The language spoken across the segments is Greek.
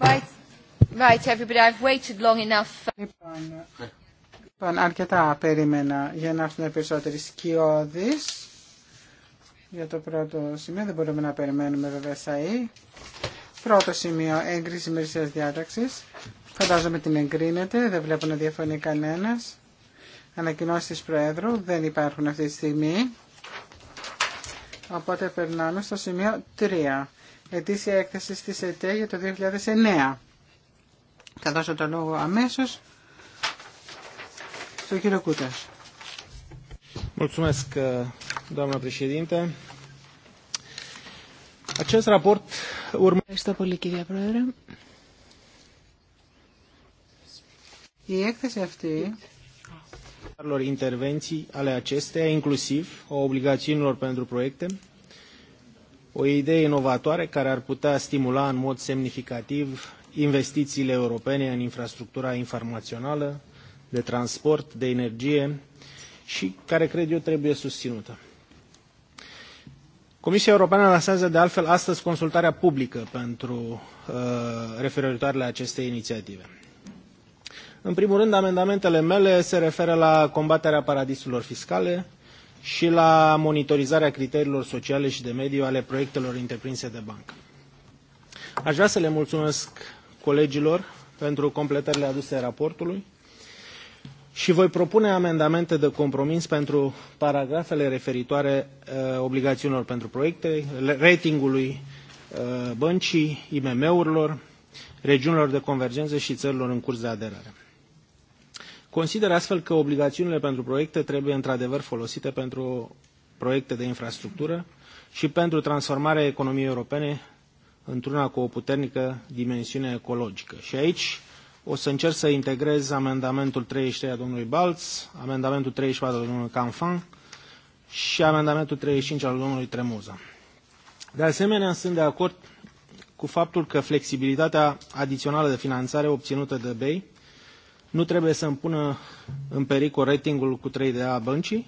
Right. everybody. I've waited λοιπόν, λοιπόν, αρκετά περίμενα για να έρθουν περισσότεροι σκιώδεις. Για το πρώτο σημείο δεν μπορούμε να περιμένουμε βέβαια ΣΑΗ. Πρώτο σημείο, έγκριση μερισσίας διάταξης. Φαντάζομαι την εγκρίνεται, δεν βλέπω να διαφωνεί κανένας. Ανακοινώσεις της Προέδρου δεν υπάρχουν αυτή τη στιγμή. Οπότε περνάμε στο σημείο 3 ετήσια έκθεση της ΕΤΕ για το 2009. Θα δώσω το λόγο αμέσως στον κύριο Κούτας. Mulțumesc, doamna președinte. Acest raport urmă... Ευχαριστώ πολύ, κυρία Πρόεδρε. Η έκθεση αυτή intervenții ale acesteia, inclusiv obligațiunilor pentru proiecte, o idee inovatoare care ar putea stimula în mod semnificativ investițiile europene în infrastructura informațională, de transport, de energie și care cred eu trebuie susținută. Comisia Europeană lansează de altfel astăzi consultarea publică pentru uh, referitoare la aceste inițiative. În primul rând, amendamentele mele se referă la combaterea paradisurilor fiscale, și la monitorizarea criteriilor sociale și de mediu ale proiectelor întreprinse de bancă. Aș vrea să le mulțumesc colegilor pentru completările aduse raportului și voi propune amendamente de compromis pentru paragrafele referitoare obligațiunilor pentru proiecte, ratingului băncii, IMM-urilor, regiunilor de convergență și țărilor în curs de aderare. Consider astfel că obligațiunile pentru proiecte trebuie într-adevăr folosite pentru proiecte de infrastructură și pentru transformarea economiei europene într-una cu o puternică dimensiune ecologică. Și aici o să încerc să integrez amendamentul 33 a domnului Balț, amendamentul 34 al domnului Canfan și amendamentul 35 al domnului Tremuza. De asemenea, sunt de acord cu faptul că flexibilitatea adițională de finanțare obținută de BEI nu trebuie să împună în pericol ratingul cu 3 de A băncii,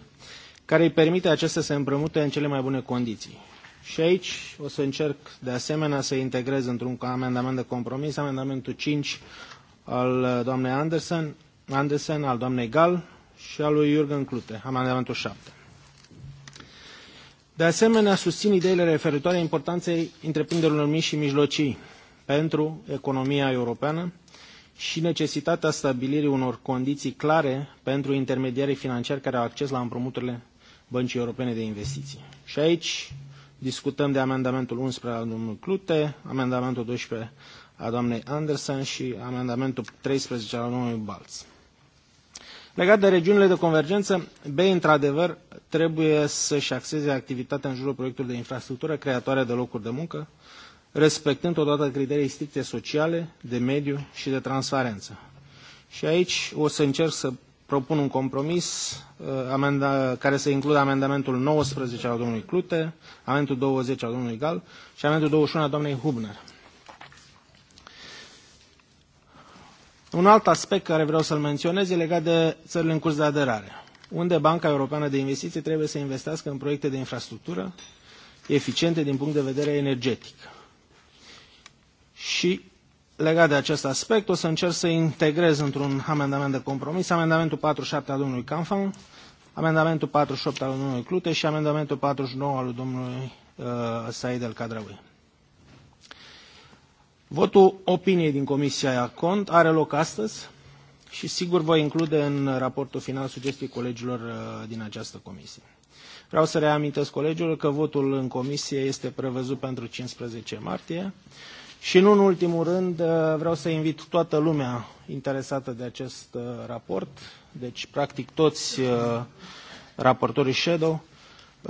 care îi permite acestea să împrămute în cele mai bune condiții. Și aici o să încerc de asemenea să integrez într-un amendament de compromis amendamentul 5 al doamnei Anderson, Anderson al doamnei Gal și al lui Jurgen Clute, amendamentul 7. De asemenea, susțin ideile referitoare importanței întreprinderilor mici și mijlocii pentru economia europeană, și necesitatea stabilirii unor condiții clare pentru intermediarii financiari care au acces la împrumuturile Băncii Europene de Investiții. Și aici discutăm de amendamentul 11 al domnului Clute, amendamentul 12 a doamnei Anderson și amendamentul 13 al domnului Balz. Legat de regiunile de convergență, BEI, într-adevăr, trebuie să-și axeze activitatea în jurul proiectului de infrastructură creatoare de locuri de muncă, respectând totodată criterii stricte sociale, de mediu și de transparență. Și aici o să încerc să propun un compromis amenda, care să includă amendamentul 19 al domnului Clute, amendamentul 20 al domnului Gal și amendamentul 21 al doamnei Hubner. Un alt aspect care vreau să-l menționez e legat de țările în curs de aderare, unde Banca Europeană de Investiții trebuie să investească în proiecte de infrastructură eficiente din punct de vedere energetic și legat de acest aspect o să încerc să integrez într-un amendament de compromis amendamentul 47 al domnului Canfan, amendamentul 48 al domnului Clute și amendamentul 49 al domnului uh, Said El Cadraui. Votul opiniei din Comisia Cont are loc astăzi și sigur voi include în raportul final sugestii colegilor din această comisie. Vreau să reamintesc colegilor că votul în comisie este prevăzut pentru 15 martie Și nu în ultimul rând vreau să invit toată lumea interesată de acest raport, deci practic toți raportorii Shadow,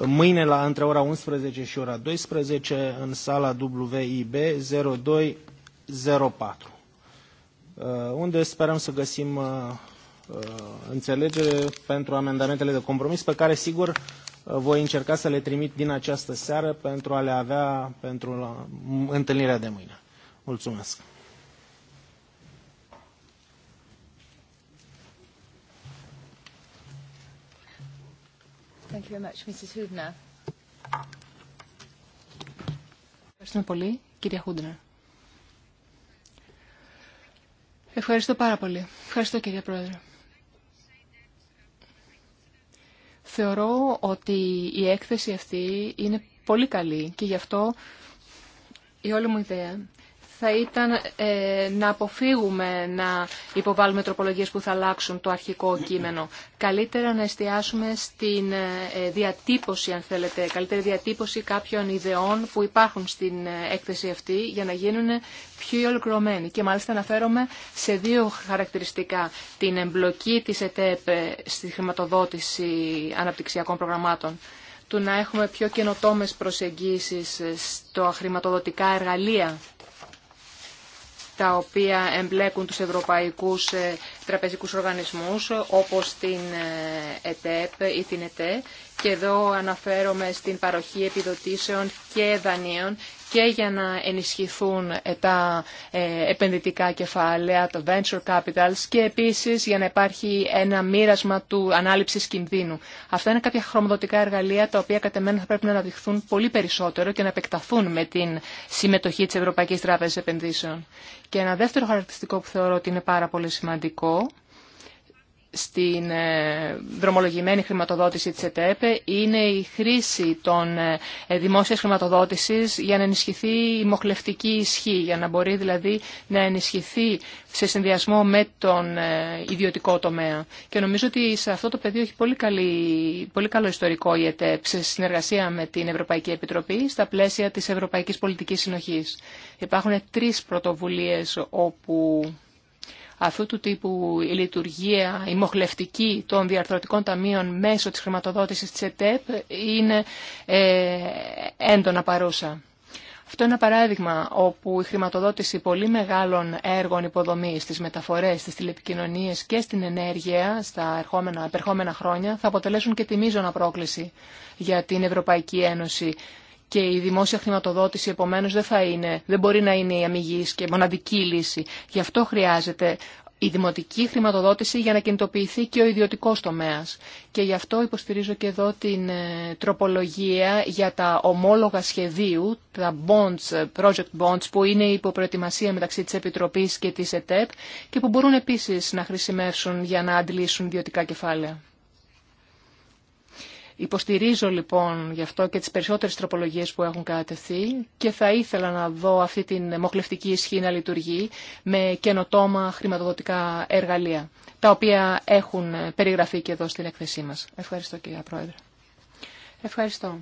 mâine la între ora 11 și ora 12 în sala WIB 0204, unde sperăm să găsim înțelegere pentru amendamentele de compromis pe care sigur voi încerca să le trimit din această seară pentru a le avea pentru la întâlnirea de mâine. Mulțumesc! Thank you very much, Mrs. Hudner. Ευχαριστούμε πολύ, κυρία Χούντνερ. Ευχαριστώ πάρα πολύ. Ευχαριστώ, κυρία Πρόεδρε. Θεωρώ ότι η έκθεση αυτή είναι πολύ καλή και γι' αυτό η όλη μου ιδέα θα ήταν ε, να αποφύγουμε να υποβάλουμε τροπολογίες που θα αλλάξουν το αρχικό κείμενο. Καλύτερα να εστιάσουμε στην ε, διατύπωση, αν θέλετε, καλύτερη διατύπωση κάποιων ιδεών που υπάρχουν στην ε, έκθεση αυτή για να γίνουν πιο ολοκληρωμένοι. Και μάλιστα αναφέρομαι σε δύο χαρακτηριστικά. Την εμπλοκή της ΕΤΕΠ στη χρηματοδότηση αναπτυξιακών προγραμμάτων του να έχουμε πιο καινοτόμε προσεγγίσεις στο χρηματοδοτικά εργαλεία τα οποία εμπλέκουν τους ευρωπαϊκούς ε, τραπεζικούς οργανισμούς όπως την ε, ΕΤΕΠ ή την ΕΤΕ και εδώ αναφέρομαι στην παροχή επιδοτήσεων και δανείων και για να ενισχυθούν τα ε, επενδυτικά κεφάλαια, το venture capitals και επίσης για να υπάρχει ένα μοίρασμα του ανάληψης κινδύνου. Αυτά είναι κάποια χρωμοδοτικά εργαλεία τα οποία κατά θα πρέπει να αναδειχθούν πολύ περισσότερο και να επεκταθούν με την συμμετοχή της Ευρωπαϊκής Τράπεζας Επενδύσεων. Και ένα δεύτερο χαρακτηριστικό που θεωρώ ότι είναι πάρα πολύ σημαντικό στην ε, δρομολογημένη χρηματοδότηση της ΕΤΕΠ είναι η χρήση των ε, δημόσιας χρηματοδότησης για να ενισχυθεί η μοχλευτική ισχύ, για να μπορεί δηλαδή να ενισχυθεί σε συνδυασμό με τον ε, ιδιωτικό τομέα. Και νομίζω ότι σε αυτό το πεδίο έχει πολύ, πολύ καλό ιστορικό η ΕΤΕΠ σε συνεργασία με την Ευρωπαϊκή Επιτροπή στα πλαίσια της Ευρωπαϊκής Πολιτικής Συνοχής. Υπάρχουν τρεις πρωτοβουλίες όπου αυτού του τύπου η λειτουργία, η μοχλευτική των διαρθρωτικών ταμείων μέσω της χρηματοδότησης της ΕΤΕΠ είναι ε, έντονα παρούσα. Αυτό είναι ένα παράδειγμα όπου η χρηματοδότηση πολύ μεγάλων έργων υποδομής στις μεταφορές, στις τηλεπικοινωνίες και στην ενέργεια στα επερχόμενα χρόνια θα αποτελέσουν και τη μείζωνα πρόκληση για την Ευρωπαϊκή Ένωση και η δημόσια χρηματοδότηση επομένως δεν θα είναι, δεν μπορεί να είναι η αμυγής και μοναδική λύση. Γι' αυτό χρειάζεται η δημοτική χρηματοδότηση για να κινητοποιηθεί και ο ιδιωτικός τομέας. Και γι' αυτό υποστηρίζω και εδώ την ε, τροπολογία για τα ομόλογα σχεδίου, τα bonds, ε, project bonds που είναι υπό προετοιμασία μεταξύ της Επιτροπής και της ΕΤΕΠ και που μπορούν επίσης να χρησιμεύσουν για να αντλήσουν ιδιωτικά κεφάλαια. Υποστηρίζω λοιπόν γι' αυτό και τις περισσότερες τροπολογίες που έχουν κατευθεί και θα ήθελα να δω αυτή την μοχλευτική ισχύ να λειτουργεί με καινοτόμα χρηματοδοτικά εργαλεία, τα οποία έχουν περιγραφεί και εδώ στην έκθεσή μας. Ευχαριστώ κυρία Πρόεδρε. Ευχαριστώ.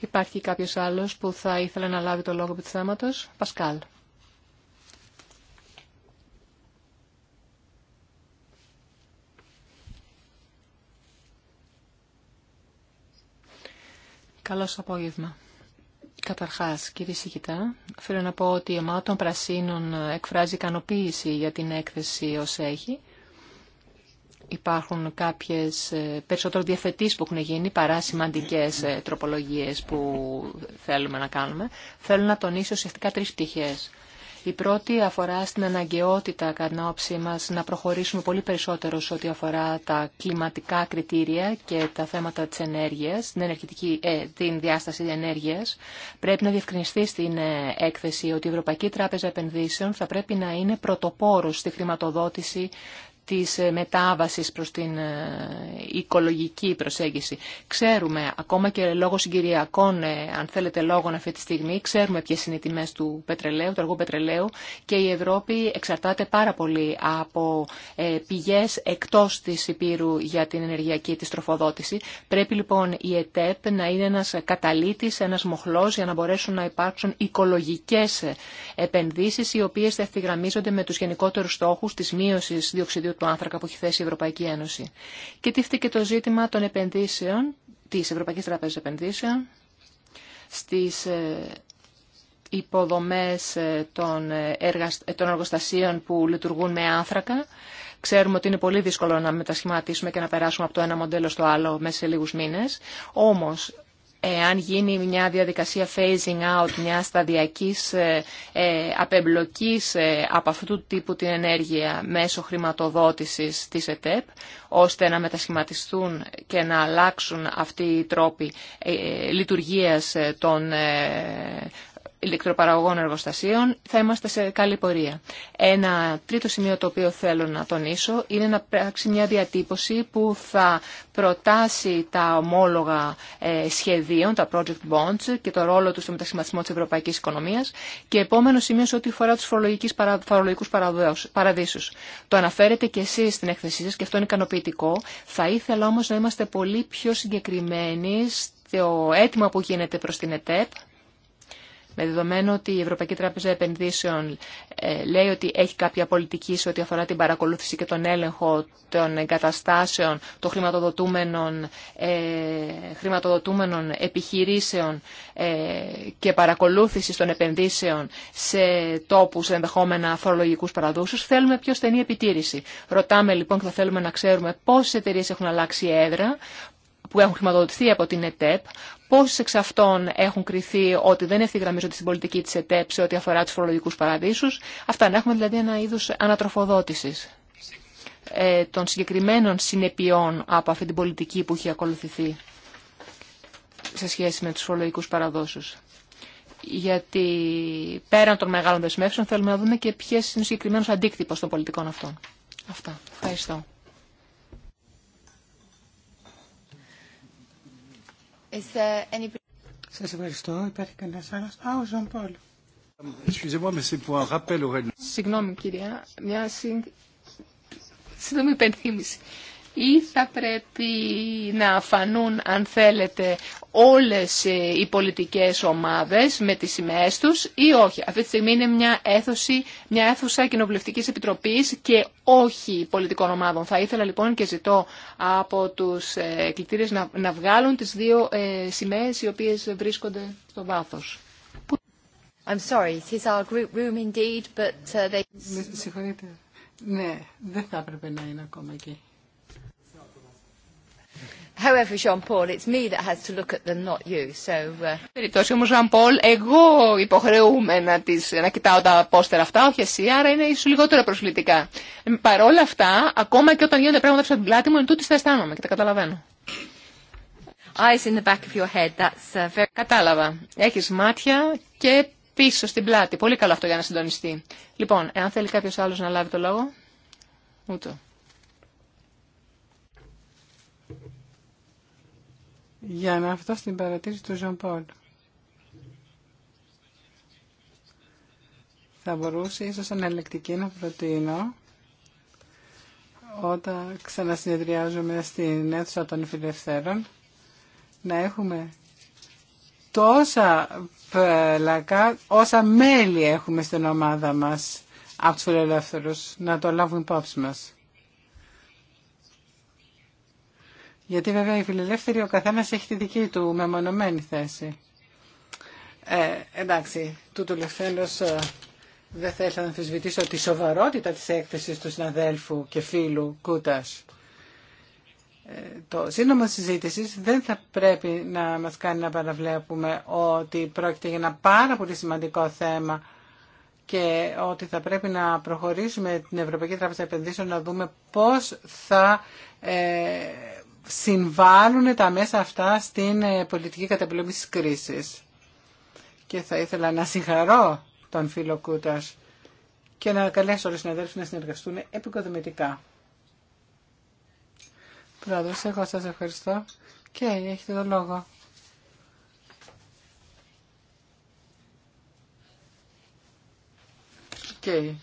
Υπάρχει κάποιος άλλος που θα ήθελε να λάβει το λόγο του θέματος. Πασκάλ. Καλώς απόγευμα. Καταρχάς, κύριε Σιγητά, θέλω να πω ότι η ομάδα των Πρασίνων εκφράζει ικανοποίηση για την έκθεση ως έχει. Υπάρχουν κάποιες ε, περισσότερο διαθετήσει που έχουν γίνει παρά σημαντικέ ε, τροπολογίες που θέλουμε να κάνουμε. Θέλω να τονίσω ουσιαστικά τρεις πτυχές. Η πρώτη αφορά στην αναγκαιότητα κατά όψη μας να προχωρήσουμε πολύ περισσότερο σε ό,τι αφορά τα κλιματικά κριτήρια και τα θέματα της ενέργειας, την, ενεργητική, ε, την διάσταση ενέργειας. Πρέπει να διευκρινιστεί στην ε, έκθεση ότι η Ευρωπαϊκή Τράπεζα Επενδύσεων θα πρέπει να είναι πρωτοπόρος στη χρηματοδότηση της ε, μετάβασης προς την ε, οικολογική προσέγγιση. Ξέρουμε, ακόμα και λόγω συγκυριακών, ε, αν θέλετε λόγων αυτή τη στιγμή, ξέρουμε ποιες είναι οι τιμές του πετρελαίου, του αργού πετρελαίου και η Ευρώπη εξαρτάται πάρα πολύ από πηγές εκτός της Υπήρου για την ενεργειακή της τροφοδότηση. Πρέπει λοιπόν η ΕΤΕΠ να είναι ένας καταλήτης, ένας μοχλός για να μπορέσουν να υπάρξουν οικολογικές επενδύσεις οι οποίες θα ευθυγραμμίζονται με τους γενικότερους στόχους της μείωσης διοξιδίου του άνθρακα που έχει θέσει η Ευρωπαϊκή Ένωση. Και και το ζήτημα των επενδύσεων, της Ευρωπαϊκής Τράπεζας Επενδύσεων, στις ε, υποδομές ε, των, ε, των εργοστασίων που λειτουργούν με άνθρακα. Ξέρουμε ότι είναι πολύ δύσκολο να μετασχηματίσουμε και να περάσουμε από το ένα μοντέλο στο άλλο μέσα σε λίγους μήνες. Όμως αν γίνει μια διαδικασία phasing out, μια σταδιακής ε, ε, απεμπλοκής ε, από αυτού του τύπου την ενέργεια μέσω χρηματοδότησης της ΕΤΕΠ, ώστε να μετασχηματιστούν και να αλλάξουν αυτοί οι τρόποι λειτουργίας των ηλεκτροπαραγωγών εργοστασίων, θα είμαστε σε καλή πορεία. Ένα τρίτο σημείο το οποίο θέλω να τονίσω είναι να πράξει μια διατύπωση που θα προτάσει τα ομόλογα ε, σχεδίων, τα project bonds και το ρόλο του στο μετασχηματισμό τη Ευρωπαϊκή οικονομίας και επόμενο σημείο σε ό,τι αφορά του φορολογικού παραδείσους. Το αναφέρετε και εσεί στην έκθεσή σα, και αυτό είναι ικανοποιητικό. Θα ήθελα όμω να είμαστε πολύ πιο συγκεκριμένοι το αίτημα που γίνεται προς την ΕΤΕΠ με δεδομένο ότι η Ευρωπαϊκή Τράπεζα Επενδύσεων ε, λέει ότι έχει κάποια πολιτική σε ό,τι αφορά την παρακολούθηση και τον έλεγχο των εγκαταστάσεων των χρηματοδοτούμενων, ε, χρηματοδοτούμενων επιχειρήσεων ε, και παρακολούθηση των επενδύσεων σε τόπους ενδεχόμενα φορολογικού παραδούσους, θέλουμε πιο στενή επιτήρηση. Ρωτάμε λοιπόν και θα θέλουμε να ξέρουμε πόσε εταιρείε έχουν αλλάξει έδρα, που έχουν χρηματοδοτηθεί από την ΕΤΕΠ, Πόσοι εξ αυτών έχουν κριθεί ότι δεν ευθυγραμμίζονται στην πολιτική τη ΕΤΕΠ σε ό,τι αφορά του φορολογικού παραδείσους. Αυτά να έχουμε δηλαδή ένα είδος ανατροφοδότηση ε, των συγκεκριμένων συνεπειών από αυτή την πολιτική που έχει ακολουθηθεί σε σχέση με τους φορολογικούς παραδόσους. Γιατί πέραν των μεγάλων δεσμεύσεων θέλουμε να δούμε και ποιες είναι ο συγκεκριμένος αντίκτυπος των πολιτικών αυτών. Αυτά. Ευχαριστώ. Any... Σας ευχαριστώ. Υπάρχει κανένας άλλος. Α, ο Ζαν Πολ. Συγγνώμη κυρία, μια συν... σύντομη υπενθύμηση ή θα πρέπει να φανούν, αν θέλετε, όλες ε, οι πολιτικές ομάδες με τις σημαίες τους ή όχι. Αυτή τη στιγμή είναι μια, μια αίθουσα κοινοβουλευτικής επιτροπής και όχι πολιτικών ομάδων. Θα ήθελα λοιπόν και ζητώ από τους ε, κλητήρες να, βγάλουν τις δύο ε, σημαίες οι οποίες βρίσκονται στο βάθος. I'm sorry, is our group room indeed, but uh, they... συγχωρείτε. Ναι, δεν θα έπρεπε να είναι ακόμα εκεί. However, Jean Paul, it's Περιπτώσει όμως, Jean Paul, εγώ υποχρεούμε να, τις, να κοιτάω τα πόστερα αυτά, όχι εσύ, άρα είναι ίσω λιγότερα προσβλητικά. Ε, Παρ' όλα αυτά, ακόμα και όταν γίνονται πράγματα από την πλάτη μου, εν τούτης θα αισθάνομαι και τα καταλαβαίνω. Eyes in the back of your head. That's uh, very... Κατάλαβα. Έχεις μάτια και πίσω στην πλάτη. Πολύ καλό αυτό για να συντονιστεί. Λοιπόν, εάν θέλει κάποιος άλλος να λάβει το λόγο. Ούτω. για να αυτό στην παρατήρηση του Ζων Πολ. Θα μπορούσε ίσως αναλεκτική να προτείνω όταν ξανασυνεδριάζουμε στην αίθουσα των φιλελευθέρων να έχουμε τόσα πλακά όσα μέλη έχουμε στην ομάδα μας από τους φιλελεύθερους να το λάβουν υπόψη μας. Γιατί βέβαια οι φιλελεύθεροι ο καθένα έχει τη δική του μεμονωμένη θέση. Ε, εντάξει, τούτο λεφθέντος ε, δεν θέλω να αμφισβητήσω τη σοβαρότητα τη έκθεσης του συναδέλφου και φίλου Κούτας. Ε, το τη συζήτηση δεν θα πρέπει να μας κάνει να παραβλέπουμε ότι πρόκειται για ένα πάρα πολύ σημαντικό θέμα και ότι θα πρέπει να προχωρήσουμε την Ευρωπαϊκή Τράπεζα Επενδύσεων να δούμε πώς θα ε, συμβάλλουν τα μέσα αυτά στην ε, πολιτική καταπληκτική κρίση. Και θα ήθελα να συγχαρώ τον φίλο Κούτας και να καλέσω όλους τους συναδέλφους να συνεργαστούν επικοδομητικά. Πρόεδρος, εγώ σας ευχαριστώ και έχετε το λόγο. Okay.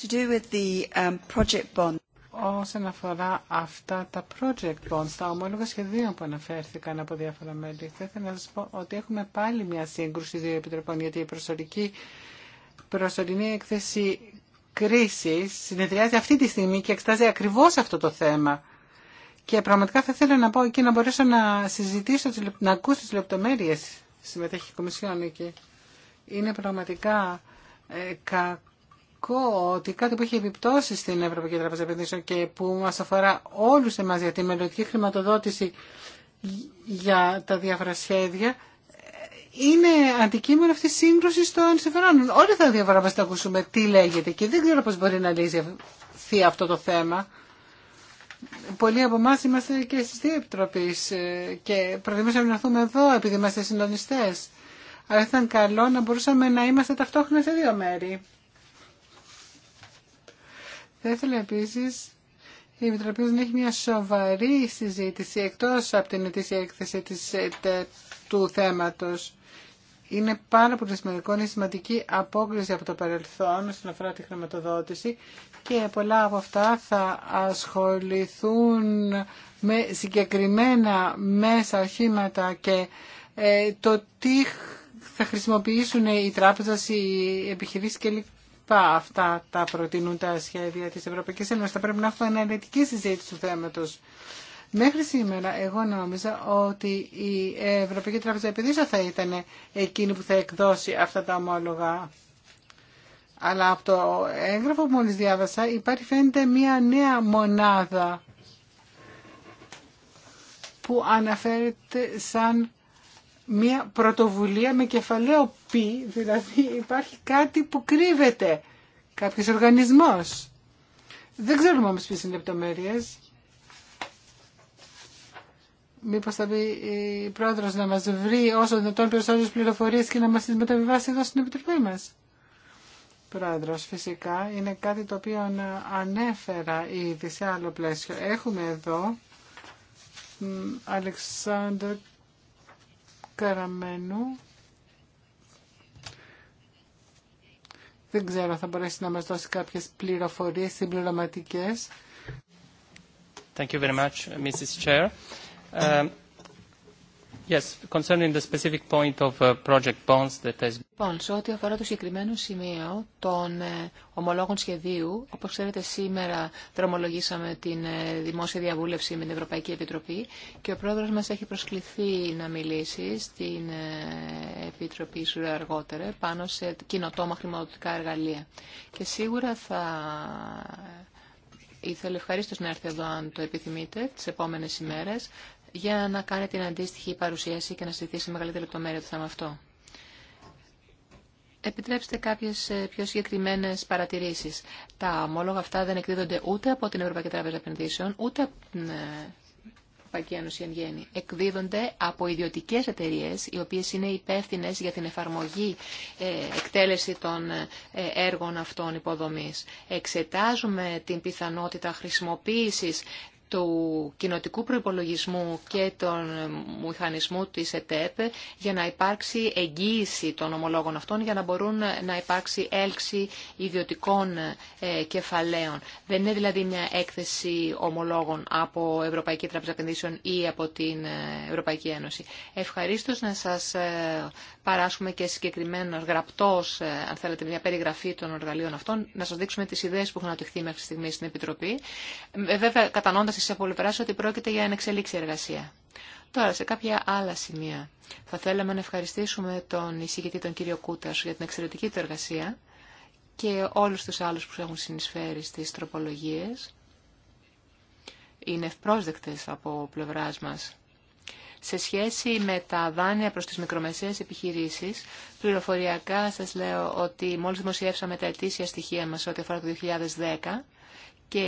To do with the um, project bond όσον αφορά αυτά τα project bonds, τα ομόλογα σχεδίων που αναφέρθηκαν από διάφορα μέλη. Θα ήθελα να σας πω ότι έχουμε πάλι μια σύγκρουση δύο επιτροπών, γιατί η προσωρική, προσωρινή έκθεση κρίσης συνεδριάζει αυτή τη στιγμή και εξτάζει ακριβώς αυτό το θέμα. Και πραγματικά θα ήθελα να πω εκεί να μπορέσω να συζητήσω, να ακούσω τις λεπτομέρειες συμμετέχει η Κομισιόν εκεί. Είναι πραγματικά ε, κακό σημαντικό ότι κάτι που έχει επιπτώσει στην Ευρωπαϊκή Τράπεζα Επενδύσεων και που μα αφορά όλους εμάς για τη μελλοντική χρηματοδότηση για τα διάφορα σχέδια είναι αντικείμενο αυτή τη σύγκρουση των συμφερόντων. Όλοι θα διαβαράμε να ακούσουμε τι λέγεται και δεν ξέρω πώ μπορεί να λύσει αυτό το θέμα. Πολλοί από εμά είμαστε και στι δύο επιτροπέ ε, και προτιμήσαμε να έρθουμε εδώ επειδή είμαστε συντονιστέ. Αλλά ήταν καλό να μπορούσαμε να είμαστε ταυτόχρονα σε δύο μέρη. Θα ήθελα επίση, η Επιτροπή να έχει μια σοβαρή συζήτηση εκτός από την ετήσια έκθεση της, ε, του θέματος. Είναι πάρα πολύ σημαντικό, είναι σημαντική απόκριση από το παρελθόν όσον αφορά τη χρηματοδότηση και πολλά από αυτά θα ασχοληθούν με συγκεκριμένα μέσα, αρχήματα και ε, το τι θα χρησιμοποιήσουν οι τράπεζες, οι επιχειρήσεις κλπ αυτά τα προτείνουν τα σχέδια της Ευρωπαϊκής Ένωσης. Θα πρέπει να έχουμε αναλυτική συζήτηση του θέματος. Μέχρι σήμερα εγώ νόμιζα ότι η Ευρωπαϊκή Τράπεζα Επενδύσεων θα ήταν εκείνη που θα εκδώσει αυτά τα ομόλογα. Αλλά από το έγγραφο που μόλις διάβασα υπάρχει φαίνεται μια νέα μονάδα που αναφέρεται σαν μια πρωτοβουλία με κεφαλαίο π, δηλαδή υπάρχει κάτι που κρύβεται, κάποιος οργανισμός. Δεν ξέρουμε όμως ποιες είναι λεπτομέρειες. Μήπως θα πει η πρόεδρος να μας βρει όσο δυνατόν περισσότερες πληροφορίες και να μας τις μεταβιβάσει εδώ στην Επιτροπή μας. Πρόεδρος, φυσικά, είναι κάτι το οποίο ανέφερα ήδη σε άλλο πλαίσιο. Έχουμε εδώ Αλεξάνδρ Καραμένου. Δεν ξέρω, θα μπορέσει να μας δώσει κάποιες πληροφορίες συμπληρωματικές. Thank you very much, Mrs. Chair. Uh σε ό,τι αφορά το συγκεκριμένο σημείο των ε, ομολόγων σχεδίου, όπως ξέρετε σήμερα δρομολογήσαμε την ε, δημόσια διαβούλευση με την Ευρωπαϊκή Επιτροπή και ο πρόεδρος μας έχει προσκληθεί να μιλήσει στην ε, Επιτροπή σου αργότερα πάνω σε κοινοτόμα χρηματοδοτικά εργαλεία. Και σίγουρα θα ήθελε ευχαρίστω να έρθει εδώ αν το επιθυμείτε τις επόμενες ημέρες για να κάνει την αντίστοιχη παρουσίαση και να συζητήσει μεγαλύτερη λεπτομέρεια το θέμα αυτό. Επιτρέψτε κάποιε ε, πιο συγκεκριμένε παρατηρήσει. Τα ομόλογα αυτά δεν εκδίδονται ούτε από την Ευρωπαϊκή Τράπεζα Επενδύσεων, ούτε από την ε, Ευρωπαϊκή Ένωση εν γέννη. Εκδίδονται από ιδιωτικέ εταιρείε, οι οποίε είναι υπεύθυνε για την εφαρμογή, ε, εκτέλεση των έργων αυτών υποδομή. Εξετάζουμε την πιθανότητα χρησιμοποίηση του κοινοτικού προϋπολογισμού και των μηχανισμού της ΕΤΕΠ για να υπάρξει εγγύηση των ομολόγων αυτών για να μπορούν να υπάρξει έλξη ιδιωτικών ε, κεφαλαίων. Δεν είναι δηλαδή μια έκθεση ομολόγων από Ευρωπαϊκή Τραπεζα Επενδύσεων ή από την ε, Ευρωπαϊκή Ένωση. Ευχαρίστως να σας ε, παράσχουμε και συγκεκριμένο γραπτός, ε, αν θέλετε, μια περιγραφή των εργαλείων αυτών, να σα δείξουμε τι ιδέε που έχουν αναπτυχθεί μέχρι στιγμή στην Επιτροπή, ε, βέβαια κατανοώντας σε απολυπεράς ότι πρόκειται για ενεξελίξη εργασία. Τώρα, σε κάποια άλλα σημεία, θα θέλαμε να ευχαριστήσουμε τον εισηγητή, τον κύριο Κούτα, για την εξαιρετική του εργασία και όλους τους άλλους που έχουν συνεισφέρει στις τροπολογίες. Είναι ευπρόσδεκτες από πλευράς μας σε σχέση με τα δάνεια προς τις μικρομεσαίες επιχειρήσεις, πληροφοριακά σας λέω ότι μόλις δημοσιεύσαμε τα ετήσια στοιχεία μας ό,τι αφορά το 2010, και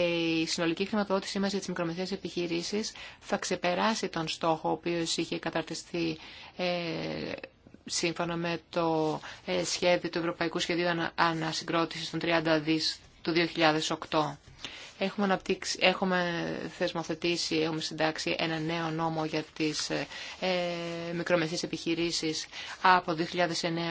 η συνολική χρηματοδότησή μας για τις μικρομεσαίες επιχειρήσεις θα ξεπεράσει τον στόχο ο οποίος είχε καταρτιστεί ε, σύμφωνα με το ε, σχέδιο του Ευρωπαϊκού Σχεδίου Ανασυγκρότησης των 30 δις του 2008. Έχουμε, αναπτύξει, έχουμε θεσμοθετήσει, έχουμε συντάξει ένα νέο νόμο για τις ε, ε μικρομεσαίες επιχειρήσεις από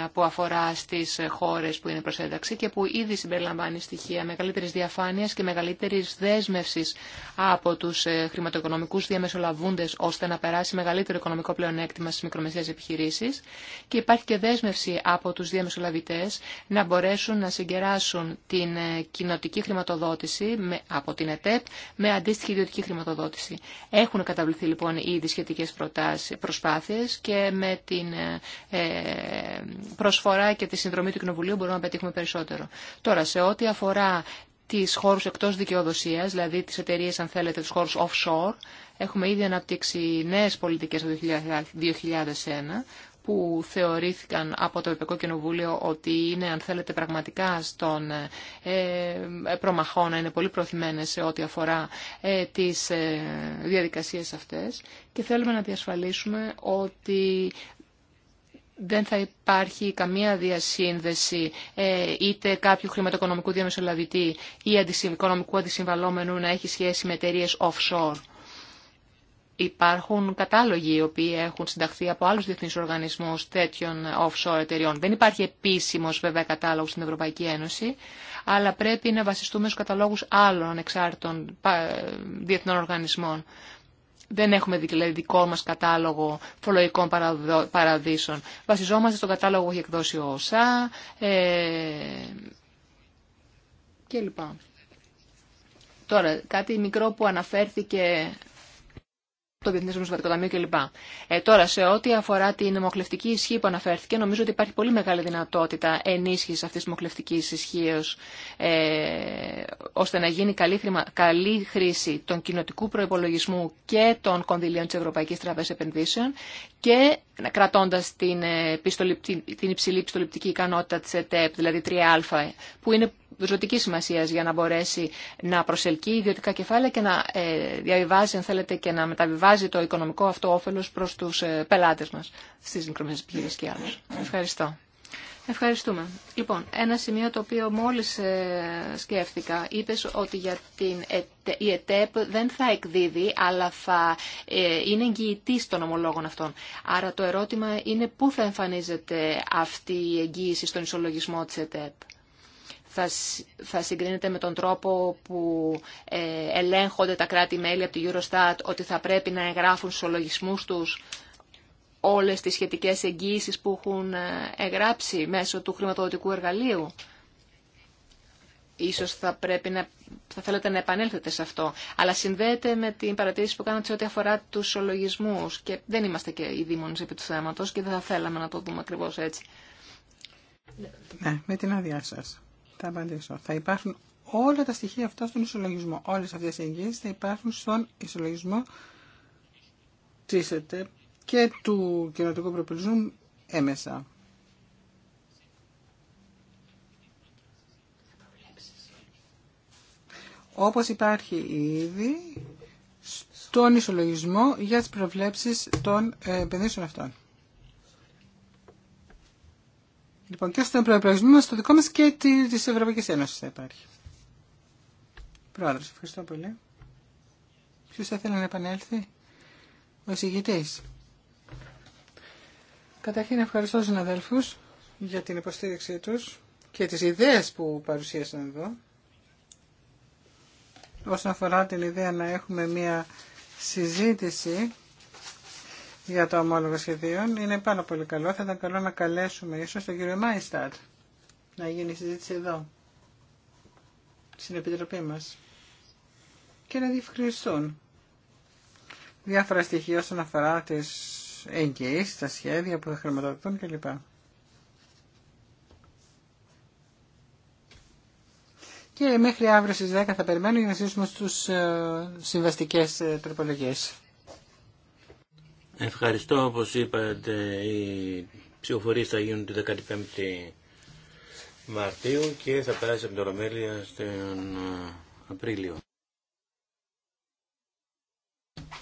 2009 που αφορά στις χώρες που είναι προσένταξη και που ήδη συμπεριλαμβάνει στοιχεία μεγαλύτερης διαφάνειας και μεγαλύτερης δέσμευσης από τους ε, χρηματοοικονομικούς διαμεσολαβούντες ώστε να περάσει μεγαλύτερο οικονομικό πλεονέκτημα στις μικρομεσαίες επιχειρήσεις και υπάρχει και δέσμευση από τους διαμεσολαβητές να μπορέσουν να συγκεράσουν την ε, κοινοτική χρηματοδότηση με, από την ΕΤΕΠ με αντίστοιχη ιδιωτική χρηματοδότηση. Έχουν καταβληθεί λοιπόν ήδη σχετικέ προσπάθειε και με την ε, προσφορά και τη συνδρομή του Κοινοβουλίου μπορούμε να πετύχουμε περισσότερο. Τώρα, σε ό,τι αφορά τις χώρους εκτός δικαιοδοσίας, δηλαδή τις εταιρείες, αν θέλετε, τους χώρους offshore. Έχουμε ήδη αναπτύξει νέες πολιτικές το 2001, που θεωρήθηκαν από το Ευρωπαϊκό Κοινοβούλιο ότι είναι, αν θέλετε, πραγματικά στον ε, ε, να είναι πολύ προθυμένες σε ό,τι αφορά ε, τις διαδικασίες αυτές και θέλουμε να διασφαλίσουμε ότι δεν θα υπάρχει καμία διασύνδεση είτε κάποιου χρηματοοικονομικού διαμεσολαβητή ή αντισυμ, οικονομικού αντισυμβαλόμενου να έχει σχέση με εταιρείε offshore. Υπάρχουν κατάλογοι οι οποίοι έχουν συνταχθεί από άλλους διεθνείς οργανισμούς τέτοιων offshore εταιριών. Δεν υπάρχει επίσημος βέβαια κατάλογος στην Ευρωπαϊκή Ένωση, αλλά πρέπει να βασιστούμε στους καταλόγους άλλων ανεξάρτητων διεθνών οργανισμών. Δεν έχουμε δηλαδή δικό μας κατάλογο φορολογικών παραδείσων. Βασιζόμαστε στον κατάλογο που έχει εκδώσει ο ΩΣΑ ε, κλπ. Τώρα, κάτι μικρό που αναφέρθηκε το Διεθνέ Νομισματικό Ταμείο κλπ. Ε, τώρα, σε ό,τι αφορά την νομοκλευτική ισχύ που αναφέρθηκε, νομίζω ότι υπάρχει πολύ μεγάλη δυνατότητα ενίσχυση αυτή τη νομοκλευτική ισχύω, ε, ώστε να γίνει καλή, χρήση των κοινοτικού προπολογισμού και των κονδυλίων τη Ευρωπαϊκή Τραπέζα Επενδύσεων και κρατώντα την, ε, την υψηλή πιστοληπτική ικανότητα τη ΕΤΕΠ, δηλαδή 3α, που είναι ζωτική σημασία για να μπορέσει να προσελκύει ιδιωτικά κεφάλαια και να ε, διαβιβάζει, αν θέλετε, και να μεταβιβάζει το οικονομικό αυτό όφελο προ του ε, πελάτε μα στι μικρομεσαίε επιχειρήσει και άλλου. Ευχαριστώ. Ευχαριστούμε. Λοιπόν, ένα σημείο το οποίο μόλις ε, σκέφτηκα, είπες ότι για την η ΕΤΕΠ δεν θα εκδίδει, αλλά θα είναι εγγυητή των ομολόγων αυτών. Άρα το ερώτημα είναι πού θα εμφανίζεται αυτή η εγγύηση στον ισολογισμό της ΕΤΕΠ θα συγκρίνεται με τον τρόπο που ε, ελέγχονται τα κράτη-μέλη από τη Eurostat ότι θα πρέπει να εγγράφουν στους ολογισμούς τους όλες τις σχετικές εγγύησεις που έχουν ε, εγγράψει μέσω του χρηματοδοτικού εργαλείου. Ίσως θα, πρέπει να, θα θέλετε να επανέλθετε σε αυτό. Αλλά συνδέεται με την παρατήρηση που κάνατε σε ό,τι αφορά τους ολογισμούς. Και δεν είμαστε και οι δήμονες επί του θέματος και δεν θα θέλαμε να το δούμε ακριβώς έτσι. Ναι, με την άδειά σας θα απαντήσω. Θα υπάρχουν όλα τα στοιχεία αυτά στον ισολογισμό. Όλες αυτές οι εγγύησεις θα υπάρχουν στον ισολογισμό της ΕΤΕ και του κοινοτικού προπολισμού έμεσα. Όπως υπάρχει ήδη στον ισολογισμό για τις προβλέψεις των επενδύσεων αυτών. Λοιπόν, και στον προεπλογισμό στο δικό μας και τη Ευρωπαϊκή Ένωση θα υπάρχει. Πρόεδρος, ευχαριστώ πολύ. Ποιο θα ήθελε να επανέλθει, ο εισηγητή. Καταρχήν ευχαριστώ τους συναδέλφου για την υποστήριξή τους και τις ιδέες που παρουσίασαν εδώ. Όσον αφορά την ιδέα να έχουμε μία συζήτηση για το ομόλογο σχεδίων είναι πάρα πολύ καλό. Θα ήταν καλό να καλέσουμε ίσως τον κύριο Μάισταρ να γίνει συζήτηση εδώ, στην Επιτροπή μας και να διευκρινιστούν διάφορα στοιχεία όσον αφορά τις εγγυήσεις, τα σχέδια που θα χρηματοδοτούν κλπ. Και μέχρι αύριο στις 10 θα περιμένω για να συζητήσουμε στους ε, συμβαστικές ε, τροπολογίες. Ευχαριστώ. όπω είπατε, οι ψηφοφορίε θα γίνουν τη 15η Μαρτίου και θα περάσει από την Ολομέλεια στον ε, Απρίλιο.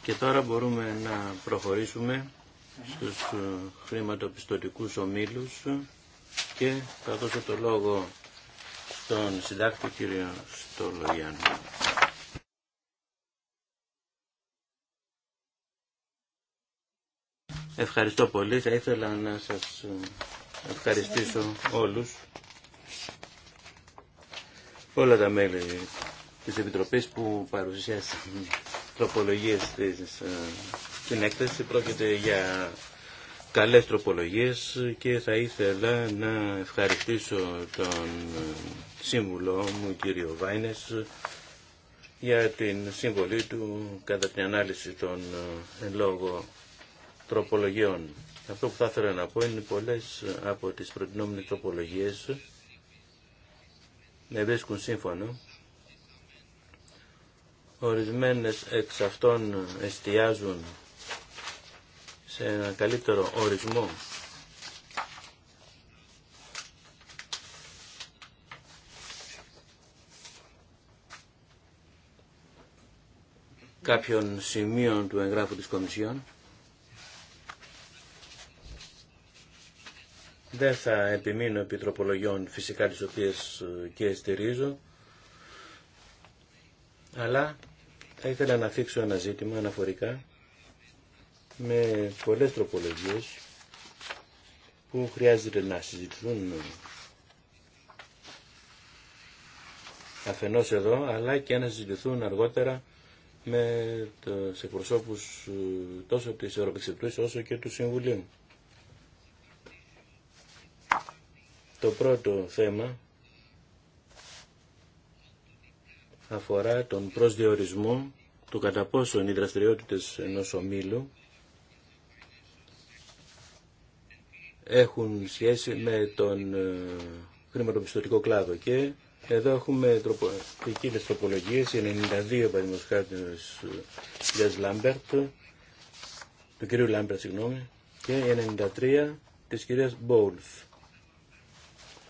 Και τώρα μπορούμε να προχωρήσουμε στους ε, χρηματοπιστωτικούς ομίλους και θα δώσω το λόγο στον συντάκτη κύριο Στολογιάννη. Ευχαριστώ πολύ. Θα ήθελα να σας ε, ευχαριστήσω όλους όλα τα μέλη της Επιτροπής που παρουσίασαν τροπολογίες της, ε, στην έκθεση. Πρόκειται για καλές τροπολογίες και θα ήθελα να ευχαριστήσω τον ε, σύμβουλό μου κύριο Βάινες για την συμβολή του κατά την ανάλυση των λόγων τροπολογιών. Αυτό που θα ήθελα να πω είναι πολλές από τις προτινόμενες τροπολογίες με βρίσκουν σύμφωνο. Ορισμένες εξ αυτών εστιάζουν σε ένα καλύτερο ορισμό κάποιων σημείων του εγγράφου της Κομισιόν. Δεν θα επιμείνω επί τροπολογιών φυσικά τις οποίες ε, και στηρίζω, αλλά θα ήθελα να θίξω ένα ζήτημα αναφορικά με πολλές τροπολογίες που χρειάζεται να συζητηθούν αφενός εδώ, αλλά και να συζητηθούν αργότερα με τους εκπροσώπους ε, τόσο της Ευρωπαϊκής όσο και του Συμβουλίου. Το πρώτο θέμα αφορά τον προσδιορισμό του κατά πόσον οι δραστηριότητε ενός ομίλου έχουν σχέση με τον ε, χρηματοπιστωτικό κλάδο και εδώ έχουμε τροπο, τροπολογίε τροπολογίες, 92 παραδείγματο ε, της Λάμπερτ, του κυρίου Λάμπερτ συγγνώμη, και 93 της κυρίας Μπόλφ.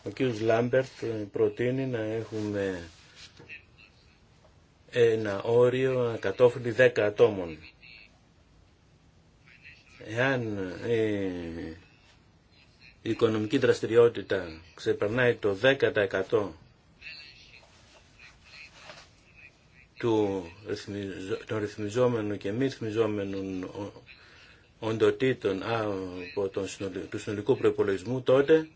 Ο κ. Λάμπερτ ε, προτείνει να έχουμε ένα όριο κατόφλι 10 ατόμων. Εάν ε, η οικονομική δραστηριότητα ξεπερνάει το 10% του των ρυθμιζόμενων και μη ρυθμιζόμενων οντοτήτων από τον, του συνολικού προπολογισμού τότε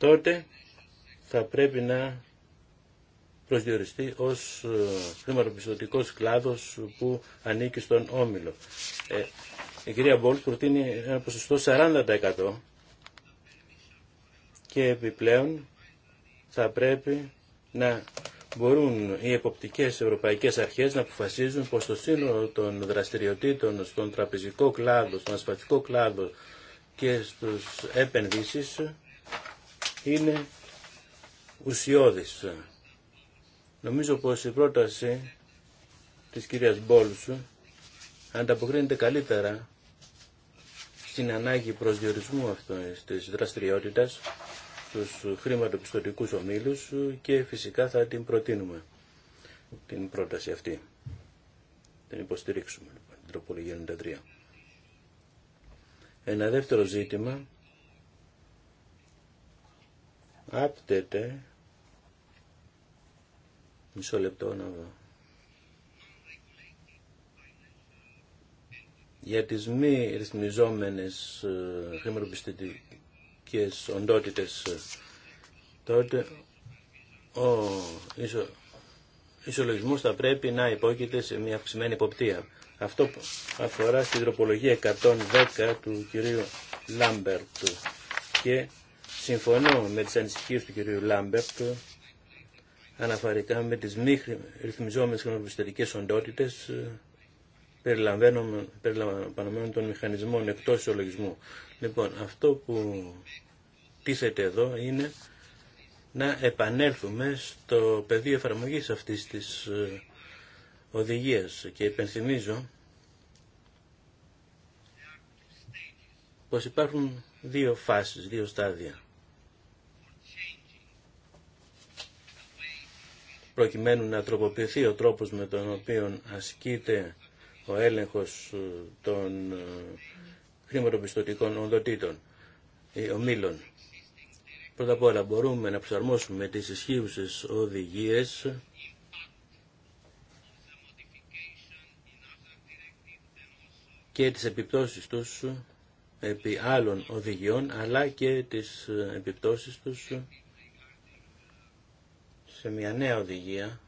τότε θα πρέπει να προσδιοριστεί ως ε, χρηματοπιστωτικός κλάδος που ανήκει στον Όμιλο. Ε, η κυρία Μπόλ προτείνει ένα ποσοστό 40% και επιπλέον θα πρέπει να μπορούν οι εποπτικές ευρωπαϊκές αρχές να αποφασίζουν πως το σύνολο των δραστηριοτήτων στον τραπεζικό κλάδο, στον ασφαλιστικό κλάδο και στους επενδύσεις είναι ουσιώδης. Νομίζω πως η πρόταση της κυρίας Μπόλσου ανταποκρίνεται καλύτερα στην ανάγκη προσδιορισμού αυτής της δραστηριότητας στους χρηματοπιστωτικούς ομίλους και φυσικά θα την προτείνουμε την πρόταση αυτή. Την υποστηρίξουμε, λοιπόν, την τροπολογία 93. Ένα δεύτερο ζήτημα άπτεται μισό λεπτό να δω για τις μη ρυθμιζόμενες ε, χρηματοπιστωτικές οντότητες ε, τότε ο ισο, ισολογισμός θα πρέπει να υπόκειται σε μια αυξημένη υποπτία. Αυτό αφορά στην τροπολογία 110 του κυρίου Λάμπερτ και Συμφωνώ με τις ανησυχίες του κυρίου Λάμπερτ αναφορικά με τις μη ρυθμιζόμενες χρηματοπιστωτικές οντότητες ε, περιλαμβανομένων των μηχανισμών εκτός ισολογισμού. Λοιπόν, αυτό που τίθεται εδώ είναι να επανέλθουμε στο πεδίο εφαρμογής αυτής της ε, οδηγίας και υπενθυμίζω πως υπάρχουν δύο φάσεις, δύο στάδια. Προκειμένου να τροποποιηθεί ο τρόπος με τον οποίο ασκείται ο έλεγχος ε, των ε, χρηματοπιστωτικών οντοτήτων, ε, ομίλων. Πρώτα απ' όλα μπορούμε να προσαρμόσουμε τις ισχύουσες οδηγίες και τις επιπτώσεις τους επί άλλων οδηγιών αλλά και τις ε, επιπτώσεις τους σε μια νέα οδηγία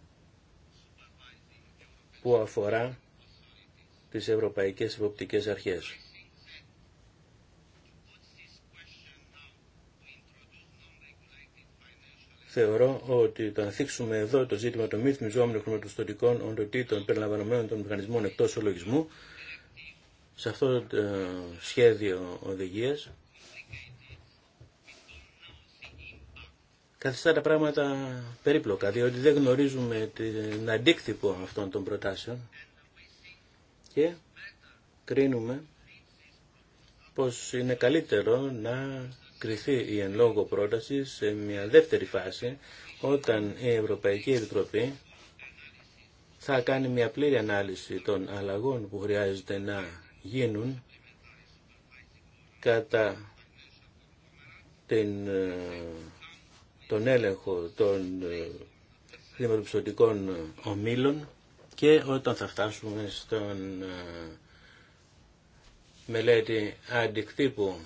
που αφορά τις ευρωπαϊκές υποπτικές αρχές. Θεωρώ ότι το να εδώ το ζήτημα των μη θυμιζόμενων χρηματοπιστωτικών οντοτήτων περιλαμβανομένων των μηχανισμών εκτός ολογισμού σε αυτό το ε, σχέδιο οδηγίας καθιστά τα πράγματα περίπλοκα, διότι δεν γνωρίζουμε την αντίκτυπο αυτών των προτάσεων και κρίνουμε πως είναι καλύτερο να κριθεί η εν λόγω πρόταση σε μια δεύτερη φάση όταν η Ευρωπαϊκή Επιτροπή θα κάνει μια πλήρη ανάλυση των αλλαγών που χρειάζεται να γίνουν κατά την, ε, τον έλεγχο των ε, χρηματοπιστωτικών ομίλων και όταν θα φτάσουμε στον ε, μελέτη αντικτύπου.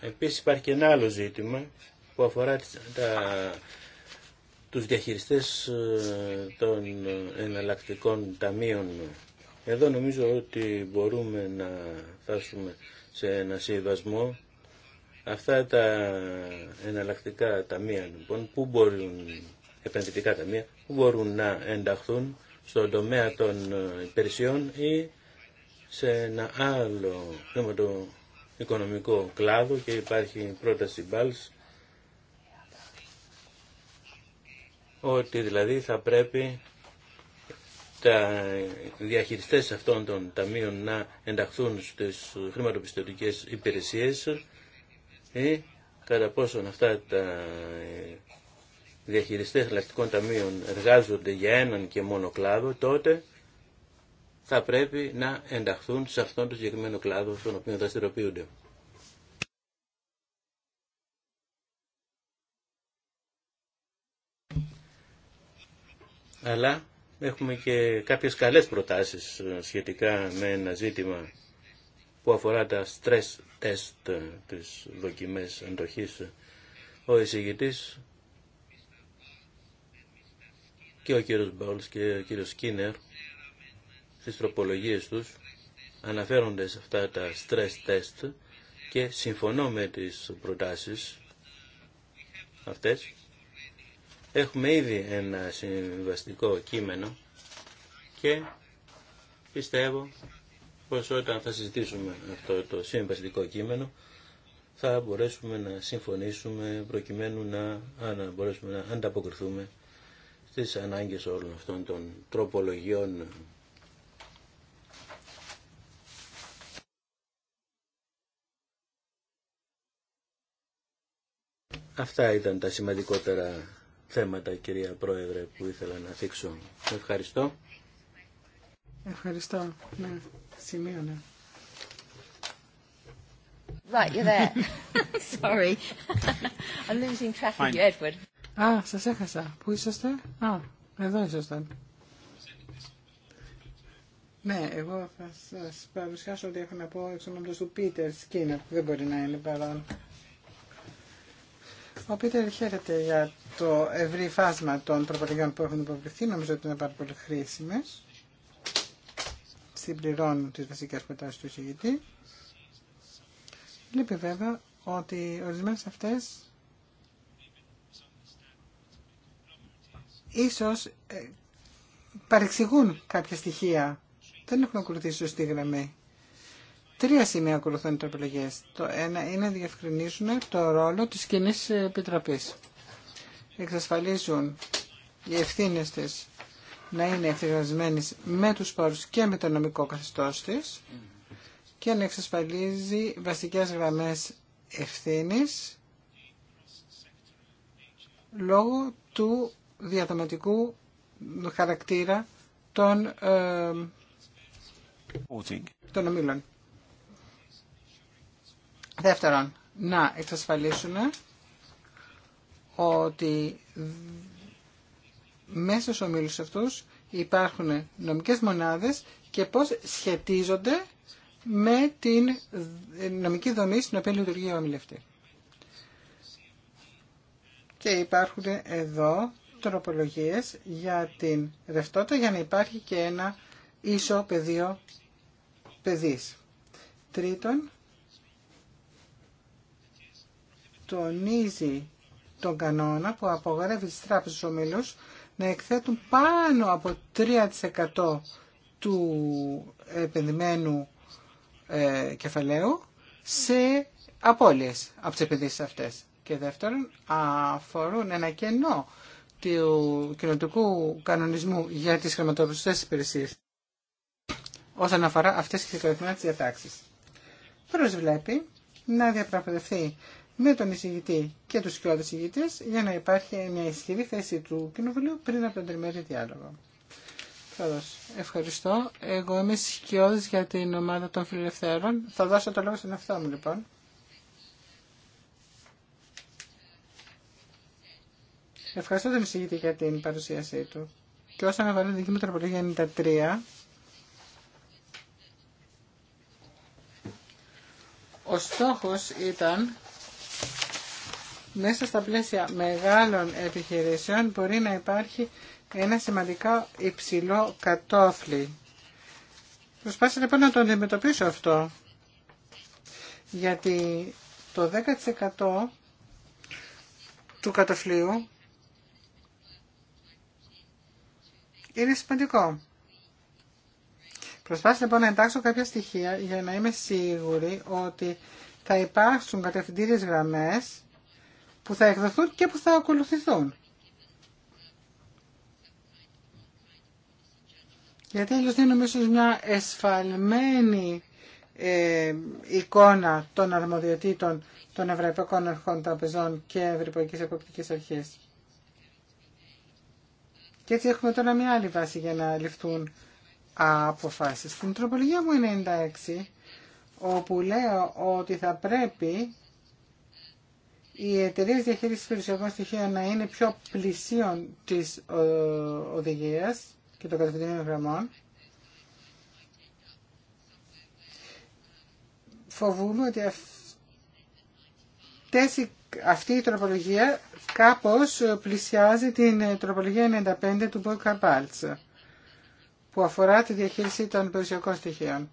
Επίσης υπάρχει και ένα άλλο ζήτημα που αφορά τα, τους διαχειριστές των εναλλακτικών ταμείων εδώ νομίζω ότι μπορούμε να φτάσουμε σε ένα συμβασμό. Αυτά τα εναλλακτικά ταμεία λοιπόν, που μπορούν, επενδυτικά ταμεία, που μπορούν να ενταχθούν στον τομέα των ε, υπηρεσιών ή σε ένα άλλο οικονομικό κλάδο και υπάρχει πρόταση μπάλς ότι δηλαδή θα πρέπει τα διαχειριστές αυτών των ταμείων να ενταχθούν στις χρηματοπιστωτικές υπηρεσίες ή κατά πόσον αυτά τα διαχειριστές ελαστικών ταμείων εργάζονται για έναν και μόνο κλάδο, τότε θα πρέπει να ενταχθούν σε αυτόν τον συγκεκριμένο κλάδο στον οποίο δραστηριοποιούνται. Αλλά έχουμε και κάποιες καλές προτάσεις ε, σχετικά με ένα ζήτημα που αφορά τα stress test, ε, της δοκιμές αντοχής. Ο εισηγητής και ο κύριος Μπαουλς και ο κύριος Σκίνερ στις τροπολογίες τους αναφέρονται σε αυτά τα stress test και συμφωνώ με τις προτάσεις αυτές Έχουμε ήδη ένα συμβαστικό κείμενο και πιστεύω πως όταν θα συζητήσουμε αυτό το συμβαστικό κείμενο θα μπορέσουμε να συμφωνήσουμε προκειμένου να, να μπορέσουμε να ανταποκριθούμε στις ανάγκες όλων αυτών των τροπολογιών. Αυτά ήταν τα σημαντικότερα θέματα, κυρία Πρόεδρε, που ήθελα να θίξω. Ευχαριστώ. Ευχαριστώ. Ναι, σημείωνα. Right, you're there. Sorry. I'm losing track of you, Edward. Α, σας έχασα. Πού είσαστε? Α, εδώ ήσασταν. Ναι, εγώ θα σας παρουσιάσω ότι έχω να πω εξ ονόματος του Πίτερ Σκίνερ, που δεν μπορεί να είναι παρόν. Ο Πίτερ χαίρεται για το ευρύ φάσμα των τροπολογιών που έχουν υποβληθεί. Νομίζω ότι είναι πάρα πολύ χρήσιμε. Συμπληρώνουν τι βασικέ προτάσει του εισηγητή. Λείπει βέβαια ότι ορισμένε αυτέ ίσως ε, παρεξηγούν κάποια στοιχεία. Δεν έχουν ακολουθήσει σωστή γραμμή. Τρία σημεία ακολουθούν οι τροπολογίε. Το ένα είναι να διευκρινίσουν το ρόλο τη κοινή επιτροπή. Εξασφαλίζουν οι ευθύνε τη να είναι ευθυγραμμισμένε με του πόρου και με το νομικό καθεστώ τη και να εξασφαλίζει βασικέ γραμμέ ευθύνη λόγω του διαδοματικού χαρακτήρα των, ε, των ομίλων. Δεύτερον, να εξασφαλίσουμε ότι μέσα στους ομίλους αυτούς υπάρχουν νομικές μονάδες και πώς σχετίζονται με την νομική δομή στην οποία λειτουργεί ο ομιλευτή. Και υπάρχουν εδώ τροπολογίες για την ρευτότητα για να υπάρχει και ένα ίσο πεδίο παιδής. Τρίτον, τονίζει τον κανόνα που απογορεύει τις τράπεζες ομίλους να εκθέτουν πάνω από 3% του επενδυμένου ε, κεφαλαίου σε απώλειες από τις επενδύσεις αυτές. Και δεύτερον, αφορούν ένα κενό του κοινωτικού κανονισμού για τις χρηματοπιστωτές υπηρεσίες όσον αφορά αυτές τις συγκεκριμένες διατάξεις. Προσβλέπει να διαπραγματευτεί με τον εισηγητή και τους κοιόδες εισηγητές για να υπάρχει μια ισχυρή θέση του Κοινοβουλίου πριν από τον τριμερή διάλογο. Ευχαριστώ. Εγώ είμαι σκιώδης για την ομάδα των φιλελευθέρων. Θα δώσω το λόγο στον εαυτό μου λοιπόν. Ευχαριστώ τον εισηγητή για την παρουσίασή του. Και όσον αφορά την δική μου 93, ο στόχος ήταν μέσα στα πλαίσια μεγάλων επιχειρήσεων μπορεί να υπάρχει ένα σημαντικό υψηλό κατόφλι. Προσπάθησα λοιπόν να το αντιμετωπίσω αυτό, γιατί το 10% του κατοφλίου είναι σημαντικό. Προσπάθησα λοιπόν να εντάξω κάποια στοιχεία για να είμαι σίγουρη ότι θα υπάρξουν κατευθυντήριες γραμμές που θα εκδοθούν και που θα ακολουθηθούν. Γιατί αλλιώς δίνουμε ίσως μια εσφαλμένη ε, εικόνα των αρμοδιοτήτων των Ευρωπαϊκών Αρχών Τραπεζών και Ευρωπαϊκής Εποπτικής Αρχής. Και έτσι έχουμε τώρα μια άλλη βάση για να ληφθούν αποφάσεις. Στην τροπολογία μου είναι 96, όπου λέω ότι θα πρέπει οι εταιρείε διαχείριση περιουσιακών στοιχείων να είναι πιο πλησίων τη ε, οδηγία και των κατευθυντήριων γραμμών. Φοβούμαι ότι αυτή η τροπολογία κάπως πλησιάζει την ε, τροπολογία 95 του Μπόικα που αφορά τη διαχείριση των περιουσιακών στοιχείων.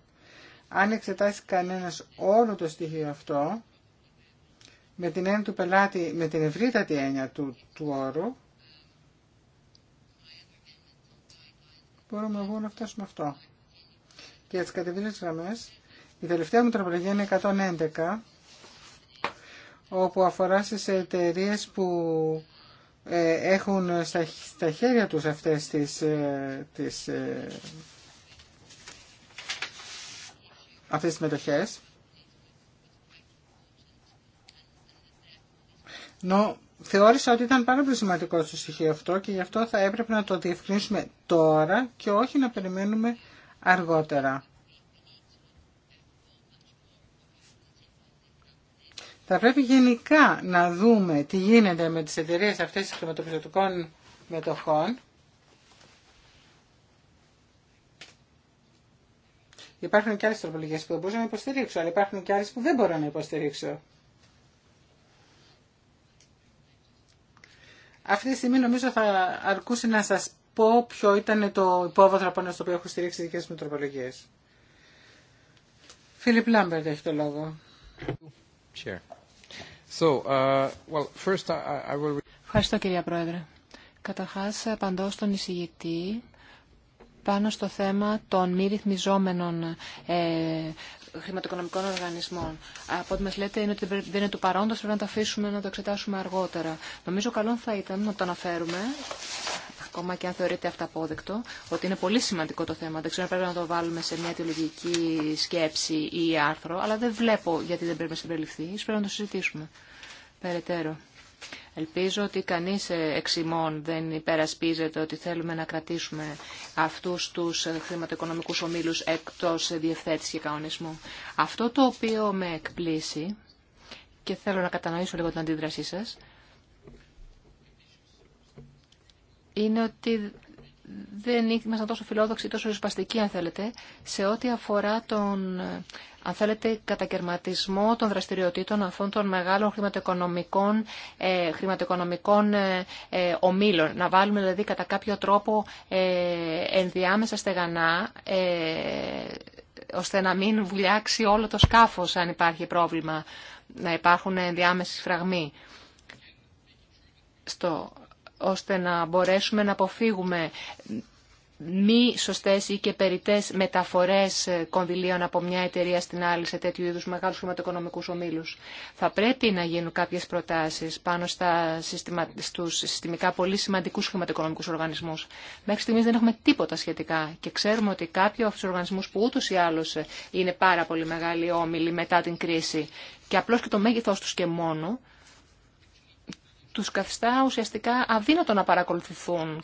Αν εξετάσει κανένας όλο το στοιχείο αυτό, με την έννοια του πελάτη, με την ευρύτατη έννοια του, του όρου, μπορούμε εγώ να φτάσουμε αυτό. Και για τις κατευθύνες γραμμές, η τελευταία μου τροπολογία είναι 111, όπου αφορά στις εταιρείε που ε, έχουν στα, χέρια τους αυτές τις, ε, τις, ε, αυτές τις μετοχές Νο, θεώρησα ότι ήταν πάρα πολύ σημαντικό το στοιχείο αυτό και γι' αυτό θα έπρεπε να το διευκρινίσουμε τώρα και όχι να περιμένουμε αργότερα. Θα πρέπει γενικά να δούμε τι γίνεται με τις εταιρείες αυτές των χρηματοπιστωτικών μετοχών. Υπάρχουν και άλλες τροπολογίες που μπορούσα να υποστηρίξω, αλλά υπάρχουν και άλλες που δεν μπορώ να υποστηρίξω. Αυτή τη στιγμή νομίζω θα αρκούσε να σας πω ποιο ήταν το υπόβαθρο πάνω στο οποίο έχω στηρίξει οι δικές μου τροπολογίες. Φίλιπ Λάμπερτ έχει το λόγο. Uh, Ευχαριστώ κυρία Πρόεδρε. Καταρχάς απαντώ στον εισηγητή πάνω στο θέμα των μη ρυθμιζόμενων ε, χρηματοοικονομικών οργανισμών. Από ό,τι μα λέτε είναι ότι δεν είναι του παρόντο, πρέπει να το αφήσουμε να το εξετάσουμε αργότερα. Νομίζω καλό θα ήταν να το αναφέρουμε, ακόμα και αν θεωρείται αυταπόδεκτο, ότι είναι πολύ σημαντικό το θέμα. Δεν ξέρω αν πρέπει να το βάλουμε σε μια αιτιολογική σκέψη ή άρθρο, αλλά δεν βλέπω γιατί δεν πρέπει να συμπεριληφθεί. σω πρέπει να το συζητήσουμε περαιτέρω. Ελπίζω ότι κανείς ημών δεν υπερασπίζεται ότι θέλουμε να κρατήσουμε αυτούς τους χρηματοοικονομικούς ομίλους εκτός διευθέτηση και κανονισμού. Αυτό το οποίο με εκπλήσει και θέλω να κατανοήσω λίγο την αντίδρασή σας είναι ότι δεν ήμασταν τόσο φιλόδοξοι, τόσο ρισπαστικοί αν θέλετε, σε ό,τι αφορά τον, ε, αν θέλετε, κατακαιρματισμό των δραστηριοτήτων αυτών των μεγάλων χρηματοοικονομικών, ε, χρηματοοικονομικών ε, ε, ομίλων. Να βάλουμε δηλαδή κατά κάποιο τρόπο ενδιάμεσα στεγανά ώστε να μην βουλιάξει όλο το σκάφος αν υπάρχει πρόβλημα, να υπάρχουν ενδιάμεση φραγμοί. Στο ώστε να μπορέσουμε να αποφύγουμε μη σωστές ή και περιτές μεταφορές κονδυλίων από μια εταιρεία στην άλλη σε τέτοιου είδους μεγάλους χρηματοοικονομικούς ομίλους. Θα πρέπει να γίνουν κάποιες προτάσεις πάνω στα συστημα... στους συστημικά πολύ σημαντικούς χρηματοοικονομικούς οργανισμούς. Μέχρι στιγμής δεν έχουμε τίποτα σχετικά και ξέρουμε ότι κάποιοι από τους οργανισμούς που ούτως ή άλλως είναι πάρα πολύ μεγάλοι όμιλοι μετά την κρίση και απλώς και το μέγεθός τους και μόνο τους καθιστά ουσιαστικά αδύνατο να παρακολουθηθούν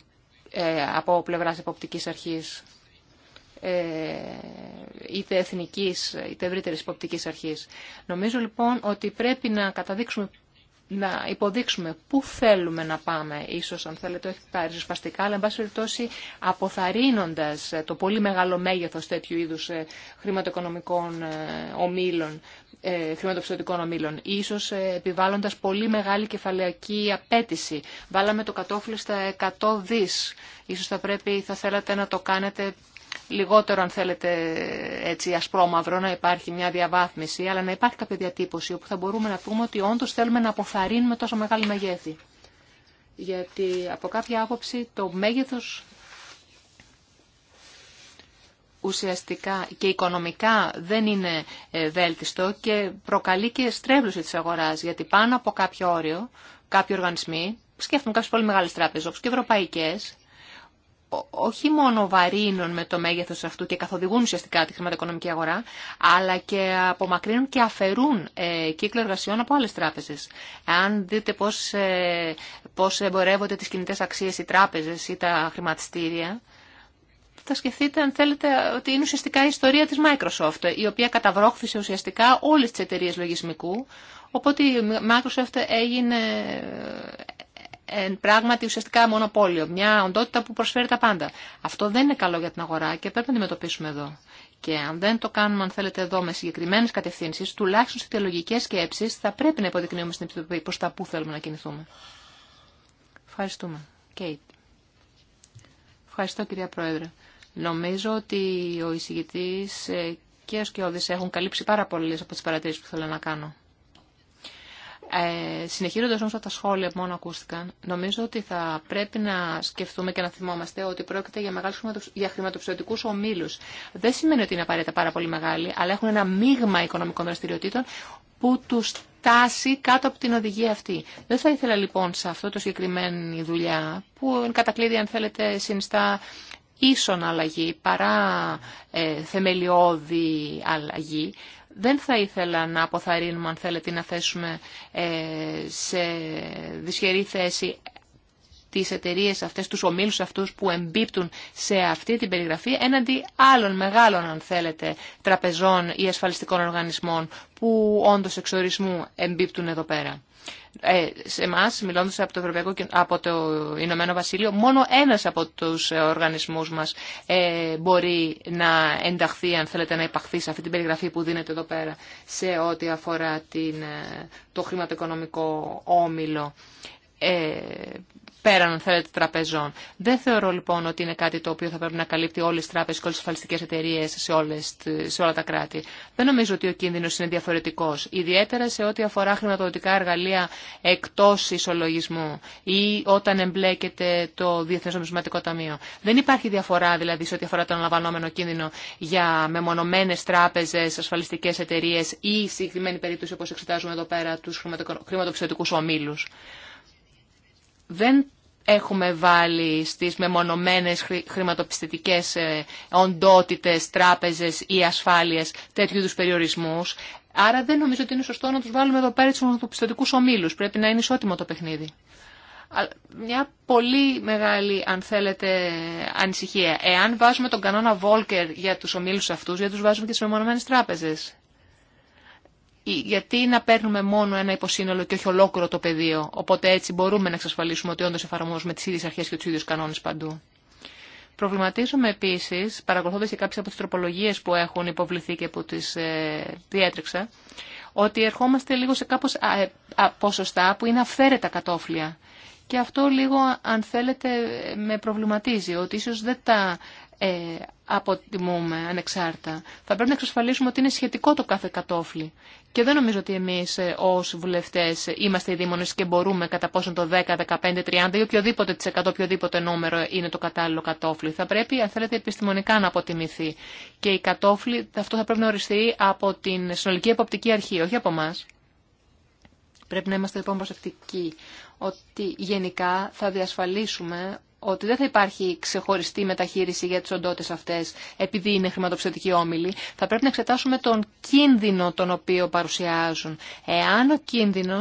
ε, από πλευράς υποπτικής αρχής, ε, είτε εθνικής είτε ευρύτερη υποπτικής αρχής. Νομίζω λοιπόν ότι πρέπει να καταδείξουμε να υποδείξουμε πού θέλουμε να πάμε, ίσως αν θέλετε όχι τα ριζοσπαστικά, αλλά εν πάση περιπτώσει αποθαρρύνοντας το πολύ μεγάλο μέγεθος τέτοιου είδους ε, χρηματοοικονομικών ομίλων ε, χρηματοπιστωτικών ομήλων, ίσως ε, επιβάλλοντας πολύ μεγάλη κεφαλαιακή απέτηση. Βάλαμε το κατόφλι στα 100 δις. Ίσως θα πρέπει, θα θέλατε να το κάνετε λιγότερο αν θέλετε έτσι ασπρόμαυρο να υπάρχει μια διαβάθμιση, αλλά να υπάρχει κάποια διατύπωση όπου θα μπορούμε να πούμε ότι όντως θέλουμε να αποθαρρύνουμε τόσο μεγάλη μεγέθη. Γιατί από κάποια άποψη το μέγεθος ουσιαστικά και οικονομικά δεν είναι ε, βέλτιστο και προκαλεί και στρέβλωση της αγοράς, γιατί πάνω από κάποιο όριο, κάποιοι οργανισμοί, σκέφτομαι κάποιες πολύ μεγάλες τράπεζες, όπως και ευρωπαϊκές, όχι μόνο βαρύνουν με το μέγεθος αυτού και καθοδηγούν ουσιαστικά τη χρηματοοικονομική αγορά, αλλά και απομακρύνουν και αφαιρούν ε, κύκλο εργασιών από άλλες τράπεζες. Αν δείτε πώς, ε, εμπορεύονται τις κινητές αξίες οι τράπεζες ή τα χρηματιστήρια, θα σκεφτείτε αν θέλετε ότι είναι ουσιαστικά η ιστορία της Microsoft, η οποία καταβρόχθησε ουσιαστικά όλες τις εταιρείες λογισμικού, οπότε η Microsoft έγινε ε, πράγματι ουσιαστικά μονοπόλιο, μια οντότητα που προσφέρει τα πάντα. Αυτό δεν είναι καλό για την αγορά και πρέπει να αντιμετωπίσουμε εδώ. Και αν δεν το κάνουμε, αν θέλετε, εδώ με συγκεκριμένε κατευθύνσει, τουλάχιστον σε θεολογικέ σκέψει, θα πρέπει να υποδεικνύουμε στην Επιτροπή προ τα πού θέλουμε να κινηθούμε. Ευχαριστούμε. Κέιτ. Ευχαριστώ, κυρία Πρόεδρε. Νομίζω ότι ο εισηγητή ε, και ο Σκιώδη έχουν καλύψει πάρα πολλέ από τι παρατηρήσει που θέλω να κάνω. Ε, Συνεχίζοντα όμω τα σχόλια που μόνο ακούστηκαν, νομίζω ότι θα πρέπει να σκεφτούμε και να θυμόμαστε ότι πρόκειται για, μεγάλους για χρηματοπιστωτικού ομίλου. Δεν σημαίνει ότι είναι απαραίτητα πάρα πολύ μεγάλοι, αλλά έχουν ένα μείγμα οικονομικών δραστηριοτήτων που του τάσει κάτω από την οδηγία αυτή. Δεν θα ήθελα λοιπόν σε αυτό το συγκεκριμένη δουλειά, που κατακλείδη αν θέλετε συνιστά ίσον αλλαγή παρά ε, θεμελιώδη αλλαγή. Δεν θα ήθελα να αποθαρρύνουμε, αν θέλετε, να θέσουμε ε, σε δυσχερή θέση τις εταιρείε αυτές, του ομίλου αυτούς που εμπίπτουν σε αυτή την περιγραφή έναντι άλλων μεγάλων, αν θέλετε, τραπεζών ή ασφαλιστικών οργανισμών που όντως εξορισμού εμπίπτουν εδώ πέρα. Ε, σε εμά, μιλώντα από, το από το Ηνωμένο Βασίλειο, μόνο ένα από του ε, οργανισμού μα ε, μπορεί να ενταχθεί, αν θέλετε, να υπαχθεί σε αυτή την περιγραφή που δίνεται εδώ πέρα σε ό,τι αφορά την, ε, το χρηματοοικονομικό όμιλο. Ε, πέραν, αν θέλετε, τραπεζών. Δεν θεωρώ λοιπόν ότι είναι κάτι το οποίο θα πρέπει να καλύπτει όλε τι τράπεζε και όλε τι ασφαλιστικέ εταιρείε σε, σε όλα τα κράτη. Δεν νομίζω ότι ο κίνδυνο είναι διαφορετικό. Ιδιαίτερα σε ό,τι αφορά χρηματοδοτικά εργαλεία εκτό ισολογισμού ή όταν εμπλέκεται το Διεθνέ Νομισματικό Ταμείο. Δεν υπάρχει διαφορά δηλαδή σε ό,τι αφορά τον αναλαμβανόμενο κίνδυνο για μεμονωμένε τράπεζε, ασφαλιστικέ εταιρείε ή συγκεκριμένη περίπτωση όπω εξετάζουμε εδώ πέρα του ομίλου δεν έχουμε βάλει στις μεμονωμένες χρηματοπιστωτικές ε, οντότητες, τράπεζες ή ασφάλειες τέτοιου είδους περιορισμούς. Άρα δεν νομίζω ότι είναι σωστό να τους βάλουμε εδώ πέρα στους χρηματοπιστωτικούς ομίλους. Πρέπει να είναι ισότιμο το παιχνίδι. Μια πολύ μεγάλη, αν θέλετε, ανησυχία. Εάν βάζουμε τον κανόνα Volcker για τους ομίλους αυτούς, γιατί τους βάζουμε και στις μεμονωμένες τράπεζες γιατί να παίρνουμε μόνο ένα υποσύνολο και όχι ολόκληρο το πεδίο. Οπότε έτσι μπορούμε να εξασφαλίσουμε ότι όντω εφαρμόζουμε τι ίδιε αρχέ και του ίδιου κανόνε παντού. Προβληματίζομαι επίση, παρακολουθώντα και κάποιε από τι τροπολογίε που έχουν υποβληθεί και που τι ε, διέτρεξα, ότι ερχόμαστε λίγο σε κάπω ε, ποσοστά που είναι αυθαίρετα κατόφλια. Και αυτό λίγο, αν θέλετε, ε, με προβληματίζει, ότι ίσως δεν τα ε, αποτιμούμε ανεξάρτητα. Θα πρέπει να εξασφαλίσουμε ότι είναι σχετικό το κάθε κατόφλι. Και δεν νομίζω ότι εμεί ε, ω βουλευτέ ε, είμαστε οι δήμονε και μπορούμε κατά πόσον το 10, 15, 30 ή οποιοδήποτε τη εκατό, οποιοδήποτε νούμερο είναι το κατάλληλο κατόφλι. Θα πρέπει, αν θέλετε, επιστημονικά να αποτιμηθεί. Και η κατόφλι, αυτό θα πρέπει να οριστεί από την συνολική εποπτική αρχή, όχι από εμά. Πρέπει να είμαστε λοιπόν προσεκτικοί ότι γενικά θα διασφαλίσουμε ότι δεν θα υπάρχει ξεχωριστή μεταχείριση για τις οντότητε αυτέ επειδή είναι χρηματοψηφιακοί όμιλοι, θα πρέπει να εξετάσουμε τον κίνδυνο τον οποίο παρουσιάζουν. Εάν ο κίνδυνο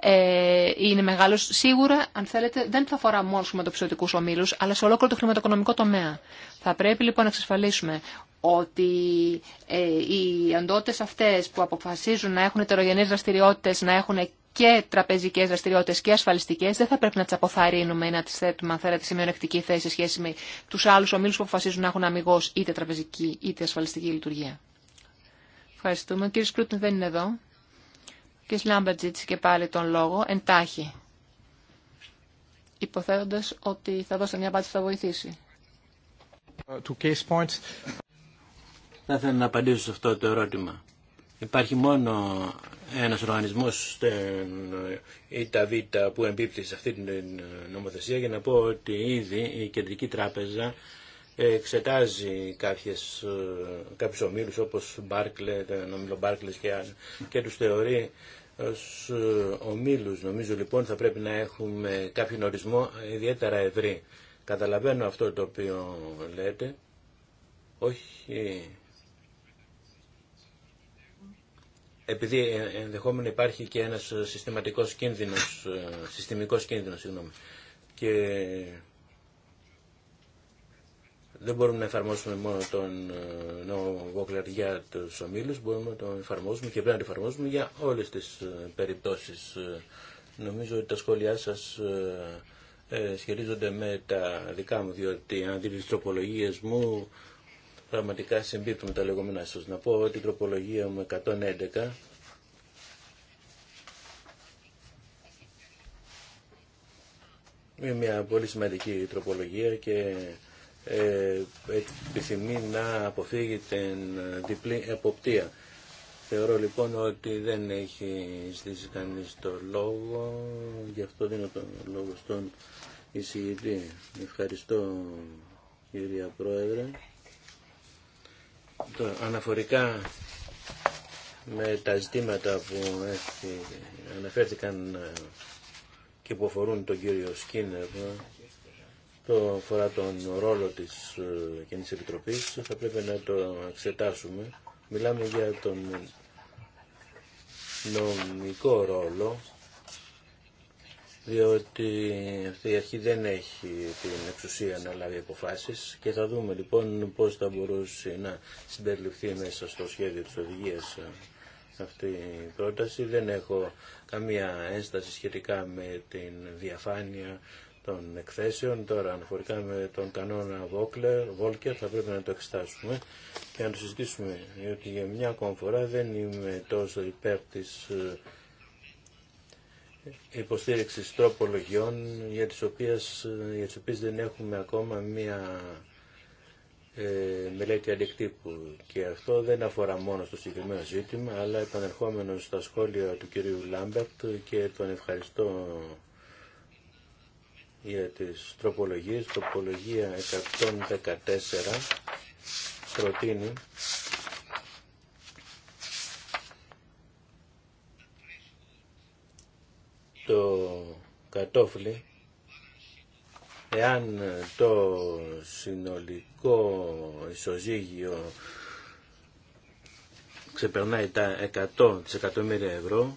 ε, είναι μεγάλο σίγουρα, αν θέλετε, δεν θα αφορά μόνο στου χρηματοψηφιακού ομίλου, αλλά σε ολόκληρο το χρηματοοικονομικό τομέα. Θα πρέπει λοιπόν να εξασφαλίσουμε ότι ε, οι οντότητε αυτέ που αποφασίζουν να έχουν ετερογενεί δραστηριότητε, να έχουν και τραπεζικέ δραστηριότητε και ασφαλιστικέ. δεν θα πρέπει να τι αποθαρρύνουμε ή να τι θέτουμε αν θέλετε σε μειονεκτική θέση σε σχέση με του άλλου ομιλού που αποφασίζουν να έχουν αμυγό είτε τραπεζική είτε ασφαλιστική λειτουργία. Ευχαριστούμε. Ο κ. Σκρούτν δεν είναι εδώ. Ο κ. Λάμπερτ και πάλι τον λόγο εντάχει. Υποθέτοντα ότι θα δώσετε μια απάντηση που θα βοηθήσει. Uh, θα ήθελα να απαντήσω σε αυτό το ερώτημα. Υπάρχει μόνο ένας οργανισμός ΙΤΑΒ που εμπίπτει σε αυτή την νομοθεσία για να πω ότι ήδη η Κεντρική Τράπεζα εξετάζει κάποιες, κάποιους ομίλους όπως Μπάρκλε, τον ομίλο Μπάρκλες και, και τους θεωρεί ως ομίλους. Νομίζω λοιπόν θα πρέπει να έχουμε κάποιον ορισμό ιδιαίτερα ευρύ. Καταλαβαίνω αυτό το οποίο λέτε. Όχι επειδή ε, ενδεχόμενο υπάρχει και ένας ε, συστηματικός κίνδυνος, ε, συστημικός κίνδυνος, συγγνώμη, και δεν μπορούμε να εφαρμόσουμε μόνο τον νόμο για τους ομίλους, μπορούμε να τον εφαρμόσουμε και πρέπει να τον εφαρμόσουμε για όλες τις περιπτώσεις. Νομίζω ότι τα σχόλιά σας σχετίζονται με τα δικά μου, διότι αν δείτε τις μου, πραγματικά συμπίπτουν τα λεγόμενά σας. Να πω ότι η τροπολογία μου 111 είναι μια πολύ σημαντική τροπολογία και ε, επιθυμεί να αποφύγει την διπλή εποπτεία. Θεωρώ λοιπόν ότι δεν έχει στήσει κανείς το λόγο, γι' αυτό δίνω το λόγο στον εισηγητή. Ευχαριστώ κυρία Πρόεδρε αναφορικά με τα ζητήματα που αναφέρθηκαν ε, και που αφορούν τον κύριο Σκίνερ το αφορά τον ρόλο της ε, Κοινής Επιτροπής θα πρέπει να το εξετάσουμε μιλάμε για τον νομικό ρόλο διότι αυτή η αρχή δεν έχει την εξουσία να λάβει αποφάσεις και θα δούμε λοιπόν πώς θα μπορούσε να συμπεριληφθεί μέσα στο σχέδιο της οδηγίας αυτή η πρόταση. Δεν έχω καμία ένσταση σχετικά με την διαφάνεια των εκθέσεων. Τώρα αναφορικά με τον κανόνα Βόλκερ θα πρέπει να το εξετάσουμε και να το συζητήσουμε, διότι για μια ακόμα φορά δεν είμαι τόσο υπέρ της ε, υποστήριξης τροπολογιών για τις οποίες, για τις οποίες δεν έχουμε ακόμα μία ε, μελέτη αντικτύπου. Και αυτό δεν αφορά μόνο στο συγκεκριμένο ζήτημα, αλλά επανερχόμενο στα σχόλια του κυρίου Λάμπερτ και τον ευχαριστώ για τις τροπολογίες. Τροπολογία 114 προτείνει το κατόφλι εάν το συνολικό ισοζύγιο ξεπερνάει τα 100 δισεκατομμύρια ευρώ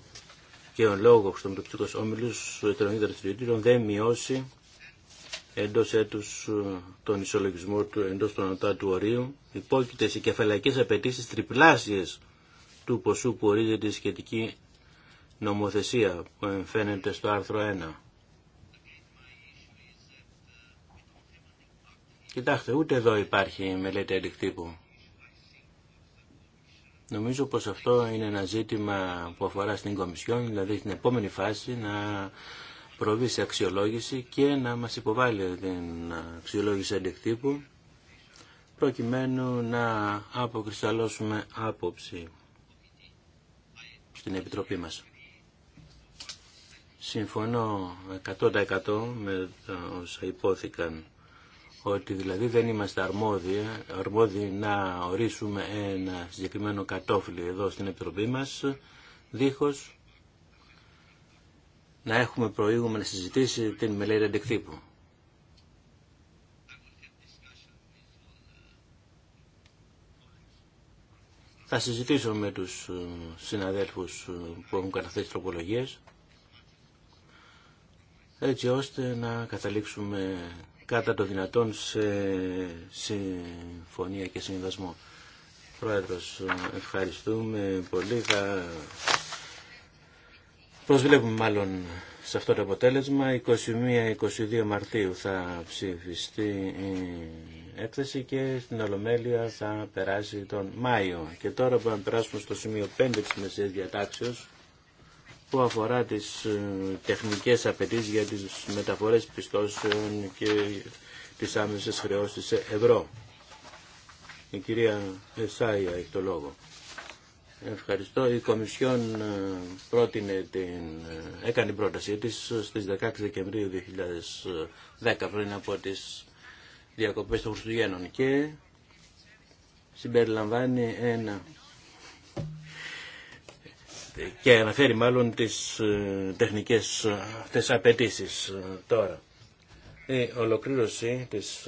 και ο λόγο των ομιλούς όμιλου των δραστηριοτήτων δεν μειώσει εντό έτου τον ισολογισμό του εντό των ΟΤΑ του ορίου, υπόκειται σε κεφαλαϊκέ απαιτήσει τριπλάσιε του ποσού που ορίζεται η σχετική νομοθεσία που εμφαίνεται στο άρθρο 1. Κοιτάξτε, ούτε εδώ υπάρχει μελέτη αντικτύπου. Νομίζω πως αυτό είναι ένα ζήτημα που αφορά στην Κομισιόν, δηλαδή στην επόμενη φάση να προβεί σε αξιολόγηση και να μας υποβάλει την αξιολόγηση αντικτύπου προκειμένου να αποκρισταλώσουμε άποψη στην Επιτροπή μας. Συμφωνώ 100% με όσα υπόθηκαν ότι δηλαδή δεν είμαστε αρμόδιοι, αρμόδιοι να ορίσουμε ένα συγκεκριμένο κατόφλι εδώ στην Επιτροπή μας, δίχως να έχουμε προηγούμενη να συζητήσει την μελέτη αντικτύπου. Θα συζητήσω με τους συναδέλφους που έχουν καταθέσει τροπολογίες έτσι ώστε να καταλήξουμε κατά το δυνατόν σε συμφωνία και συμβασμό. Πρόεδρος, ευχαριστούμε πολύ. Θα προσβλέπουμε μάλλον σε αυτό το αποτέλεσμα. 21-22 Μαρτίου θα ψηφιστεί η έκθεση και στην Ολομέλεια θα περάσει τον Μάιο. Και τώρα που να περάσουμε στο σημείο 5 της Μεσαίας Διατάξεως που αφορά τις ε, τεχνικές απαιτήσεις για τις μεταφορές πιστώσεων και τις άμεσες χρεώσεις σε ευρώ. Η κυρία Εσάια έχει το λόγο. Ευχαριστώ. Η Κομισιόν ε, πρότεινε την, ε, έκανε την πρότασή της στις 16 Δεκεμβρίου 2010 πριν από τις διακοπές των Χριστουγέννων και συμπεριλαμβάνει ένα και αναφέρει μάλλον τις ε, τεχνικές ε, αυτές απαιτήσει ε, τώρα. Η ολοκλήρωση της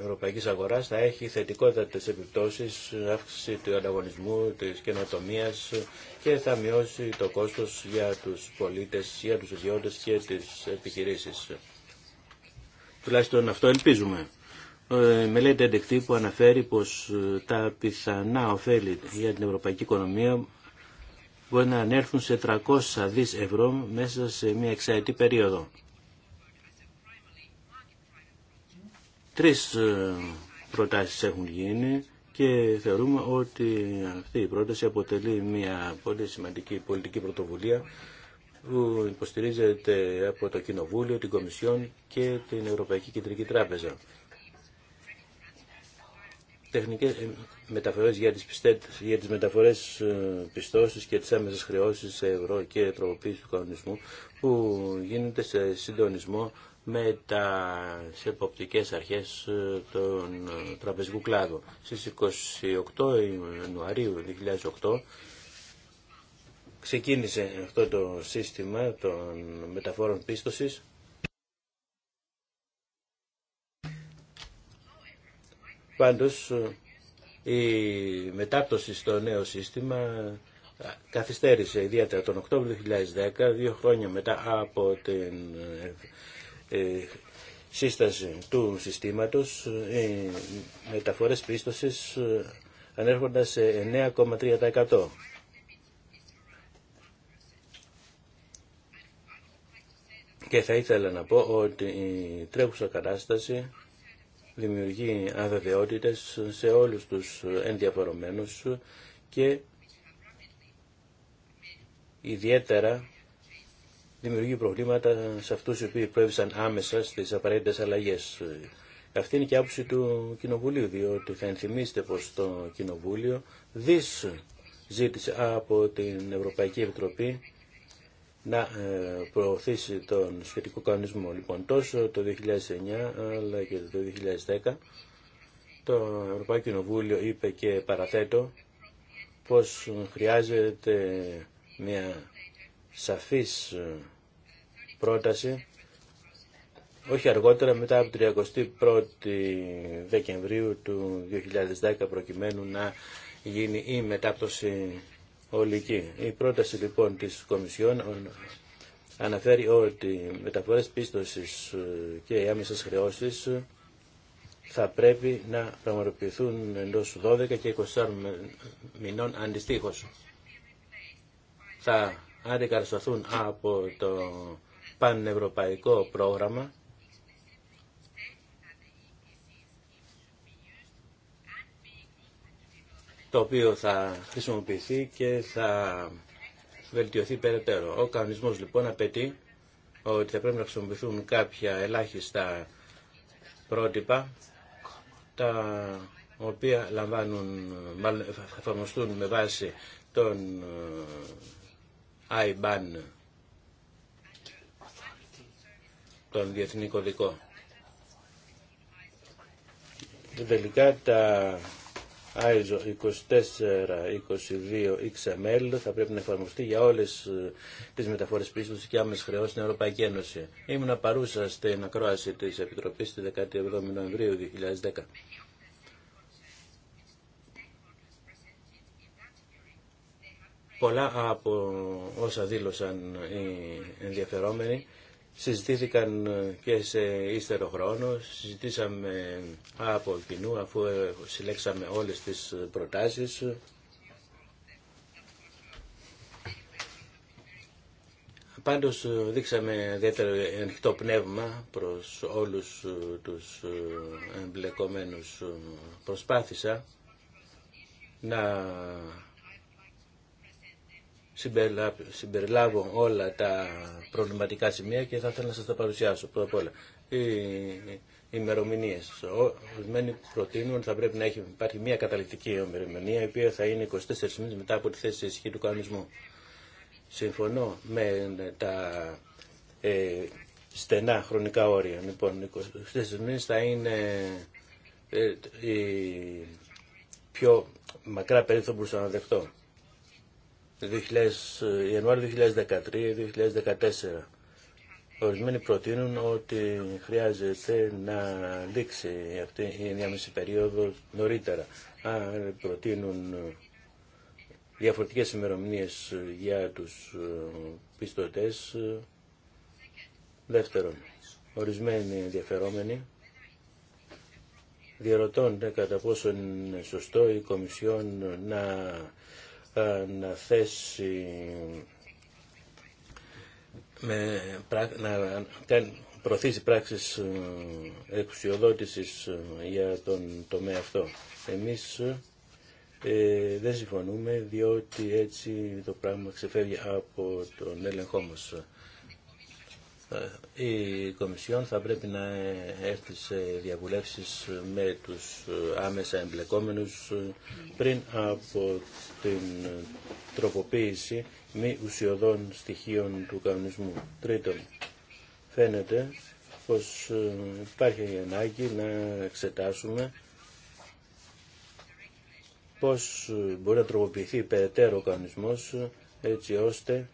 ευρωπαϊκής αγοράς θα έχει θετικότατες επιπτώσεις, αύξηση του ανταγωνισμού, της καινοτομίας και θα μειώσει το κόστος για τους πολίτες, για τους ιδιώτες και τις επιχειρήσεις. Τουλάχιστον αυτό ελπίζουμε. Μελέτη εντεκτή που αναφέρει πως τα πιθανά ωφέλη για την ευρωπαϊκή οικονομία μπορεί να ανέρθουν σε 300 δις ευρώ μέσα σε μια εξαετή περίοδο. Τρεις ε, προτάσεις έχουν γίνει και θεωρούμε ότι αυτή η πρόταση αποτελεί μια πολύ σημαντική πολιτική πρωτοβουλία που υποστηρίζεται από το Κοινοβούλιο, την Κομισιόν και την Ευρωπαϊκή Κεντρική Τράπεζα. Ε, μεταφορές για τις, πιστές, για τις μεταφορές ε, πιστώσεις και τις άμεσες χρεώσεις σε ευρώ και τροποποίηση του κανονισμού που γίνεται σε συντονισμό με τα εποπτικές αρχές ε, των ε, τραπεζικού κλάδου. Στις 28 Ιανουαρίου 2008 ξεκίνησε αυτό το σύστημα των μεταφόρων πίστοσης Πάντως η μετάπτωση στο νέο σύστημα καθυστέρησε ιδιαίτερα τον Οκτώβριο 2010, δύο χρόνια μετά από την ε, σύσταση του συστήματος, οι μεταφορές πίστοσης ε, ανέρχονταν σε 9,3%. Και θα ήθελα να πω ότι η τρέχουσα κατάσταση δημιουργεί αβεβαιότητες σε όλους τους ενδιαφερομένους και ιδιαίτερα δημιουργεί προβλήματα σε αυτούς οι οποίοι προέβησαν άμεσα στις απαραίτητες αλλαγές. Αυτή είναι και άποψη του Κοινοβουλίου, διότι θα ενθυμίσετε πως το Κοινοβούλιο δις ζήτησε από την Ευρωπαϊκή Επιτροπή να ε, προωθήσει τον σχετικό κανονισμό. Λοιπόν, τόσο το 2009 αλλά και το 2010 το Ευρωπαϊκό Κοινοβούλιο είπε και παραθέτω πως χρειάζεται μια σαφής ε, πρόταση όχι αργότερα μετά από 31 31η Δεκεμβρίου του 2010 προκειμένου να γίνει η μετάπτωση ολική. Η πρόταση λοιπόν της Κομισιόν αναφέρει ότι μεταφορές πίστοσης ε, και οι άμεσες χρεώσεις θα πρέπει να πραγματοποιηθούν εντός 12 και 24 μηνών αντιστοίχως. Θα αντικατασταθούν από το πανευρωπαϊκό πρόγραμμα το οποίο θα χρησιμοποιηθεί και θα βελτιωθεί περαιτέρω. Ο κανονισμός λοιπόν απαιτεί ότι θα πρέπει να χρησιμοποιηθούν κάποια ελάχιστα πρότυπα τα οποία λαμβάνουν, μάλλον εφαρμοστούν με βάση τον ε, IBAN, τον Διεθνή Κωδικό. τελικά τα ISO 24-22 XML θα πρέπει να εφαρμοστεί για όλες ε, τις μεταφορές πίστος και άμεσες χρεώσεις στην Ευρωπαϊκή Ένωση. Ήμουν παρούσα στην ακρόαση της Επιτροπής τη 17η Νοεμβρίου 2010. Πολλά από όσα δήλωσαν οι ενδιαφερόμενοι συζητήθηκαν ε, και σε ύστερο χρόνο, συζητήσαμε από κοινού αφού ε, συλλέξαμε όλες τις προτάσεις. Πάντως ε, δείξαμε ιδιαίτερο ανοιχτό πνεύμα προς όλους τους εμπλεκομένους. Προσπάθησα να συμπεριλάβω όλα τα προβληματικά σημεία και θα ήθελα να σας τα παρουσιάσω πρώτα απ' όλα. Οι ημερομηνίε. Ορισμένοι προτείνουν ότι θα πρέπει να έχει, υπάρχει μια καταληκτική ημερομηνία η οποία θα είναι 24 μήνε μετά από τη θέση ισχύ του κανονισμού. Συμφωνώ με τα ε, στενά χρονικά όρια. Λοιπόν, 24 μήνε θα είναι ε, η πιο μακρά περίοδο που μπορούσα να δεχτώ. Ιανουάριο 2013-2014. Ορισμένοι προτείνουν ότι χρειάζεται να λήξει αυτή η ενδιάμεση περίοδο νωρίτερα. Αν προτείνουν διαφορετικές ημερομηνίε για τους ε, πιστωτές. Δεύτερον, ορισμένοι ενδιαφερόμενοι διαρωτώνται κατά πόσο είναι σωστό η Κομισιόν να να θέσει με, να προωθήσει πράξεις ε, εξουσιοδότησης ε, για τον τομέα αυτό. Εμείς ε, δεν συμφωνούμε διότι έτσι το πράγμα ξεφεύγει από τον έλεγχό μας. Ε, η Κομισιόν θα πρέπει να έρθει σε διαβουλεύσεις με τους ε, άμεσα εμπλεκόμενους ε, πριν από την τροποποίηση μη ουσιοδών στοιχείων του κανονισμού. Τρίτον, φαίνεται πως υπάρχει η ανάγκη να εξετάσουμε πώς μπορεί να τροποποιηθεί περαιτέρω ο κανονισμός έτσι ώστε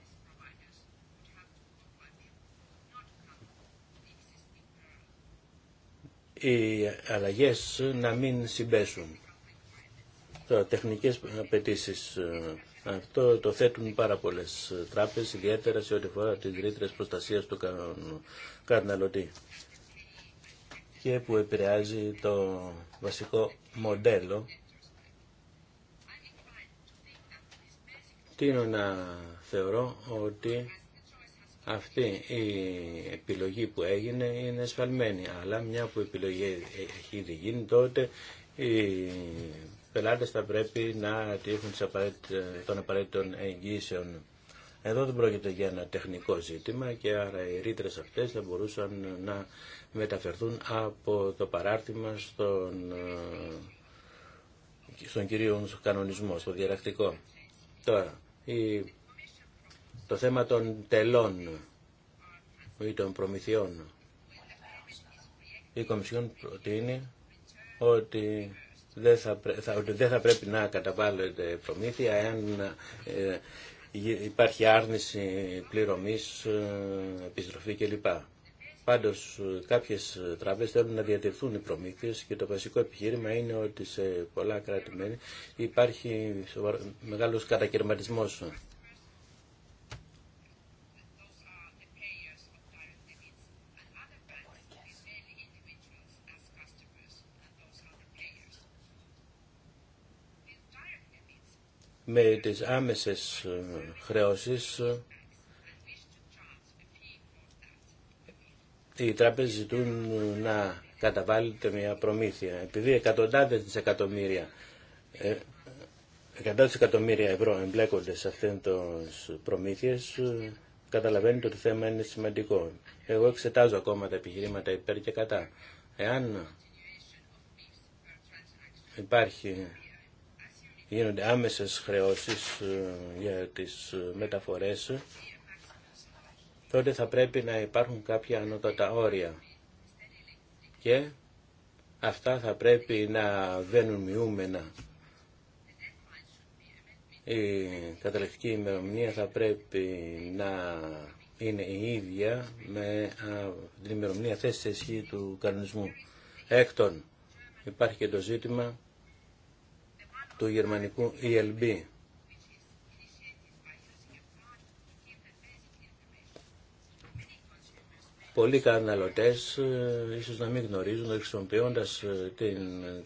οι αλλαγές να μην συμπέσουν. τα τεχνικές απαιτήσει. Ε, αυτό το θέτουν πάρα πολλέ τράπεζε, ιδιαίτερα σε ό,τι αφορά τις ρήτρε προστασία του καταναλωτή και που επηρεάζει το βασικό μοντέλο είναι να θεωρώ ότι αυτή η επιλογή που έγινε είναι εσφαλμένη. Αλλά μια που η επιλογή έχει ήδη γίνει τότε οι πελάτες θα πρέπει να τύχουν των απαραίτητων εγγύσεων. Εδώ δεν πρόκειται για ένα τεχνικό ζήτημα και άρα οι ρήτρε αυτές θα μπορούσαν να μεταφερθούν από το παράρτημα στον, ε, στον κύριο κανονισμό, στο διαρακτικό. Τώρα, η το θέμα των τελών ή των προμηθειών. Η Κομισιόν προτείνει ότι δεν θα, πρέπει να καταβάλλεται προμήθεια εάν ε, υπάρχει άρνηση πληρωμής, ε, επιστροφή κλπ. Πάντως κάποιες τράπεζες θέλουν να διατηρηθούν οι προμήθειες και το βασικό επιχείρημα είναι ότι σε πολλά υπάρχει μεγάλος κατακαιρματισμός με τις άμεσες ε, χρεώσεις ε, οι τράπεζε ζητούν ε, να καταβάλλεται μια προμήθεια. Επειδή εκατοντάδες δισεκατομμύρια, εκατοντάδες εκατομμύρια ευρώ εμπλέκονται σε αυτές τις προμήθειες, καταλαβαίνετε ότι το θέμα είναι σημαντικό. Εγώ εξετάζω ακόμα τα επιχειρήματα υπέρ και κατά. Εάν υπάρχει γίνονται άμεσες χρεώσεις ε, για τις ε, μεταφορές, τότε θα πρέπει να υπάρχουν κάποια ανώτατα όρια. Και αυτά θα πρέπει να βαίνουν μειούμενα. Η καταληκτική ημερομηνία θα πρέπει να είναι η ίδια με την ημερομηνία θέση ισχύ του κανονισμού. Έκτον, υπάρχει και το ζήτημα του γερμανικού ELB. Πολλοί καταναλωτέ ε, ίσως να μην γνωρίζουν ότι χρησιμοποιώντα ε, την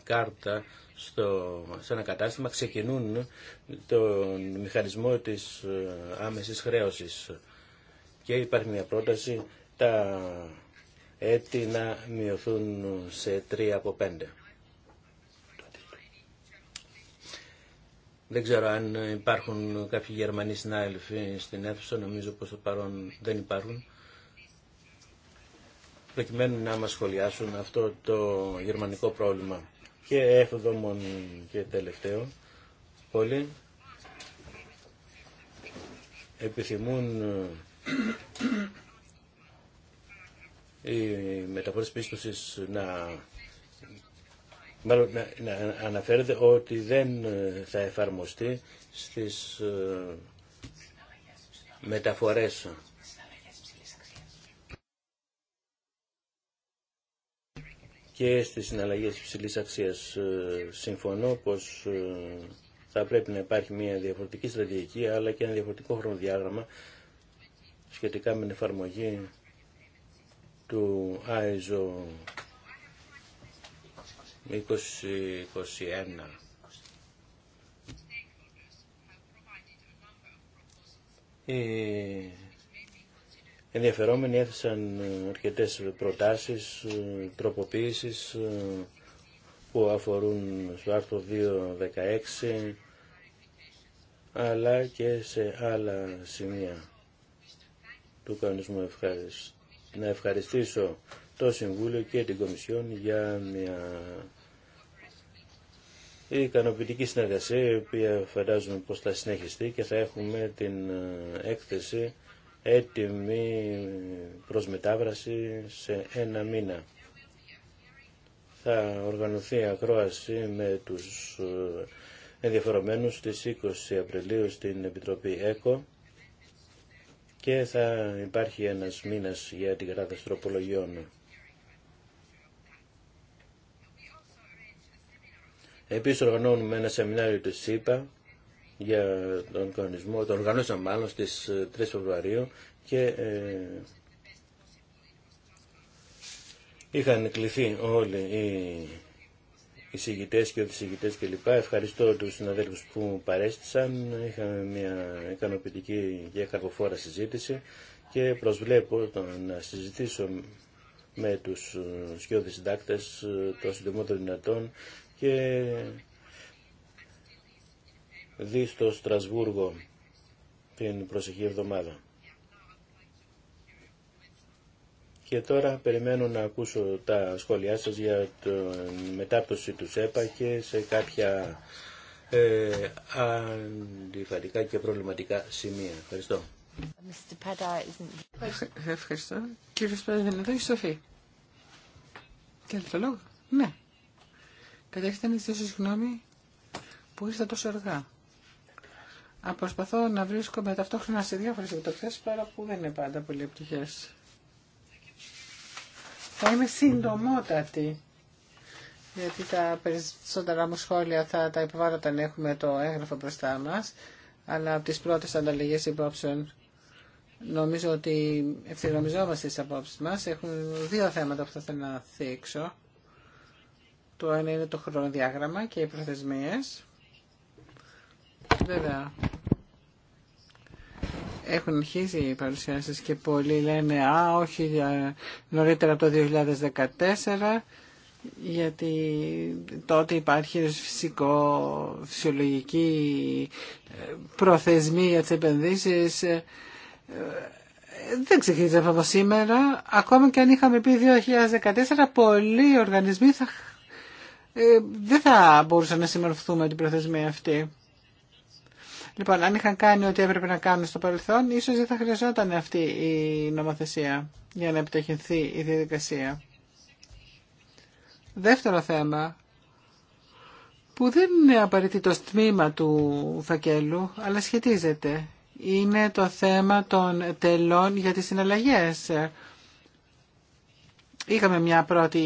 κάρτα στο, σε ένα κατάστημα ξεκινούν τον μηχανισμό της ε, άμεσης χρέωσης. Και υπάρχει μια πρόταση τα έτη να μειωθούν σε 3 από 5. Δεν ξέρω αν υπάρχουν κάποιοι Γερμανοί συνάδελφοι στην αίθουσα, νομίζω πως το παρόν δεν υπάρχουν. Προκειμένου να μας σχολιάσουν αυτό το γερμανικό πρόβλημα. Και έφοδομον και τελευταίο, Πολλοί επιθυμούν οι μεταφορές πίστοσης να μάλλον να αναφέρεται ότι δεν ε, θα εφαρμοστεί στις ε, μεταφορές. και στις συναλλαγές υψηλής αξίας. Ε, συμφωνώ πως θα πρέπει να υπάρχει μια διαφορετική στρατηγική αλλά και ένα διαφορετικό χρονοδιάγραμμα σχετικά με την εφαρμογή του ISO 2021. Οι ενδιαφερόμενοι έθεσαν αρκετές προτάσεις, τροποποίησεις που αφορούν στο άρθρο 2.16 αλλά και σε άλλα σημεία του κανονισμού Να ευχαριστήσω το Συμβούλιο και την Κομισιόν για μια η ικανοποιητική συνεργασία η οποία φαντάζομαι πως θα συνεχιστεί και θα έχουμε την ε, έκθεση έτοιμη προς μετάβραση σε ένα μήνα. Θα οργανωθεί ακρόαση με τους ε, ενδιαφερομένους στις 20 Απριλίου στην Επιτροπή ΕΚΟ και θα υπάρχει ένας μήνας για την κατάσταση τροπολογιών. Επίσης οργανώνουμε ένα σεμινάριο του ΣΥΠΑ για τον κανονισμό, το οργανώσαμε μάλλον στις 3 ε, Φεβρουαρίου και ε, είχαν κληθεί όλοι οι εισηγητέ και και κλπ. Ευχαριστώ του συναδέλφους που παρέστησαν. Είχαμε μια ικανοποιητική και καρποφόρα συζήτηση και προσβλέπω το να συζητήσω με τους ε, σκιώδεις συντάκτες ε, το συντομότερο δυνατόν και δει στο Στρασβούργο την προσεχή εβδομάδα. Και τώρα περιμένω να ακούσω τα σχόλιά σας για την μετάπτωση του ΣΕΠΑ και σε κάποια ε, αντιφατικά και προβληματικά σημεία. Ευχαριστώ. Ευχαριστώ. Κύριος είναι εδώ, η Σοφή. το λόγο. Ναι. Καταρχήν να ζητήσω συγγνώμη που ήρθα τόσο αργά. Α, προσπαθώ να βρίσκομαι ταυτόχρονα σε διάφορε επιτροπές, παρά που δεν είναι πάντα πολύ επιτυχές. Θα είμαι συντομότατη, γιατί τα περισσότερα μου σχόλια θα τα υποβάλλω όταν έχουμε το έγγραφο μπροστά μα, αλλά από τις πρώτες ανταλλαγές υπόψεων νομίζω ότι ευθυγραμμιζόμαστε στις απόψεις μας. Έχουν δύο θέματα που θα θέλω να θίξω. Το ένα είναι το χρονοδιάγραμμα και οι προθεσμίες. Βέβαια, έχουν αρχίσει οι παρουσιάσεις και πολλοί λένε «Α, όχι, νωρίτερα από το 2014» γιατί τότε υπάρχει φυσικό, φυσιολογική ε, προθεσμία για τις επενδύσεις. Ε, δεν ξεχνίζεται από σήμερα. Ακόμα και αν είχαμε πει 2014, πολλοί οργανισμοί θα ε, δεν θα μπορούσαμε να συμμορφωθούμε την προθεσμία αυτή. Λοιπόν, αν είχαν κάνει ό,τι έπρεπε να κάνουν στο παρελθόν, ίσως δεν θα χρειαζόταν αυτή η νομοθεσία για να επιταχυνθεί η διαδικασία. Δεύτερο θέμα, που δεν είναι απαραίτητο τμήμα του φακέλου, αλλά σχετίζεται, είναι το θέμα των τελών για τις συναλλαγές Είχαμε μια πρώτη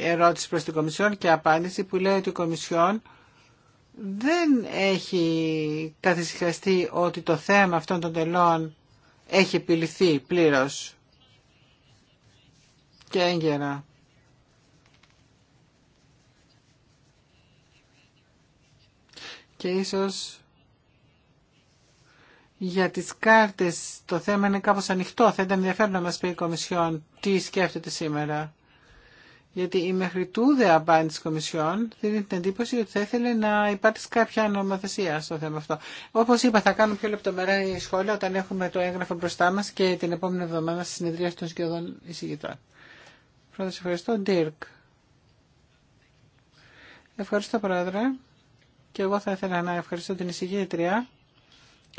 ερώτηση προς την Κομισιόν και απάντηση που λέει ότι η Κομισιόν δεν έχει καθησυχαστεί ότι το θέμα αυτών των τελών έχει επιληθεί πλήρως και έγκαιρα. Και ίσως για τις κάρτες το θέμα είναι κάπως ανοιχτό. Θα ήταν ενδιαφέρον να μας πει η Κομισιόν τι σκέφτεται σήμερα. Γιατί η μέχρι τούδε απάντηση της Κομισιόν δίνει την εντύπωση ότι θα ήθελε να υπάρξει κάποια νομοθεσία στο θέμα αυτό. Όπως είπα θα κάνουμε πιο λεπτομερά σχόλια όταν έχουμε το έγγραφο μπροστά μας και την επόμενη εβδομάδα στη συνεδρία των σχεδόν εισηγητών. Πρώτα σε ευχαριστώ. Dirk. Ευχαριστώ Πρόεδρε. Και εγώ θα ήθελα να ευχαριστώ την εισηγήτρια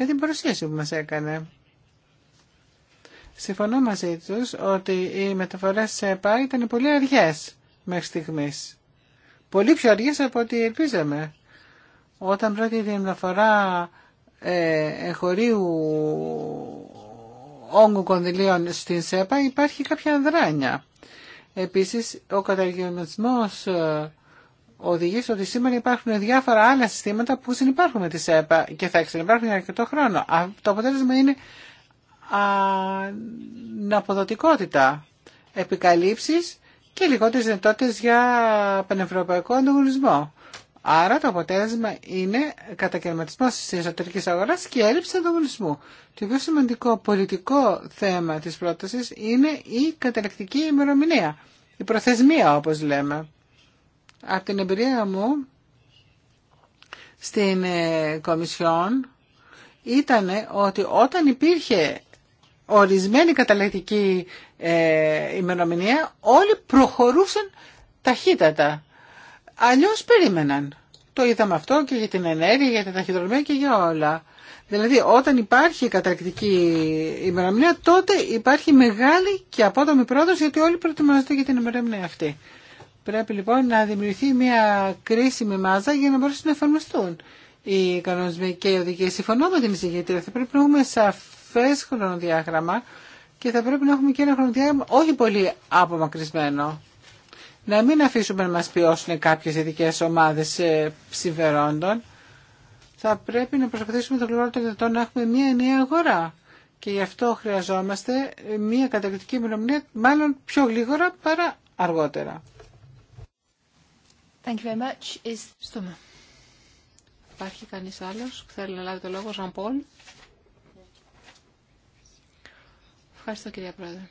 για ε, την παρουσίαση που μας έκανε. Συμφωνώ μαζί του, ότι οι μεταφορές σε ΕΠΑ ήταν πολύ αργέ μέχρι στιγμής. Πολύ πιο αργέ από ό,τι ελπίζαμε. Όταν πρόκειται η μεταφορά ε, εγχωρίου όγκου κονδυλίων στην ΣΕΠΑ υπάρχει κάποια δράνεια. Επίσης, ο καταργηματισμός ε, οδηγεί στο ότι σήμερα υπάρχουν διάφορα άλλα συστήματα που συνεπάρχουν με τη ΣΕΠΑ και θα εξελιπάρχουν για αρκετό χρόνο. Το αποτέλεσμα είναι αναποδοτικότητα, επικαλύψεις και λιγότερες δυνατότητες για πανευρωπαϊκό ανταγωνισμό. Άρα το αποτέλεσμα είναι κατακαιρματισμό τη εσωτερική αγορά και έλλειψη ανταγωνισμού. Το πιο σημαντικό πολιτικό θέμα τη πρόταση είναι η καταλεκτική ημερομηνία, η προθεσμία όπω λέμε. Από την εμπειρία μου στην ε, Κομισιόν ήταν ότι όταν υπήρχε ορισμένη καταλεκτική ε, ημερομηνία όλοι προχωρούσαν ταχύτατα. Αλλιώς περίμεναν. Το είδαμε αυτό και για την ενέργεια, για τα ταχυδρομεία και για όλα. Δηλαδή όταν υπάρχει καταρκτική ημερομηνία τότε υπάρχει μεγάλη και απότομη πρόοδος γιατί όλοι προετοιμάζονται για την ημερομηνία αυτή. Πρέπει λοιπόν να δημιουργηθεί μια κρίσιμη μάζα για να μπορέσουν να εφαρμοστούν οι κανονισμοί και οι οδηγίε. Συμφωνώ με την εισηγήτρια. Θα πρέπει να έχουμε σαφέ χρονοδιάγραμμα και θα πρέπει να έχουμε και ένα χρονοδιάγραμμα όχι πολύ απομακρυσμένο. Να μην αφήσουμε να μα πιώσουν κάποιε ειδικέ ομάδε ε, συμφερόντων. Θα πρέπει να προσπαθήσουμε το γλυκό των δυνατόν να έχουμε μια νέα αγορά. Και γι' αυτό χρειαζόμαστε μια κατακτική ημερομηνία, μάλλον πιο γρήγορα παρά αργότερα. Thank you very much. Is... Υπάρχει κανείς άλλος που θέλει να λάβει το λόγο, Ζαν Πολ. Ευχαριστώ κυρία Πρόεδρε.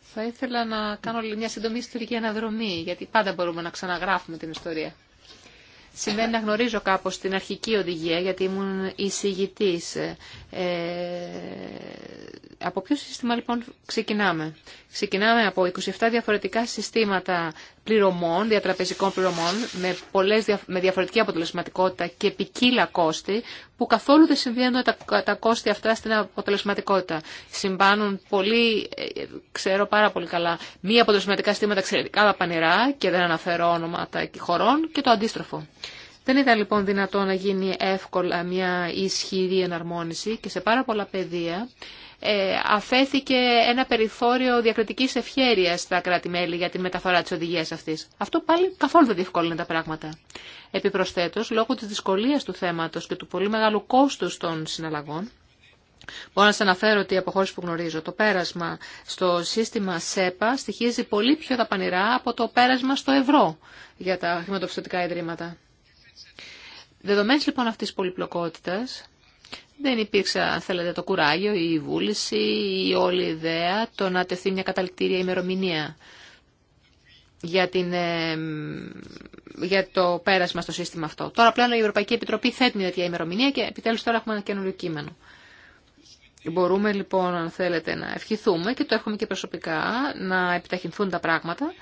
Θα ήθελα να κάνω μια σύντομη ιστορική αναδρομή, γιατί πάντα μπορούμε να ξαναγράφουμε την ιστορία. Σημαίνει να γνωρίζω κάπως την αρχική οδηγία, γιατί ήμουν εισηγητής. Ε, από ποιο σύστημα λοιπόν ξεκινάμε. Ξεκινάμε από 27 διαφορετικά συστήματα πληρωμών, διατραπεζικών πληρωμών με, πολλές, με διαφορετική αποτελεσματικότητα και ποικίλα κόστη που καθόλου δεν συμβαίνουν τα, τα κόστη αυτά στην αποτελεσματικότητα. Συμβάνουν πολύ, ε, ξέρω πάρα πολύ καλά, μη αποτελεσματικά στήματα εξαιρετικά πανηρά και δεν αναφέρω όνοματα χωρών και το αντίστροφο. Δεν ήταν λοιπόν δυνατό να γίνει εύκολα μια ισχυρή εναρμόνιση και σε πάρα πολλά πεδία ε, αφέθηκε ένα περιθώριο διακριτικής ευχέρειας στα κράτη-μέλη για τη μεταφορά της οδηγίας αυτής. Αυτό πάλι καθόλου δεν διευκόλυνε τα πράγματα. Επιπροσθέτως, λόγω της δυσκολίας του θέματος και του πολύ μεγάλου κόστους των συναλλαγών, Μπορώ να σα αναφέρω ότι από χώρε που γνωρίζω το πέρασμα στο σύστημα ΣΕΠΑ στοιχίζει πολύ πιο δαπανηρά από το πέρασμα στο ευρώ για τα χρηματοπιστωτικά ιδρύματα. Δεδομένης λοιπόν αυτή τη πολυπλοκότητα δεν υπήρξε, αν θέλετε, το κουράγιο ή η βούληση ή όλη η ιδέα το να τεθεί μια καταληκτήρια ημερομηνία για, την, για το πέρασμα στο σύστημα αυτό. Τώρα πλέον η Ευρωπαϊκή Επιτροπή θέτει μια τέτοια ημερομηνία και επιτέλους τώρα έχουμε ένα καινούριο κείμενο. Μπορούμε λοιπόν, αν θέλετε, να ευχηθούμε και το έχουμε και προσωπικά, να επιταχυνθούν τα πράγματα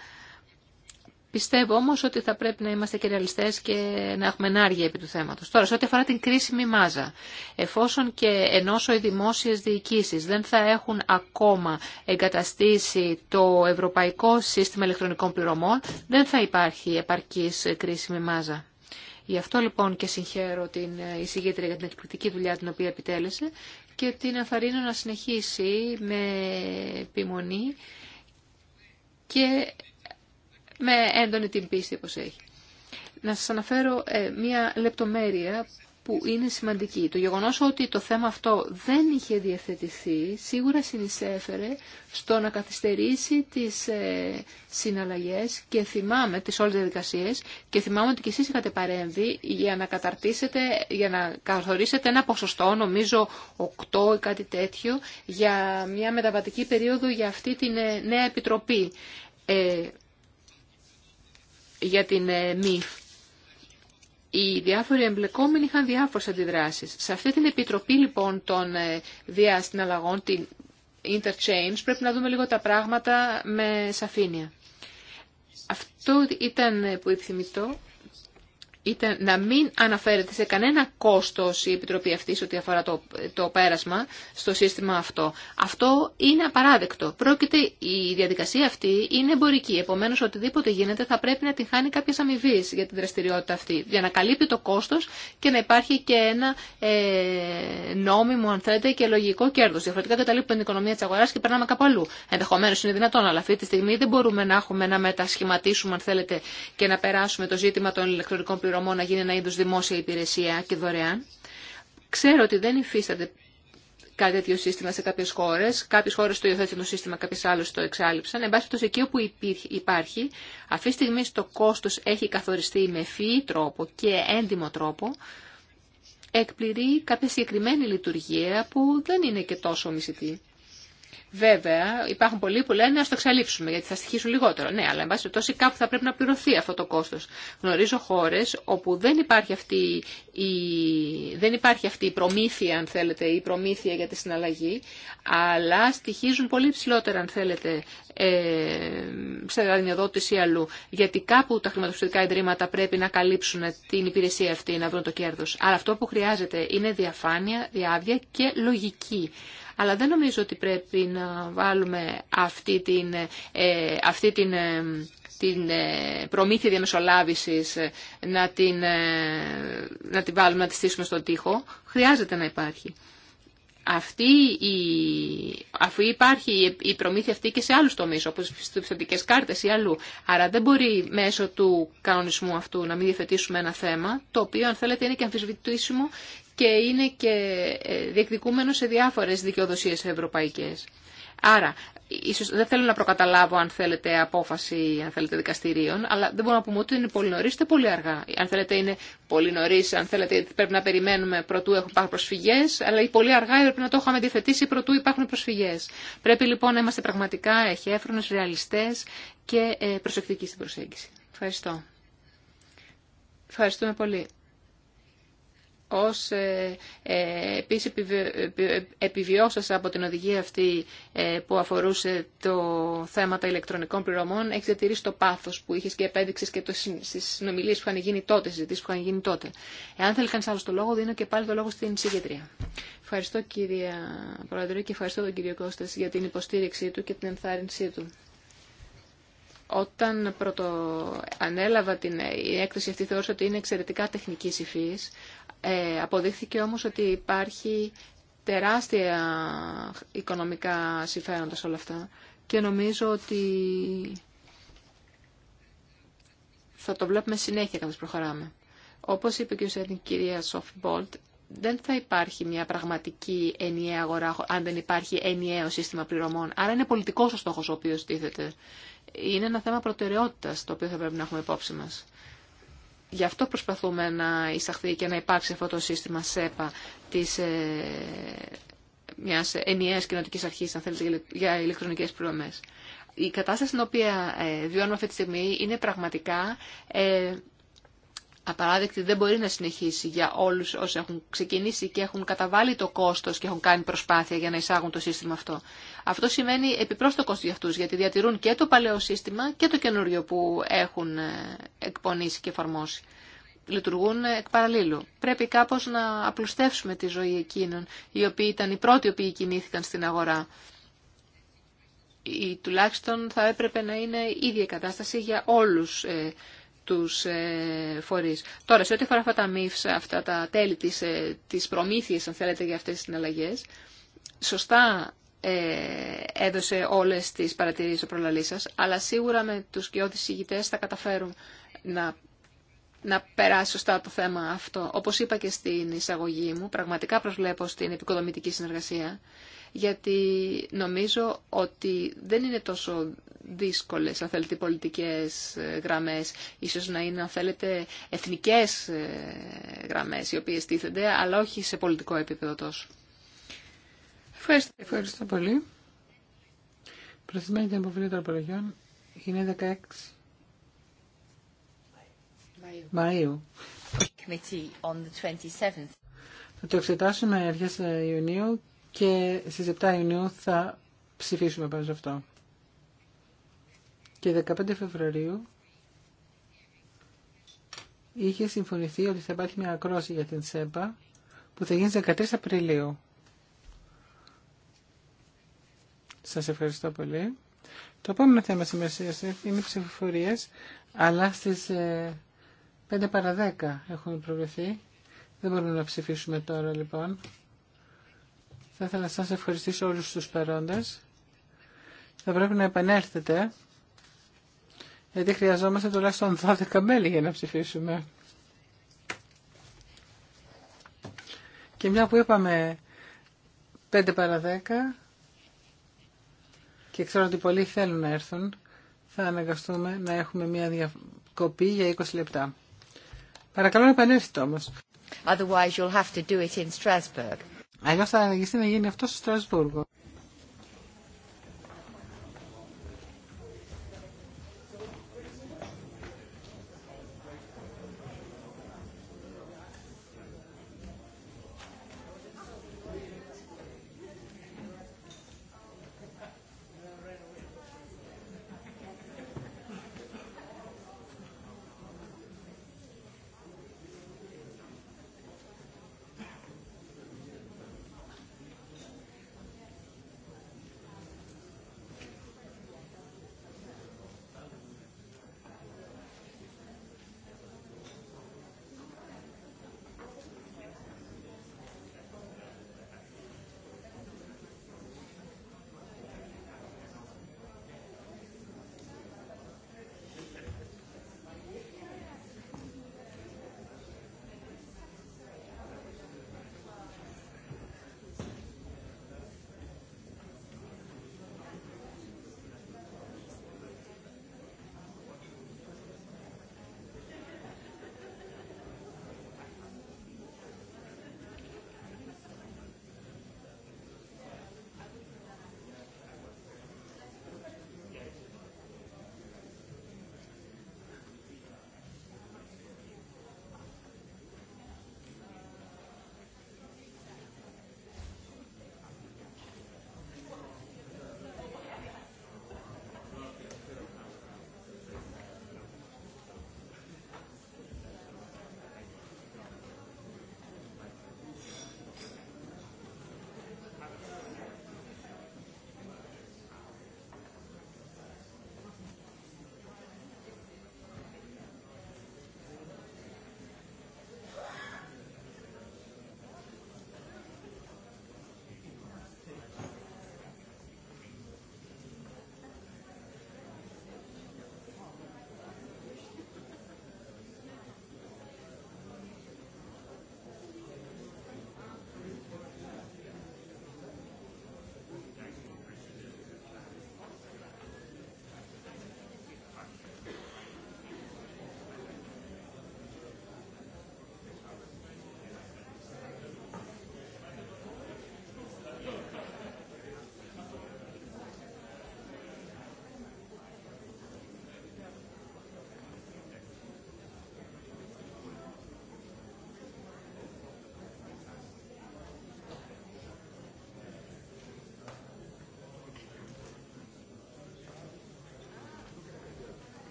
Πιστεύω όμως ότι θα πρέπει να είμαστε και ρεαλιστές και να έχουμε ενάργεια επί του θέματος. Τώρα, σε ό,τι αφορά την κρίσιμη μάζα, εφόσον και ενώσο οι δημόσιες διοικήσεις δεν θα έχουν ακόμα εγκαταστήσει το Ευρωπαϊκό Σύστημα ηλεκτρονικών Πληρωμών, δεν θα υπάρχει επαρκής κρίσιμη μάζα. Γι' αυτό λοιπόν και συγχαίρω την εισηγήτρια για την εκπληκτική δουλειά την οποία επιτέλεσε και την αφαρίνω να συνεχίσει με επιμονή και με έντονη την πίστη όπως έχει. Να σας αναφέρω ε, μία λεπτομέρεια που είναι σημαντική. Το γεγονός ότι το θέμα αυτό δεν είχε διευθετηθεί σίγουρα συνεισέφερε στο να καθυστερήσει τις ε, συναλλαγές και θυμάμαι τις όλες τις διαδικασίες και θυμάμαι ότι και εσείς είχατε παρέμβει για να καταρτήσετε, για να καθορίσετε ένα ποσοστό, νομίζω 8 ή κάτι τέτοιο, για μια μεταβατική περίοδο για αυτή την ε, νέα επιτροπή. Ε, για την ε, ΜΥΦ. Οι διάφοροι εμπλεκόμενοι είχαν διάφορες αντιδράσεις. Σε αυτή την επιτροπή λοιπόν των ε, διάστηναλλαγών, την interchange, πρέπει να δούμε λίγο τα πράγματα με σαφήνεια. Αυτό ήταν ε, που επιθυμητό ήταν να μην αναφέρεται σε κανένα κόστος η Επιτροπή αυτή ό,τι αφορά το, το πέρασμα στο σύστημα αυτό. Αυτό είναι απαράδεκτο. Πρόκειται, η διαδικασία αυτή είναι εμπορική. Επομένως, οτιδήποτε γίνεται θα πρέπει να την χάνει κάποια αμοιβή για την δραστηριότητα αυτή, για να καλύπτει το κόστος και να υπάρχει και ένα ε, νόμιμο, αν θέλετε, και λογικό κέρδος. Διαφορετικά καταλείπουμε την οικονομία της αγοράς και περνάμε κάπου αλλού. Ενδεχομένως είναι δυνατόν, αλλά αυτή τη στιγμή δεν μπορούμε να έχουμε να μετασχηματίσουμε, αν θέλετε, και να περάσουμε το ζήτημα των ηλεκτρονικών πληρωμό να γίνει ένα είδου δημόσια υπηρεσία και δωρεάν. Ξέρω ότι δεν υφίσταται κάτι τέτοιο σύστημα σε κάποιε χώρε. Κάποιε χώρε το υιοθέτησαν το σύστημα, κάποιε άλλε το εξάλληψαν. Εν πάση περιπτώσει, εκεί όπου υπάρχει, αυτή τη στιγμή το κόστο έχει καθοριστεί με φύη τρόπο και έντιμο τρόπο. Εκπληρεί κάποια συγκεκριμένη λειτουργία που δεν είναι και τόσο μισητή. Βέβαια, υπάρχουν πολλοί που λένε να το εξαλείψουμε γιατί θα στοιχήσουν λιγότερο. Ναι, αλλά εν πάση περιπτώσει κάπου θα πρέπει να πληρωθεί αυτό το κόστο. Γνωρίζω χώρε όπου δεν υπάρχει αυτή η... δεν υπάρχει αυτή η προμήθεια, αν θέλετε, η προμήθεια για τη συναλλαγή, αλλά στοιχίζουν πολύ ψηλότερα, αν θέλετε, ε, σε δανειοδότηση ή αλλού. Γιατί κάπου τα χρηματοπιστωτικά ιδρύματα πρέπει να καλύψουν την υπηρεσία αυτή, να βρουν το κέρδο. Αλλά αυτό που χρειάζεται είναι διαφάνεια, διάβια και λογική. Αλλά δεν νομίζω ότι πρέπει να βάλουμε αυτή την, ε, αυτή την ε, την ε, προμήθεια διαμεσολάβησης ε, να την, ε, να την βάλουμε, να τη στήσουμε στον τοίχο. Χρειάζεται να υπάρχει. Αυτή η, αφού υπάρχει η προμήθεια αυτή και σε άλλους τομείς, όπως στις πιστοτικές κάρτες ή αλλού. Άρα δεν μπορεί μέσω του κανονισμού αυτού να μην διαθετήσουμε ένα θέμα, το οποίο αν θέλετε είναι και αμφισβητήσιμο και είναι και διεκδικούμενο σε διάφορες δικαιοδοσίες ευρωπαϊκές. Άρα, ίσως δεν θέλω να προκαταλάβω αν θέλετε απόφαση, αν θέλετε δικαστηρίων, αλλά δεν μπορούμε να πούμε ότι είναι πολύ νωρί η πολύ αργά. Αν θέλετε είναι πολύ νωρί, αν θέλετε πρέπει να περιμένουμε πρωτού παρει προσφυγέ, αλλά ή πολύ αργά πρέπει να το είχαμε διαθετήσει πρωτού υπάρχουν προσφυγέ. Πρέπει λοιπόν να είμαστε πραγματικά εχέφρονε, ρεαλιστέ και ε, προσεκτικοί στην προσέγγιση. Ευχαριστώ. Ευχαριστούμε πολύ ως ε, ε, επίσης ε, επιβιώσας από την οδηγία αυτή που αφορούσε το θέμα των ηλεκτρονικών πληρωμών, έχει διατηρήσει το πάθος που είχες και επέδειξες και το, στις συνομιλίες που είχαν γίνει τότε, στις που είχαν γίνει τότε. Εάν θέλει κανείς άλλος το λόγο, δίνω και πάλι το λόγο στην συγκεντρία. Ευχαριστώ κυρία Πρόεδρε και ευχαριστώ τον κύριο Κώστας για την υποστήριξή του και την ενθάρρυνσή του όταν πρωτοανέλαβα την έκθεση αυτή θεώρησα ότι είναι εξαιρετικά τεχνική υφής, ε, αποδείχθηκε όμως ότι υπάρχει τεράστια οικονομικά συμφέροντα σε όλα αυτά και νομίζω ότι θα το βλέπουμε συνέχεια καθώς προχωράμε. Όπως είπε και η κυρία Σοφμπολτ, δεν θα υπάρχει μια πραγματική ενιαία αγορά αν δεν υπάρχει ενιαίο σύστημα πληρωμών. Άρα είναι πολιτικός ο στόχος ο οποίος τίθεται. Είναι ένα θέμα προτεραιότητας το οποίο θα πρέπει να έχουμε υπόψη μας. Γι' αυτό προσπαθούμε να εισαχθεί και να υπάρξει αυτό το σύστημα ΣΕΠΑ της ε, μιας ενιαίας κοινωτικής αρχής, αν θέλετε, για ηλεκτρονικές πληρωμές. Η κατάσταση στην οποία ε, βιώνουμε αυτή τη στιγμή είναι πραγματικά ε, απαράδεκτη δεν μπορεί να συνεχίσει για όλου όσοι έχουν ξεκινήσει και έχουν καταβάλει το κόστο και έχουν κάνει προσπάθεια για να εισάγουν το σύστημα αυτό. Αυτό σημαίνει επιπρόσθετο κόστος για αυτού, γιατί διατηρούν και το παλαιό σύστημα και το καινούριο που έχουν ε, εκπονήσει και εφαρμόσει. Λειτουργούν ε, εκ παραλίλου. Πρέπει κάπω να απλουστεύσουμε τη ζωή εκείνων, οι οποίοι ήταν οι πρώτοι οι οποίοι κινήθηκαν στην αγορά. Ή, τουλάχιστον θα έπρεπε να είναι η ίδια κατάσταση για όλους ε, τους ε, φορείς. Τώρα, σε ό,τι αφορά αυτά τα μύφς, αυτά τα τέλη της, ε, της προμήθειας, αν θέλετε, για αυτές τις συναλλαγές, σωστά ε, έδωσε όλες τις παρατηρήσεις ο προλαλής σας, αλλά σίγουρα με τους κοιόδης ηγητές θα καταφέρουν να, να περάσει σωστά το θέμα αυτό. Όπως είπα και στην εισαγωγή μου, πραγματικά προσβλέπω στην επικοδομητική συνεργασία, γιατί νομίζω ότι δεν είναι τόσο δύσκολες, αν θέλετε, πολιτικές ε, γραμμές. Ίσως να είναι, αν θέλετε, εθνικές ε, γραμμές, οι οποίες τίθενται, αλλά όχι σε πολιτικό επίπεδο τόσο. Ευχαριστώ, Ευχαριστώ πολύ. Προθυμένη την αποφυλη των απολογιών είναι 16 Μαΐου. Μαΐου. Θα το εξετάσουμε αρχές Ιουνίου και στις 7 Ιουνίου θα ψηφίσουμε πάνω σε αυτό και 15 Φεβρουαρίου είχε συμφωνηθεί ότι θα υπάρχει μια ακρόση για την ΣΕΠΑ που θα γίνει 13 Απριλίου. Σας ευχαριστώ πολύ. Το επόμενο θέμα σήμερα είναι οι ψηφοφορίες, αλλά στις 5 παρα 10 έχουν προβληθεί. Δεν μπορούμε να ψηφίσουμε τώρα λοιπόν. Θα ήθελα να σας ευχαριστήσω όλους τους παρόντες. Θα πρέπει να επανέλθετε γιατί χρειαζόμαστε τουλάχιστον 12 μέλη για να ψηφίσουμε. Και μια που είπαμε 5 παρα 10 και ξέρω ότι πολλοί θέλουν να έρθουν, θα αναγκαστούμε να έχουμε μια διακοπή για 20 λεπτά. Παρακαλώ να επανέλθετε όμω. Otherwise you'll have to do it in Strasbourg. θα αναγκαστεί να γίνει αυτό στο Στρασβούργο.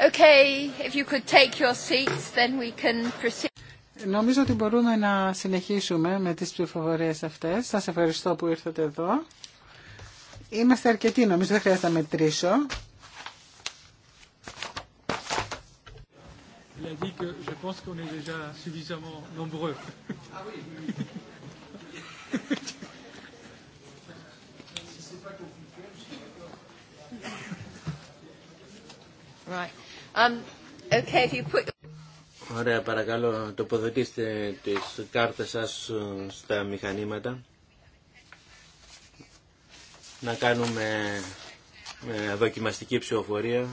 Okay, if you could take your seats, then we can proceed. Νομίζω ότι μπορούμε να συνεχίσουμε με τις πληροφορίες αυτές. Σας ευχαριστώ που ήρθατε εδώ. Είμαστε αρκετοί, νομίζω δεν χρειάζεται να μετρήσω. Il a dit que je pense qu'on est déjà suffisamment nombreux. Ah oui, Ωραία, παρακαλώ, τοποθετήστε τις κάρτες σας ε, στα μηχανήματα. Να κάνουμε ε, δοκιμαστική ψηφοφορία.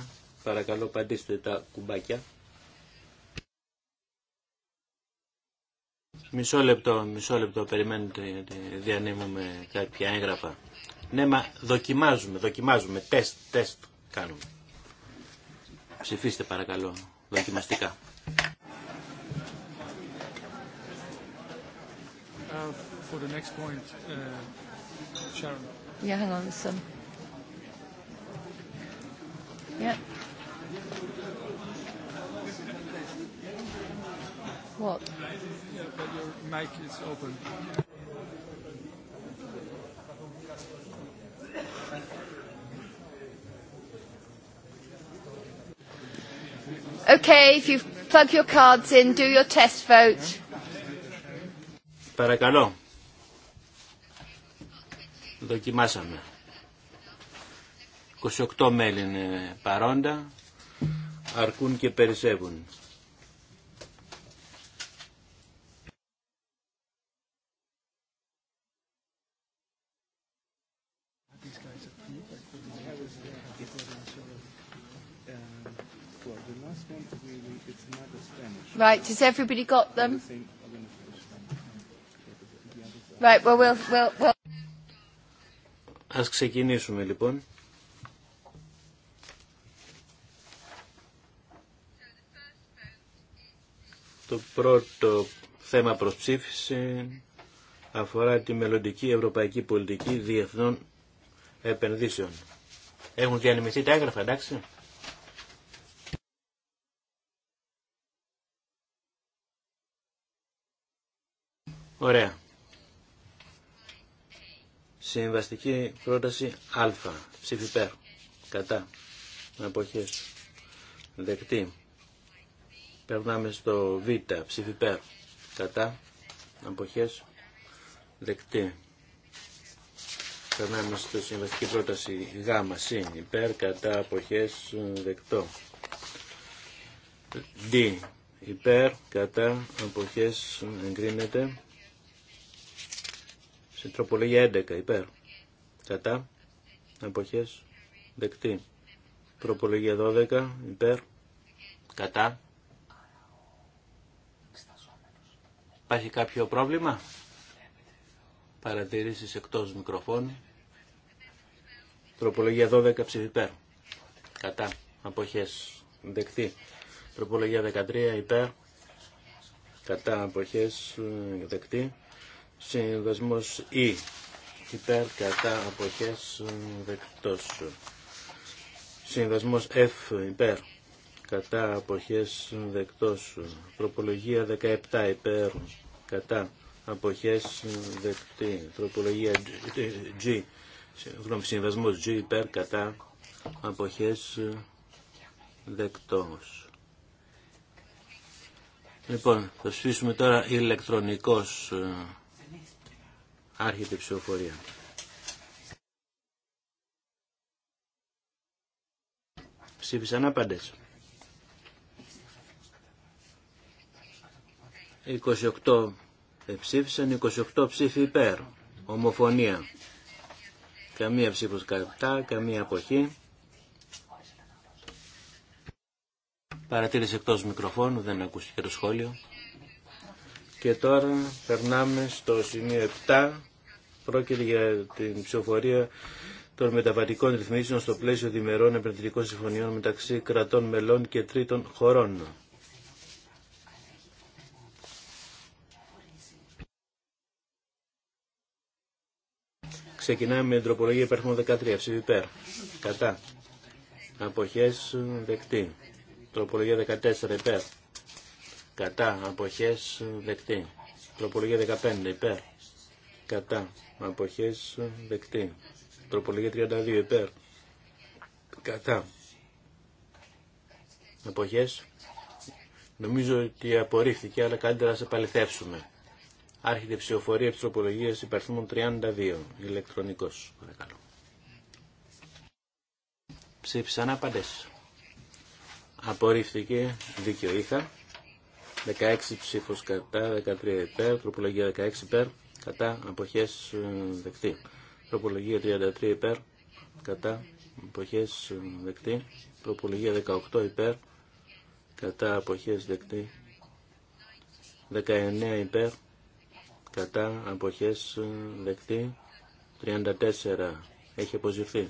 Παρακαλώ, παντήστε τα κουμπάκια. Μισό λεπτό, μισό λεπτό, περιμένετε γιατί διανύμουμε κάποια έγγραφα. Ναι, μα δοκιμάζουμε, δοκιμάζουμε, τεστ, τεστ κάνουμε. Ψηφίστε παρακαλώ δοκιμαστικά. for the next point, uh, Sharon. Yeah, hang on. So. Yeah. What? Yeah, but your mic is open. Okay, if you plug your cards in, do your test vote. Παρακαλώ. Δοκιμάσαμε. 28 μέλη είναι παρόντα, αρκούν και περισσεύουν. Right, everybody got them? Right, well, we'll, we'll, we'll... Ας ξεκινήσουμε λοιπόν. Το πρώτο θέμα προς ψήφιση αφορά τη μελλοντική ευρωπαϊκή πολιτική διεθνών επενδύσεων. Έχουν διανεμηθεί τα έγγραφα, εντάξει. Ωραία. Συμβαστική πρόταση α. Ψήφι Κατά. Αποχές. Δεκτή. Περνάμε στο β. Ψήφι Κατά. Αποχές. Δεκτή. Περνάμε στο συμβαστική πρόταση γ. Συν. Υπέρ. Κατά. Αποχές. Δεκτό. Δ. Υπέρ. Κατά. Αποχές. Εγκρίνεται σε τροπολογία 11 υπέρ κατά αποχές δεκτή τροπολογία 12 υπέρ κατά υπάρχει κάποιο πρόβλημα παρατηρήσεις εκτός μικροφώνου τροπολογία 12 ψήφι κατά αποχές δεκτή τροπολογία 13 υπέρ κατά αποχές δεκτή Συνδεσμός Ι. Υπέρ κατά αποχές δεκτός. Συνδεσμός F. Υπέρ κατά αποχές δεκτός. Τροπολογία 17. Υπέρ κατά αποχές δεκτή. Τροπολογία G. Συγγνώμη, G υπέρ κατά αποχές δεκτός. Λοιπόν, θα σφίσουμε τώρα ηλεκτρονικός ε, Άρχεται η ψηφοφορία. Ψήφισαν άπαντες. 28 ψήφισαν, 28 ψήφοι υπέρ. Ομοφωνία. Καμία ψήφος κατά, καμία αποχή. Παρατήρηση εκτός μικροφώνου, δεν ακούστηκε το σχόλιο. Και τώρα περνάμε στο σημείο 7 Πρόκειται για την ψηφοφορία των μεταβατικών ρυθμίσεων στο πλαίσιο διμερών επενδυτικών συμφωνιών μεταξύ κρατών μελών και τρίτων χωρών. Ξεκινάμε με την τροπολογία υπέρχον 13, ψήφι υπέρ. Κατά. Αποχές δεκτή. Τροπολογία 14 υπέρ. Κατά. Αποχές δεκτή. Τροπολογία 15 υπέρ κατά αποχές δεκτή τροπολογία 32 υπέρ κατά αποχές νομίζω ότι απορρίφθηκε αλλά καλύτερα να σε παληθεύσουμε άρχεται η ψηφοφορία της τροπολογίας υπερθύμων 32 ηλεκτρονικός παρακαλώ ψήφισαν άπαντες απορρίφθηκε δίκιο είχα 16 ψήφους κατά 13 υπέρ τροπολογία 16 υπέρ κατά αποχές ε, δεκτή. Τροπολογία 33 ε, υπέρ, κατά αποχές δεκτή. Τροπολογία 18 υπέρ, κατά αποχές ε, δεκτή. 19 υπέρ, κατά αποχές δεκτή. 34 έχει αποζηθεί.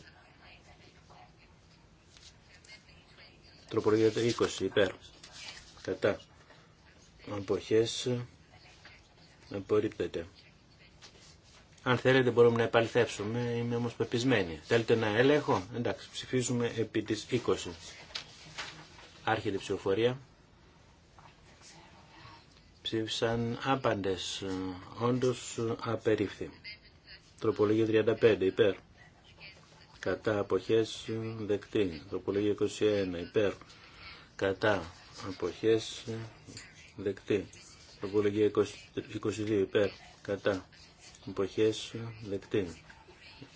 Τροπολογία 20 υπέρ, κατά αποχές απορρίπτεται. Αν θέλετε μπορούμε να επαληθεύσουμε, είμαι όμως πεπισμένη. Θέλετε να έλεγχο, εντάξει, ψηφίζουμε επί της 20. Άρχεται η ψηφοφορία. Ψήφισαν άπαντες, όντως απερίφθη. Τροπολογία 35, υπέρ. Κατά αποχές δεκτή. Τροπολογία 21, υπέρ. Κατά αποχές δεκτή. Τροπολογία 22, υπέρ. Κατά εποχές δεκτή.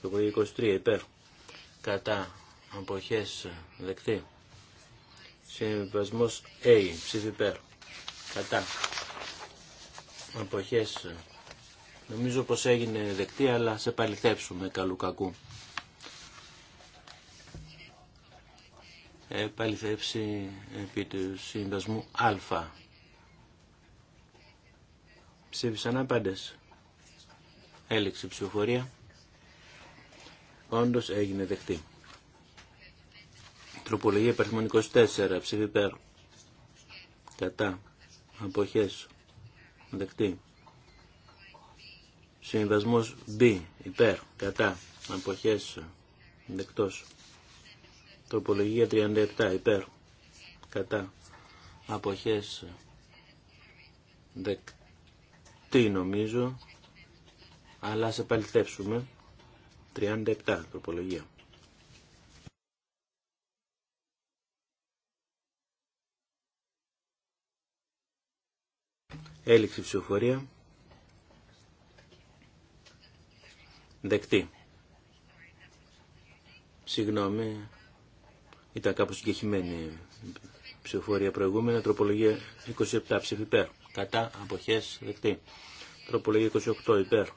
Το 23 υπέρ κατά εποχές δεκτή. Συμβασμός A ψήφι υπέρ κατά εποχές Νομίζω πως έγινε δεκτή, αλλά σε παληθεύσουμε καλού κακού. Ε, παληθέψει επί του συμβασμού Α. Ψήφισαν άπαντες. Έληξε ψηφοφορία. Όντω έγινε δεκτή. Τροπολογία υπερθμών 24. Ψήφι υπέρ. Κατά. Αποχές. Δεκτή. Συμβασμός B. Υπέρ. Κατά. Αποχές. Δεκτός. Τροπολογία 37. Υπέρ. Κατά. Αποχές. Δεκτή νομίζω αλλά σε επαληθεύσουμε 37 τροπολογία. Έληξη ψηφοφορία. Δεκτή. Συγγνώμη, ήταν κάπως συγκεχημένη ψηφοφορία προηγούμενα. Τροπολογία 27 ψηφ Κατά αποχές δεκτή. Τροπολογία 28 υπέρ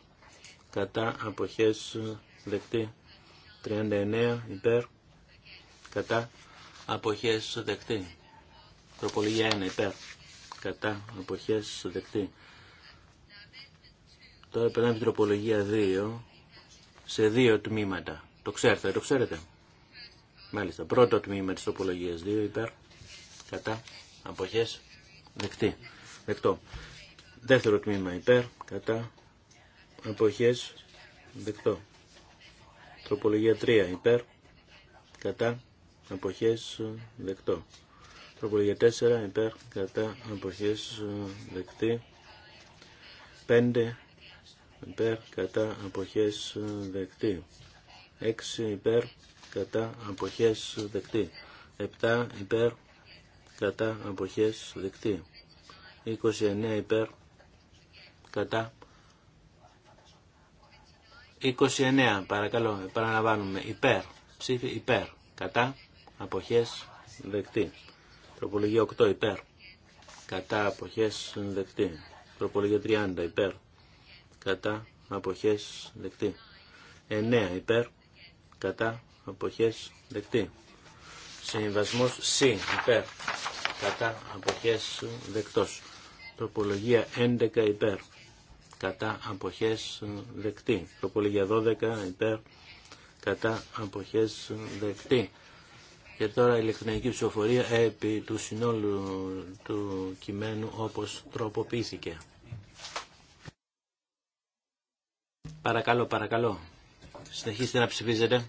κατά αποχές δεκτή 39 υπέρ κατά αποχές δεκτή τροπολογία 1 υπέρ κατά αποχές δεκτή τώρα περνάμε την τροπολογία 2 σε δύο τμήματα το ξέρετε, το ξέρετε μάλιστα πρώτο τμήμα της τροπολογίας 2 υπέρ κατά αποχές δεκτή δεκτό δεύτερο τμήμα υπέρ κατά αποχές δεκτό. Τροπολογία 3 υπέρ, κατά, αποχές δεκτό. Τροπολογία 4 υπέρ, κατά, αποχές δεκτή. 5 υπέρ, κατά, εποχές, δεκτή. 6 υπέρ, κατά, αποχές δεκτή. 7 υπέρ, κατά, αποχές δεκτή. 29 υπέρ, κατά, 29 παρακαλώ, παραλαμβάνουμε υπέρ, ψήφι υπέρ, κατά, αποχές, δεκτή. Τροπολογία 8 υπέρ, κατά, αποχές, δεκτή. Τροπολογία 30 υπέρ, κατά, αποχές, δεκτή. 9 υπέρ, κατά, αποχές, δεκτή. Συμβασμός C υπέρ, κατά, αποχές, δεκτός. Τροπολογία 11 υπέρ, κατά αποχές δεκτή. Το 12 υπέρ κατά αποχές δεκτή. Και τώρα η ηλεκτρονική ψηφοφορία επί του συνόλου του κειμένου όπως τροποποιήθηκε. Παρακαλώ, παρακαλώ. Συνεχίστε να ψηφίζετε.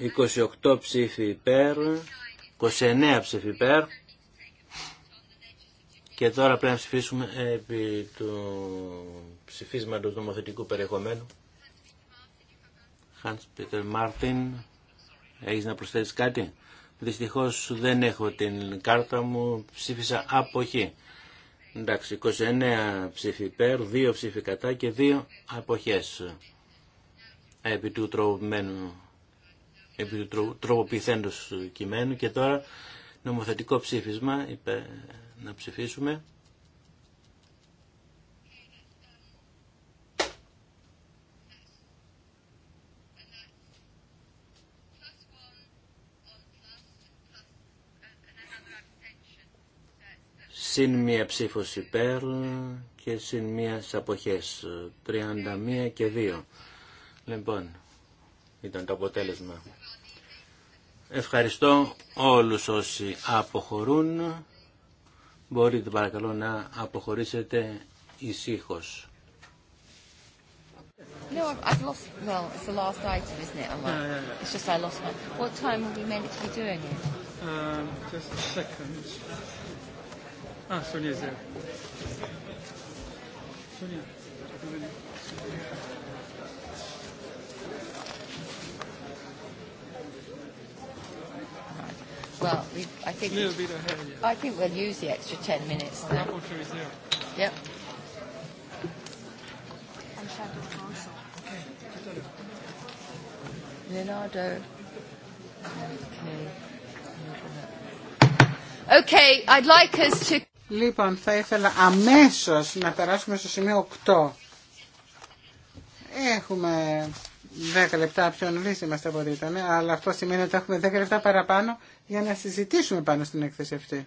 28 ψήφοι υπέρ, 29 ψήφοι υπέρ και τώρα πρέπει να ψηφίσουμε επί του ψηφίσματος νομοθετικού περιεχομένου. Hans Peter Martin, έχεις να προσθέσεις κάτι. Δυστυχώς δεν έχω την κάρτα μου, ψήφισα αποχή. Εντάξει, 29 ψήφοι υπέρ, 2 ψήφοι κατά και 2 αποχές επί του τρομένου επί του τροποποιηθέντος κειμένου και τώρα νομοθετικό ψήφισμα είπε να ψηφίσουμε. Συν μία ψήφος υπέρ και συν μία αποχές. 31 και 2. Λοιπόν, ήταν το αποτέλεσμα. Ευχαριστώ όλους όσοι αποχωρούν. Μπορείτε παρακαλώ να αποχωρήσετε ησύχως. No, I've lost. Well, it's the last item, isn't it? I'm like, yeah, yeah, yeah. It's just I lost one. What time were we meant to be doing it? Um, just a second. Ah, Sonia's there. Sonia. Well, we, I think a little bit ahead. Yeah. I think we'll use the extra 10 minutes. The rapporteur is there. Yep. And shadow council. Okay. Leonardo. Okay. I'd like us to. Λοιπόν, θα ήθελα αμέσως να περάσουμε στο σημείο 8. Έχουμε 10 λεπτά πιο νωρί είμαστε από ό,τι ήταν, ναι, αλλά αυτό σημαίνει ότι έχουμε 10 λεπτά παραπάνω για να συζητήσουμε πάνω στην έκθεση αυτή.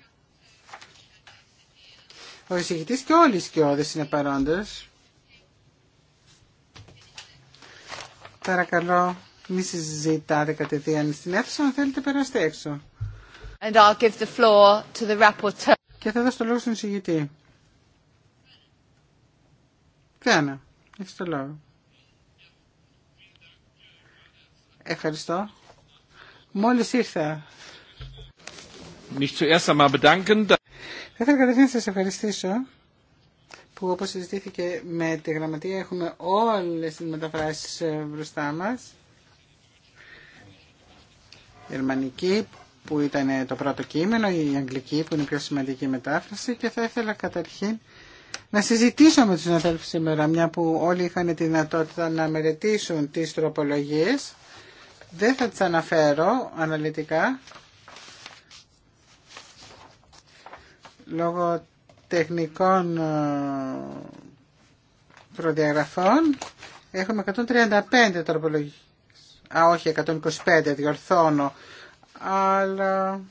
Ο εισηγητή και όλοι οι σκιώδε είναι παρόντε. Παρακαλώ, μη συζητάτε κατευθείαν στην αίθουσα, αν θέλετε περάστε έξω. And I'll give the floor to the rapporteur. Και θα δώσω το λόγο στον εισηγητή. Κάνα, έχει το λόγο. Ευχαριστώ. Μόλι ήρθα. Θα ήθελα καταρχήν να σας ευχαριστήσω που όπω συζητήθηκε με τη γραμματεία έχουμε όλε τι μεταφράσει ε, μπροστά μα. Η γερμανική που ήταν ε, το πρώτο κείμενο, η αγγλική που είναι η πιο σημαντική μετάφραση και θα ήθελα καταρχήν να συζητήσω με τους συναδέλφους σήμερα μια που όλοι είχαν τη δυνατότητα να μελετήσουν τις τροπολογίες δεν θα τις αναφέρω αναλυτικά λόγω τεχνικών ε, προδιαγραφών. Έχουμε 135 τροπολογίες. Α, όχι, 125, διορθώνω. Αλλά...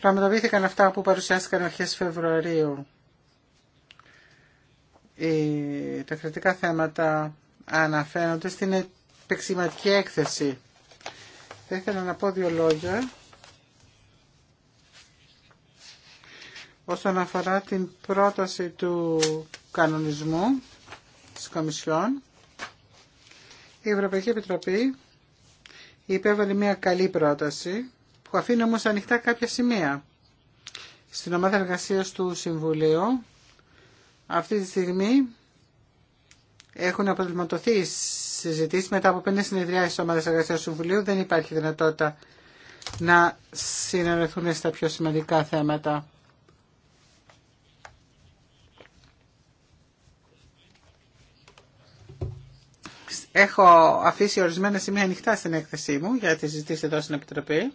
Πραγματοποιήθηκαν αυτά που παρουσιάστηκαν αρχές Φεβρουαρίου. Ε, τα κριτικά θέματα αναφέρονται στην επεξηματική έκθεση. Θα ήθελα να πω δύο λόγια όσον αφορά την πρόταση του κανονισμού της Κομισιόν. Η Ευρωπαϊκή Επιτροπή υπέβαλε μια καλή πρόταση που αφήνει όμως ανοιχτά κάποια σημεία. Στην ομάδα εργασίας του Συμβουλίου αυτή τη στιγμή έχουν αποτελματωθεί συζητήσεις. μετά από πέντε συνεδριάσει τη ομάδα εργασία του Συμβουλίου. Δεν υπάρχει δυνατότητα να συνεργαστούν στα πιο σημαντικά θέματα. Έχω αφήσει ορισμένα σημεία ανοιχτά στην έκθεσή μου για τη συζήτηση εδώ στην Επιτροπή.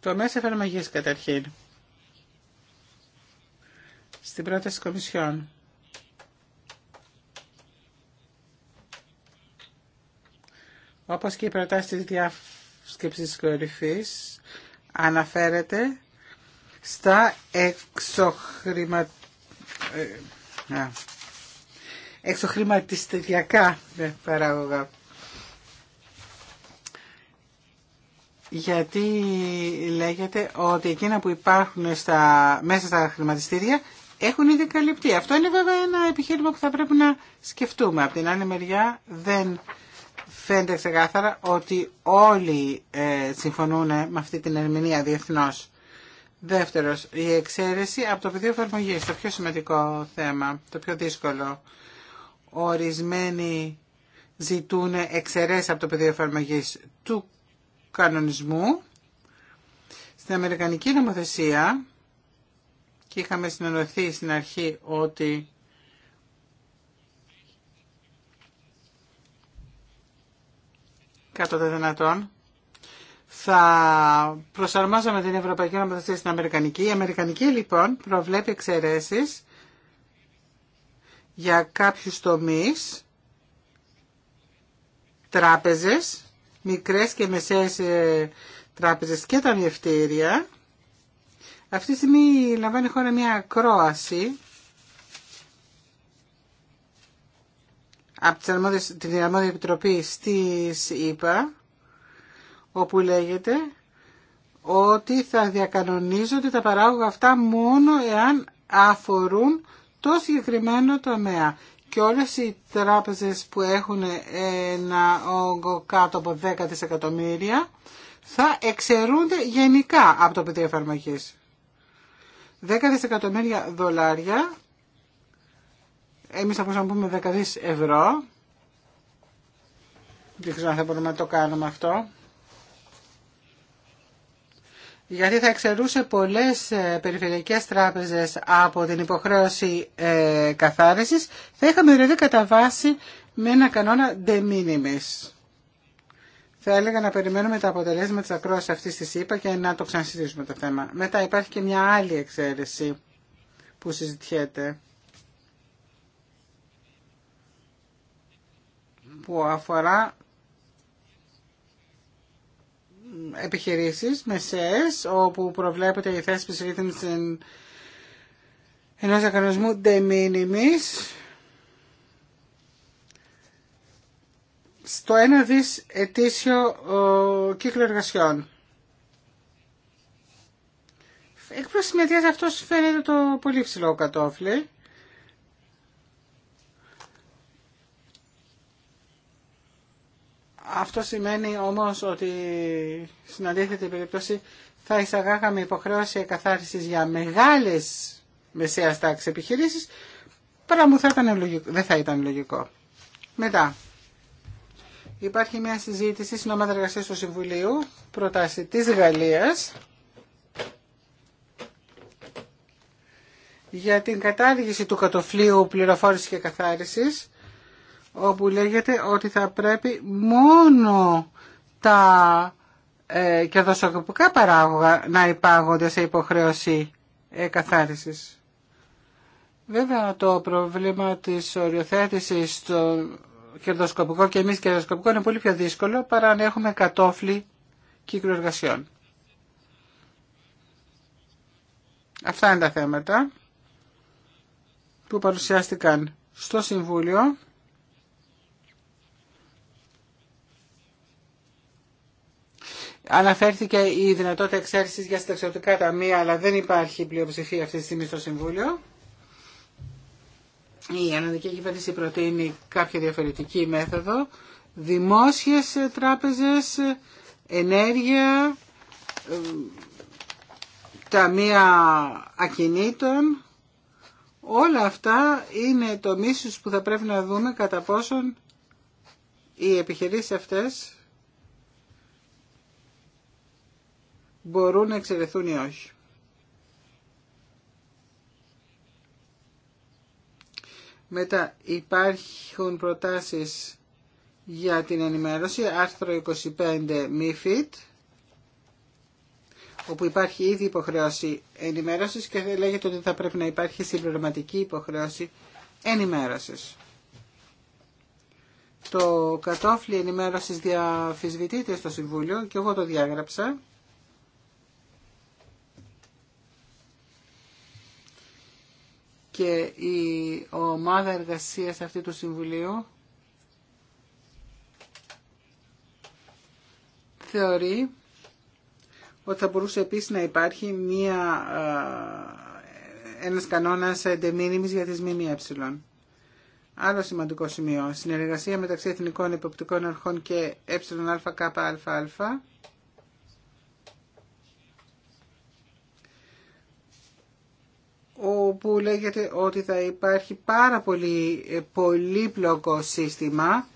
Το μέσο εφαρμογής καταρχήν στην πρόταση Κομισιόν. Όπως και η προτάση της διάσκεψης κορυφής αναφέρεται στα εξοχρηματιστικά ε, εξοχρηματιστηριακά ναι, παράγωγα. γιατί λέγεται ότι εκείνα που υπάρχουν στα, μέσα στα χρηματιστήρια έχουν ήδη καλυπτεί. Αυτό είναι βέβαια ένα επιχείρημα που θα πρέπει να σκεφτούμε. Από την άλλη μεριά δεν φαίνεται ξεκάθαρα ότι όλοι ε, συμφωνούν ε, με αυτή την ερμηνεία διεθνώς. Δεύτερο, η εξαίρεση από το πεδίο εφαρμογή, το πιο σημαντικό θέμα, το πιο δύσκολο. Ορισμένοι ζητούν εξαιρέσει από το πεδίο εφαρμογή του κανονισμού. Στην Αμερικανική νομοθεσία και είχαμε συνεννοηθεί στην αρχή ότι κατά το δυνατόν θα προσαρμόζαμε την Ευρωπαϊκή Νομοθεσία στην Αμερικανική. Η Αμερικανική λοιπόν προβλέπει εξαιρέσεις για κάποιους τομείς, τράπεζες, μικρές και μεσαίες ε, τράπεζες και τα μιευτήρια... Αυτή τη στιγμή λαμβάνει χώρα μια ακρόαση από την Αρμόδια Επιτροπή στις ΕΠΑ, όπου λέγεται ότι θα διακανονίζονται τα παράγωγα αυτά μόνο εάν αφορούν το συγκεκριμένο τομέα. Και όλες οι τράπεζες που έχουν ένα όγκο κάτω από 10 δισεκατομμύρια θα εξαιρούνται γενικά από το πεδίο 10 δισεκατομμύρια δολάρια, εμείς θα μπορούσαμε να πούμε δις ευρώ, δεν ξέρω αν θα μπορούμε να το κάνουμε αυτό, γιατί θα εξαιρούσε πολλές ε, περιφερειακές τράπεζες από την υποχρέωση ε, καθάρισης, θα είχαμε δηλαδή κατά βάση με ένα κανόνα de minimis. Θα έλεγα να περιμένουμε τα αποτελέσματα της ακρόασης αυτής της ΕΠΑ ΕΕ και να το ξανασυζητήσουμε το θέμα. Μετά υπάρχει και μια άλλη εξαίρεση που συζητιέται που αφορά επιχειρήσεις μεσαίες όπου προβλέπεται η θέση ρύθμιση ενός δεκανοσμού de minimis στο ένα δις ετήσιο κύκλο εργασιών. Εκ αυτό αυτός φαίνεται το πολύ ψηλό κατόφλι. Αυτό σημαίνει όμως ότι στην αντίθετη περίπτωση θα εισαγάγαμε υποχρέωση εκαθάρισης για μεγάλες μεσαίας τάξης επιχειρήσεις, παρά μου λογικό, δεν θα ήταν λογικό. Μετά, Υπάρχει μια συζήτηση στην ομάδα εργασία του Συμβουλίου, προτάση της Γαλλίας, για την κατάργηση του κατοφλίου πληροφόρηση και καθάρισης, όπου λέγεται ότι θα πρέπει μόνο τα ε, παράγωγα να υπάγονται σε υποχρέωση ε, καθάρισης. Βέβαια το πρόβλημα της οριοθέτησης των κερδοσκοπικό και εμείς κερδοσκοπικό είναι πολύ πιο δύσκολο παρά να έχουμε κατόφλι κύκλου εργασιών. Αυτά είναι τα θέματα που παρουσιάστηκαν στο Συμβούλιο. Αναφέρθηκε η δυνατότητα εξαίρεσης για συνταξιωτικά ταμεία, αλλά δεν υπάρχει πλειοψηφία αυτή τη στιγμή στο Συμβούλιο η ελληνική Κυβέρνηση προτείνει κάποια διαφορετική μέθοδο. Δημόσιες τράπεζες, ενέργεια, ε, ταμεία ακινήτων. Όλα αυτά είναι το μίσους που θα πρέπει να δούμε κατά πόσον οι επιχειρήσεις αυτές μπορούν να εξαιρεθούν ή όχι. Μετά υπάρχουν προτάσεις για την ενημέρωση, άρθρο 25 MIFID, όπου υπάρχει ήδη υποχρέωση ενημέρωσης και λέγεται ότι θα πρέπει να υπάρχει συμπληρωματική υποχρέωση ενημέρωσης. Το κατόφλι ενημέρωσης διαφυσβητείται στο Συμβούλιο και εγώ το διάγραψα. Και η η ομάδα εργασίας αυτή του Συμβουλίου θεωρεί ότι θα μπορούσε επίσης να υπάρχει μία, ε, ένας κανόνας εντεμίνιμης για τις ΜΜΕ. Άλλο σημαντικό σημείο, συνεργασία μεταξύ εθνικών υποπτικών αρχών και ΕΚΑΑΑ όπου λέγεται ότι θα υπάρχει πάρα πολύ ε, πολύπλοκο σύστημα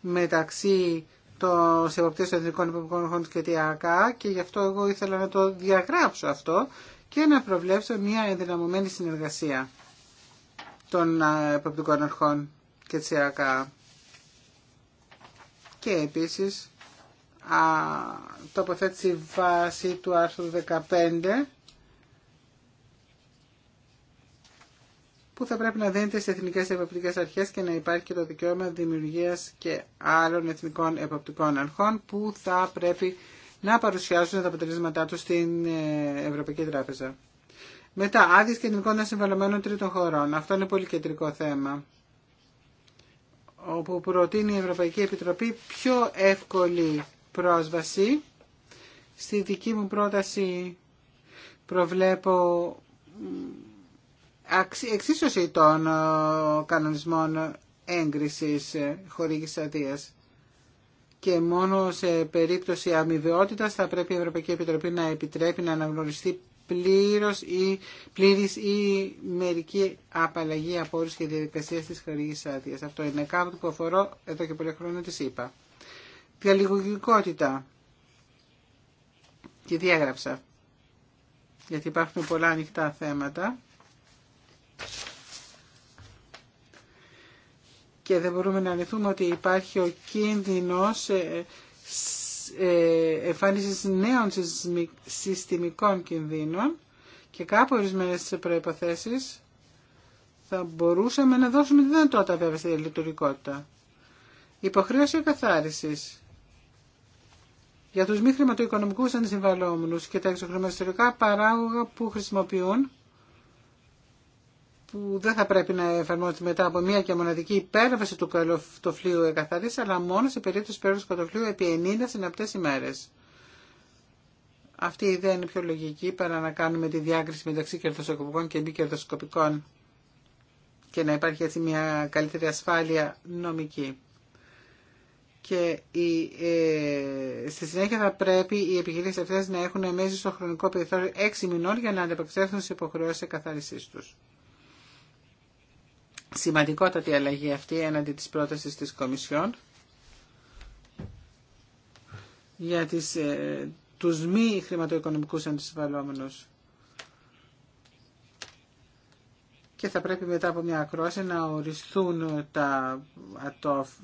μεταξύ των εποπτές των εθνικών εποπτικών χωρων και ΤΙΑΚΑ και γι' αυτό εγώ ήθελα να το διαγράψω αυτό και να προβλέψω μια ενδυναμωμένη συνεργασία των ε, εποπτικών αρχών και ΑΚΑ Και επίσης α, τοποθέτηση βάση του άρθρου 15 που θα πρέπει να δίνεται στι εθνικέ εποπτικές αρχέ και να υπάρχει και το δικαίωμα δημιουργία και άλλων εθνικών εποπτικών αρχών που θα πρέπει να παρουσιάσουν τα αποτελέσματά του στην ε, Ευρωπαϊκή Τράπεζα. Μετά, άδειε και των συμβαλωμένων τρίτων χωρών. Αυτό είναι πολύ κεντρικό θέμα. Όπου προτείνει η Ευρωπαϊκή Επιτροπή πιο εύκολη πρόσβαση. Στη δική μου πρόταση προβλέπω εξίσωση των ε, κανονισμών έγκρισης ε, χορήγησης αδείας. Και μόνο σε περίπτωση αμοιβαιότητας θα πρέπει η Ευρωπαϊκή Επιτροπή να επιτρέπει να αναγνωριστεί πλήρως ή πλήρης ή μερική απαλλαγή από όρους και διαδικασίες της χορήγησης άδειας. Αυτό είναι κάτι που αφορώ εδώ και πολλά χρόνια της είπα. Διαλυγωγικότητα. Και διάγραψα. Γιατί υπάρχουν πολλά ανοιχτά θέματα και δεν μπορούμε να αρνηθούμε ότι υπάρχει ο κίνδυνος ε, ε, ε, εμφάνισης νέων συστημικών κινδύνων και κάπου ορισμένε προϋποθέσεις θα μπορούσαμε να δώσουμε τη δυνατότητα βέβαια στη λειτουργικότητα. Υποχρέωση καθάρισης για τους μη χρηματοοικονομικούς αντισυμβαλόμενους και τα εξωχρηματιστηρικά παράγωγα που χρησιμοποιούν που δεν θα πρέπει να εφαρμόζεται μετά από μία και μοναδική υπέρβαση του κατοφλίου εκαθαρής, αλλά μόνο σε περίπτωση υπέρβαση του κατοφλίου επί 90 συναπτές ημέρες. Αυτή η ιδέα είναι πιο λογική παρά να κάνουμε τη διάκριση μεταξύ κερδοσκοπικών και μη κερδοσκοπικών και να υπάρχει έτσι μια καλύτερη ασφάλεια νομική. Και η, ε, στη συνέχεια θα πρέπει οι επιχειρήσεις αυτές να έχουν μέσα στο χρονικό περιθώριο 6 μηνών για να ανταπεξέλθουν στις υποχρεώσεις εκαθάρισής τους σημαντικότατη αλλαγή αυτή έναντι της πρότασης της Κομισιόν για τις, ε, τους μη χρηματοοικονομικούς αντισυμβαλόμενους. Και θα πρέπει μετά από μια ακρόαση να οριστούν τα,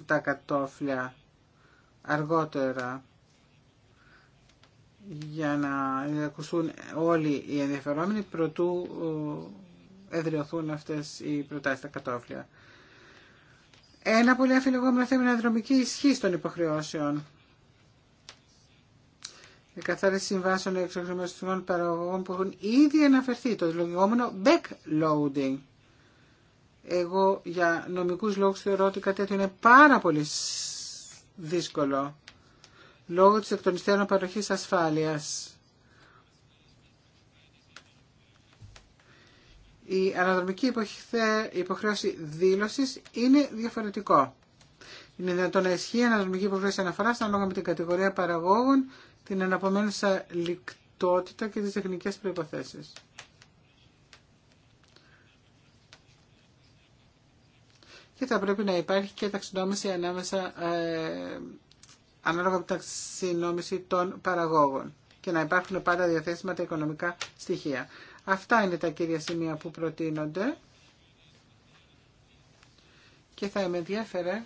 τα κατόφλια αργότερα για να ακουστούν όλοι οι ενδιαφερόμενοι προτού ε, εδραιωθούν αυτές οι προτάσει στα κατόφλια. Ένα πολύ αφιλεγόμενο θέμα είναι η δρομική ισχύ των υποχρεώσεων. Η καθάριση συμβάσεων εξοξωματιστικών παραγωγών που έχουν ήδη αναφερθεί, το λεγόμενο backloading. Εγώ για νομικούς λόγου, θεωρώ ότι κάτι τέτοιο είναι πάρα πολύ δύσκολο λόγω της εκ των υστέρων ασφάλειας. η αναδρομική υποχρέωση δήλωσης είναι διαφορετικό. Είναι δυνατόν να ισχύει η αναδρομική υποχρέωση αναφοράς ανάλογα με την κατηγορία παραγόγων, την αναπομένουσα λικτότητα και τις τεχνικές προϋποθέσεις. Και θα πρέπει να υπάρχει και ταξινόμηση ανάμεσα, ε, ανάλογα με ταξινόμηση των παραγόγων και να υπάρχουν πάντα διαθέσιμα τα οικονομικά στοιχεία. Αυτά είναι τα κύρια σημεία που προτείνονται και θα με ενδιαφέρε,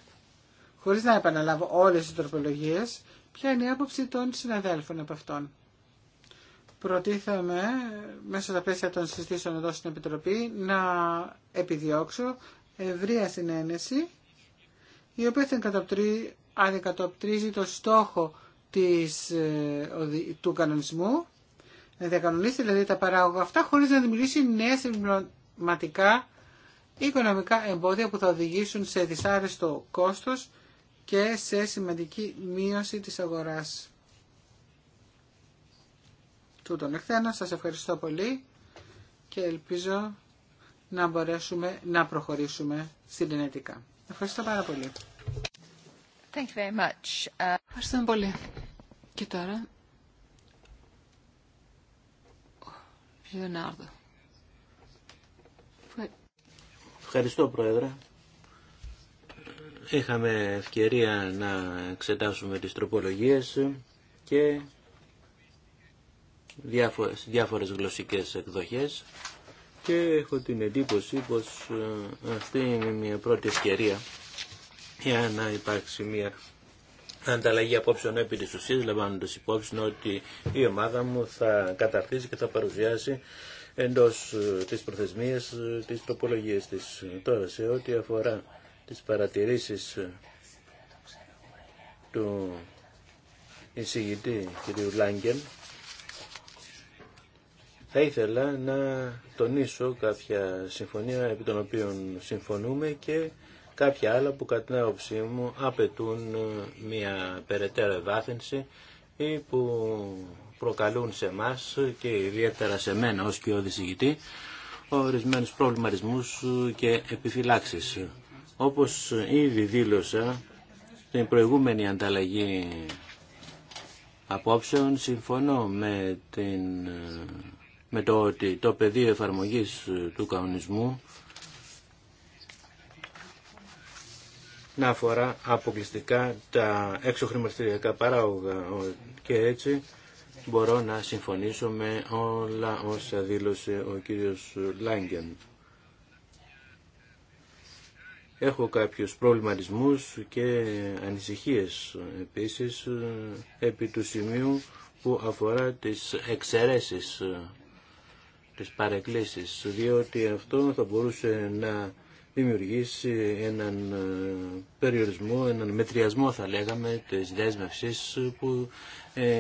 χωρίς να επαναλάβω όλες τις τροπολογίες, ποια είναι η άποψη των συναδέλφων από αυτών. Προτίθεμαι μέσα στα πλαίσια των συζητήσεων εδώ στην Επιτροπή, να επιδιώξω ευρεία συνένεση, η οποία θα αντικατοπτρίζει το στόχο της, ε, του κανονισμού να διακανονίσει δηλαδή τα παράγωγα αυτά χωρίς να δημιουργήσει νέα συμπληρωματικά οικονομικά εμπόδια που θα οδηγήσουν σε δυσάρεστο κόστος και σε σημαντική μείωση της αγοράς. Τούτον να σας ευχαριστώ πολύ και ελπίζω να μπορέσουμε να προχωρήσουμε συνενετικά. Ευχαριστώ πάρα πολύ. Thank you very much. Ευχαριστώ πολύ. Και τώρα Λεωνάρδο. Ευχαριστώ Πρόεδρε. Είχαμε ευκαιρία να εξετάσουμε τις τροπολογίες και διάφορες, γλωσσικές εκδοχές και έχω την εντύπωση πως ε, αυτή είναι μια πρώτη ευκαιρία για να υπάρξει μια ανταλλαγή απόψεων επί της ουσίας, λαμβάνοντας υπόψη ότι η ομάδα μου θα καταρτήσει και θα παρουσιάσει εντός ε, της προθεσμίας ε, της τροπολογίας της. Τώρα, σε ό,τι αφορά τις παρατηρήσεις ε, του εισηγητή κ. Λάγκεν, θα ήθελα να τονίσω κάποια συμφωνία επί των οποίων συμφωνούμε και κάποια άλλα που κατά την άποψή μου απαιτούν ε, μια περαιτέρω ευάθυνση ή που προκαλούν σε εμά και ιδιαίτερα σε μένα ως και ηγητή ορισμένους προβληματισμούς και επιφυλάξεις. Όπως ήδη δήλωσα την προηγούμενη ανταλλαγή απόψεων συμφωνώ με, την, ε, με το ότι το πεδίο εφαρμογής του κανονισμού να αφορά αποκλειστικά τα έξω παράγωγα και έτσι μπορώ να συμφωνήσω με όλα όσα δήλωσε ο κύριος Λάγκεν. Έχω κάποιους προβληματισμούς και ανησυχίες επίσης επί του σημείου που αφορά τις εξαιρέσεις, τις παρεκκλήσεις, διότι αυτό θα μπορούσε να δημιουργήσει έναν ε, περιορισμό, έναν μετριασμό θα λέγαμε της δέσμευσης που ε,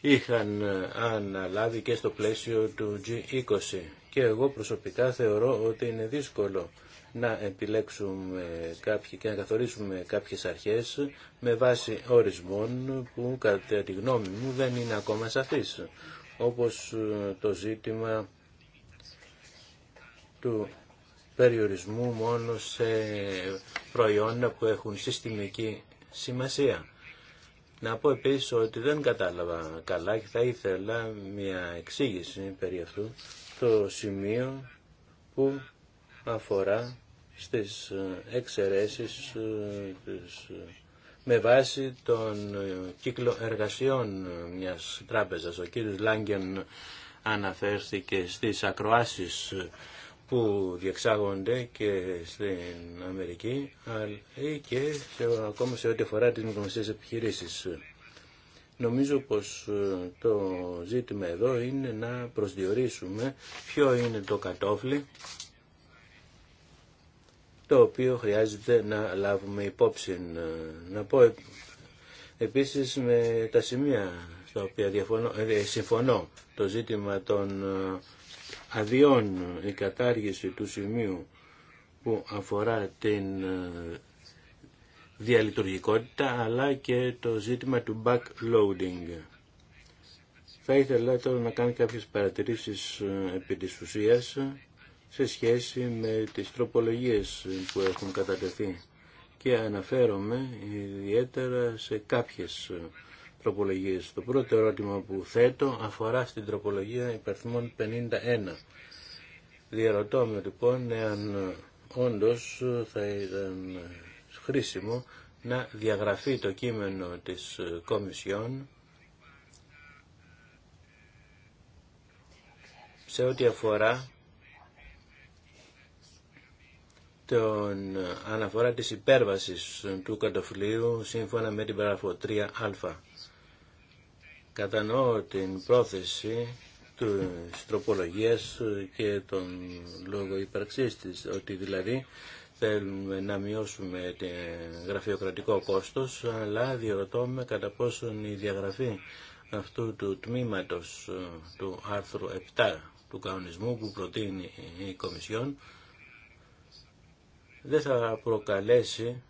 είχαν ε, αναλάβει και στο πλαίσιο του G20. Και εγώ προσωπικά θεωρώ ότι είναι δύσκολο να επιλέξουμε κάποιοι και να καθορίσουμε κάποιες αρχές με βάση ορισμών που κατά τη γνώμη μου δεν είναι ακόμα σαφείς, όπως το ζήτημα του περιορισμού μόνο σε προϊόντα που έχουν συστημική σημασία. Να πω επίσης ότι δεν κατάλαβα καλά και θα ήθελα μια εξήγηση περί αυτού το σημείο που αφορά στις εξαιρέσεις ε, ε, με βάση τον ε, κύκλο εργασιών μιας τράπεζας. Ο κύριος Λάγκεν αναφέρθηκε στις ακροάσεις που διεξάγονται και στην Αμερική αλλά και ακόμα σε ό,τι αφορά τις μικρομεσαίες επιχειρήσεις. Νομίζω πως ε, το ζήτημα εδώ είναι να προσδιορίσουμε ποιο είναι το κατόφλι το οποίο χρειάζεται να λάβουμε υπόψη. Ε, να πω επίσης με τα σημεία στα οποία διαφωνώ, ε, συμφωνώ το ζήτημα των ε, αδειών η κατάργηση του σημείου που αφορά την ε, διαλειτουργικότητα αλλά και το ζήτημα του backloading. Θα ήθελα τώρα να κάνω κάποιες παρατηρήσεις ε, επί της ουσίας σε σχέση με τις τροπολογίες που έχουν κατατεθεί και αναφέρομαι ιδιαίτερα σε κάποιες ε, τροπολογίες. Το πρώτο ερώτημα που θέτω αφορά στην τροπολογία υπερθμών 51. Διαρωτώ με λοιπόν εάν όντως θα ήταν χρήσιμο να διαγραφεί το κείμενο της Κομισιόν σε ό,τι αφορά τον αναφορά της υπέρβασης του κατοφλίου σύμφωνα με την παραγραφό 3α. Κατανοώ την πρόθεση του τροπολογίας και τον λόγο υπαρξής της, ότι δηλαδή θέλουμε να μειώσουμε το γραφειοκρατικό κόστος, αλλά διερωτώμε κατά πόσον η διαγραφή αυτού του τμήματος ε, του άρθρου 7 του κανονισμού που προτείνει η Κομισιόν δεν θα προκαλέσει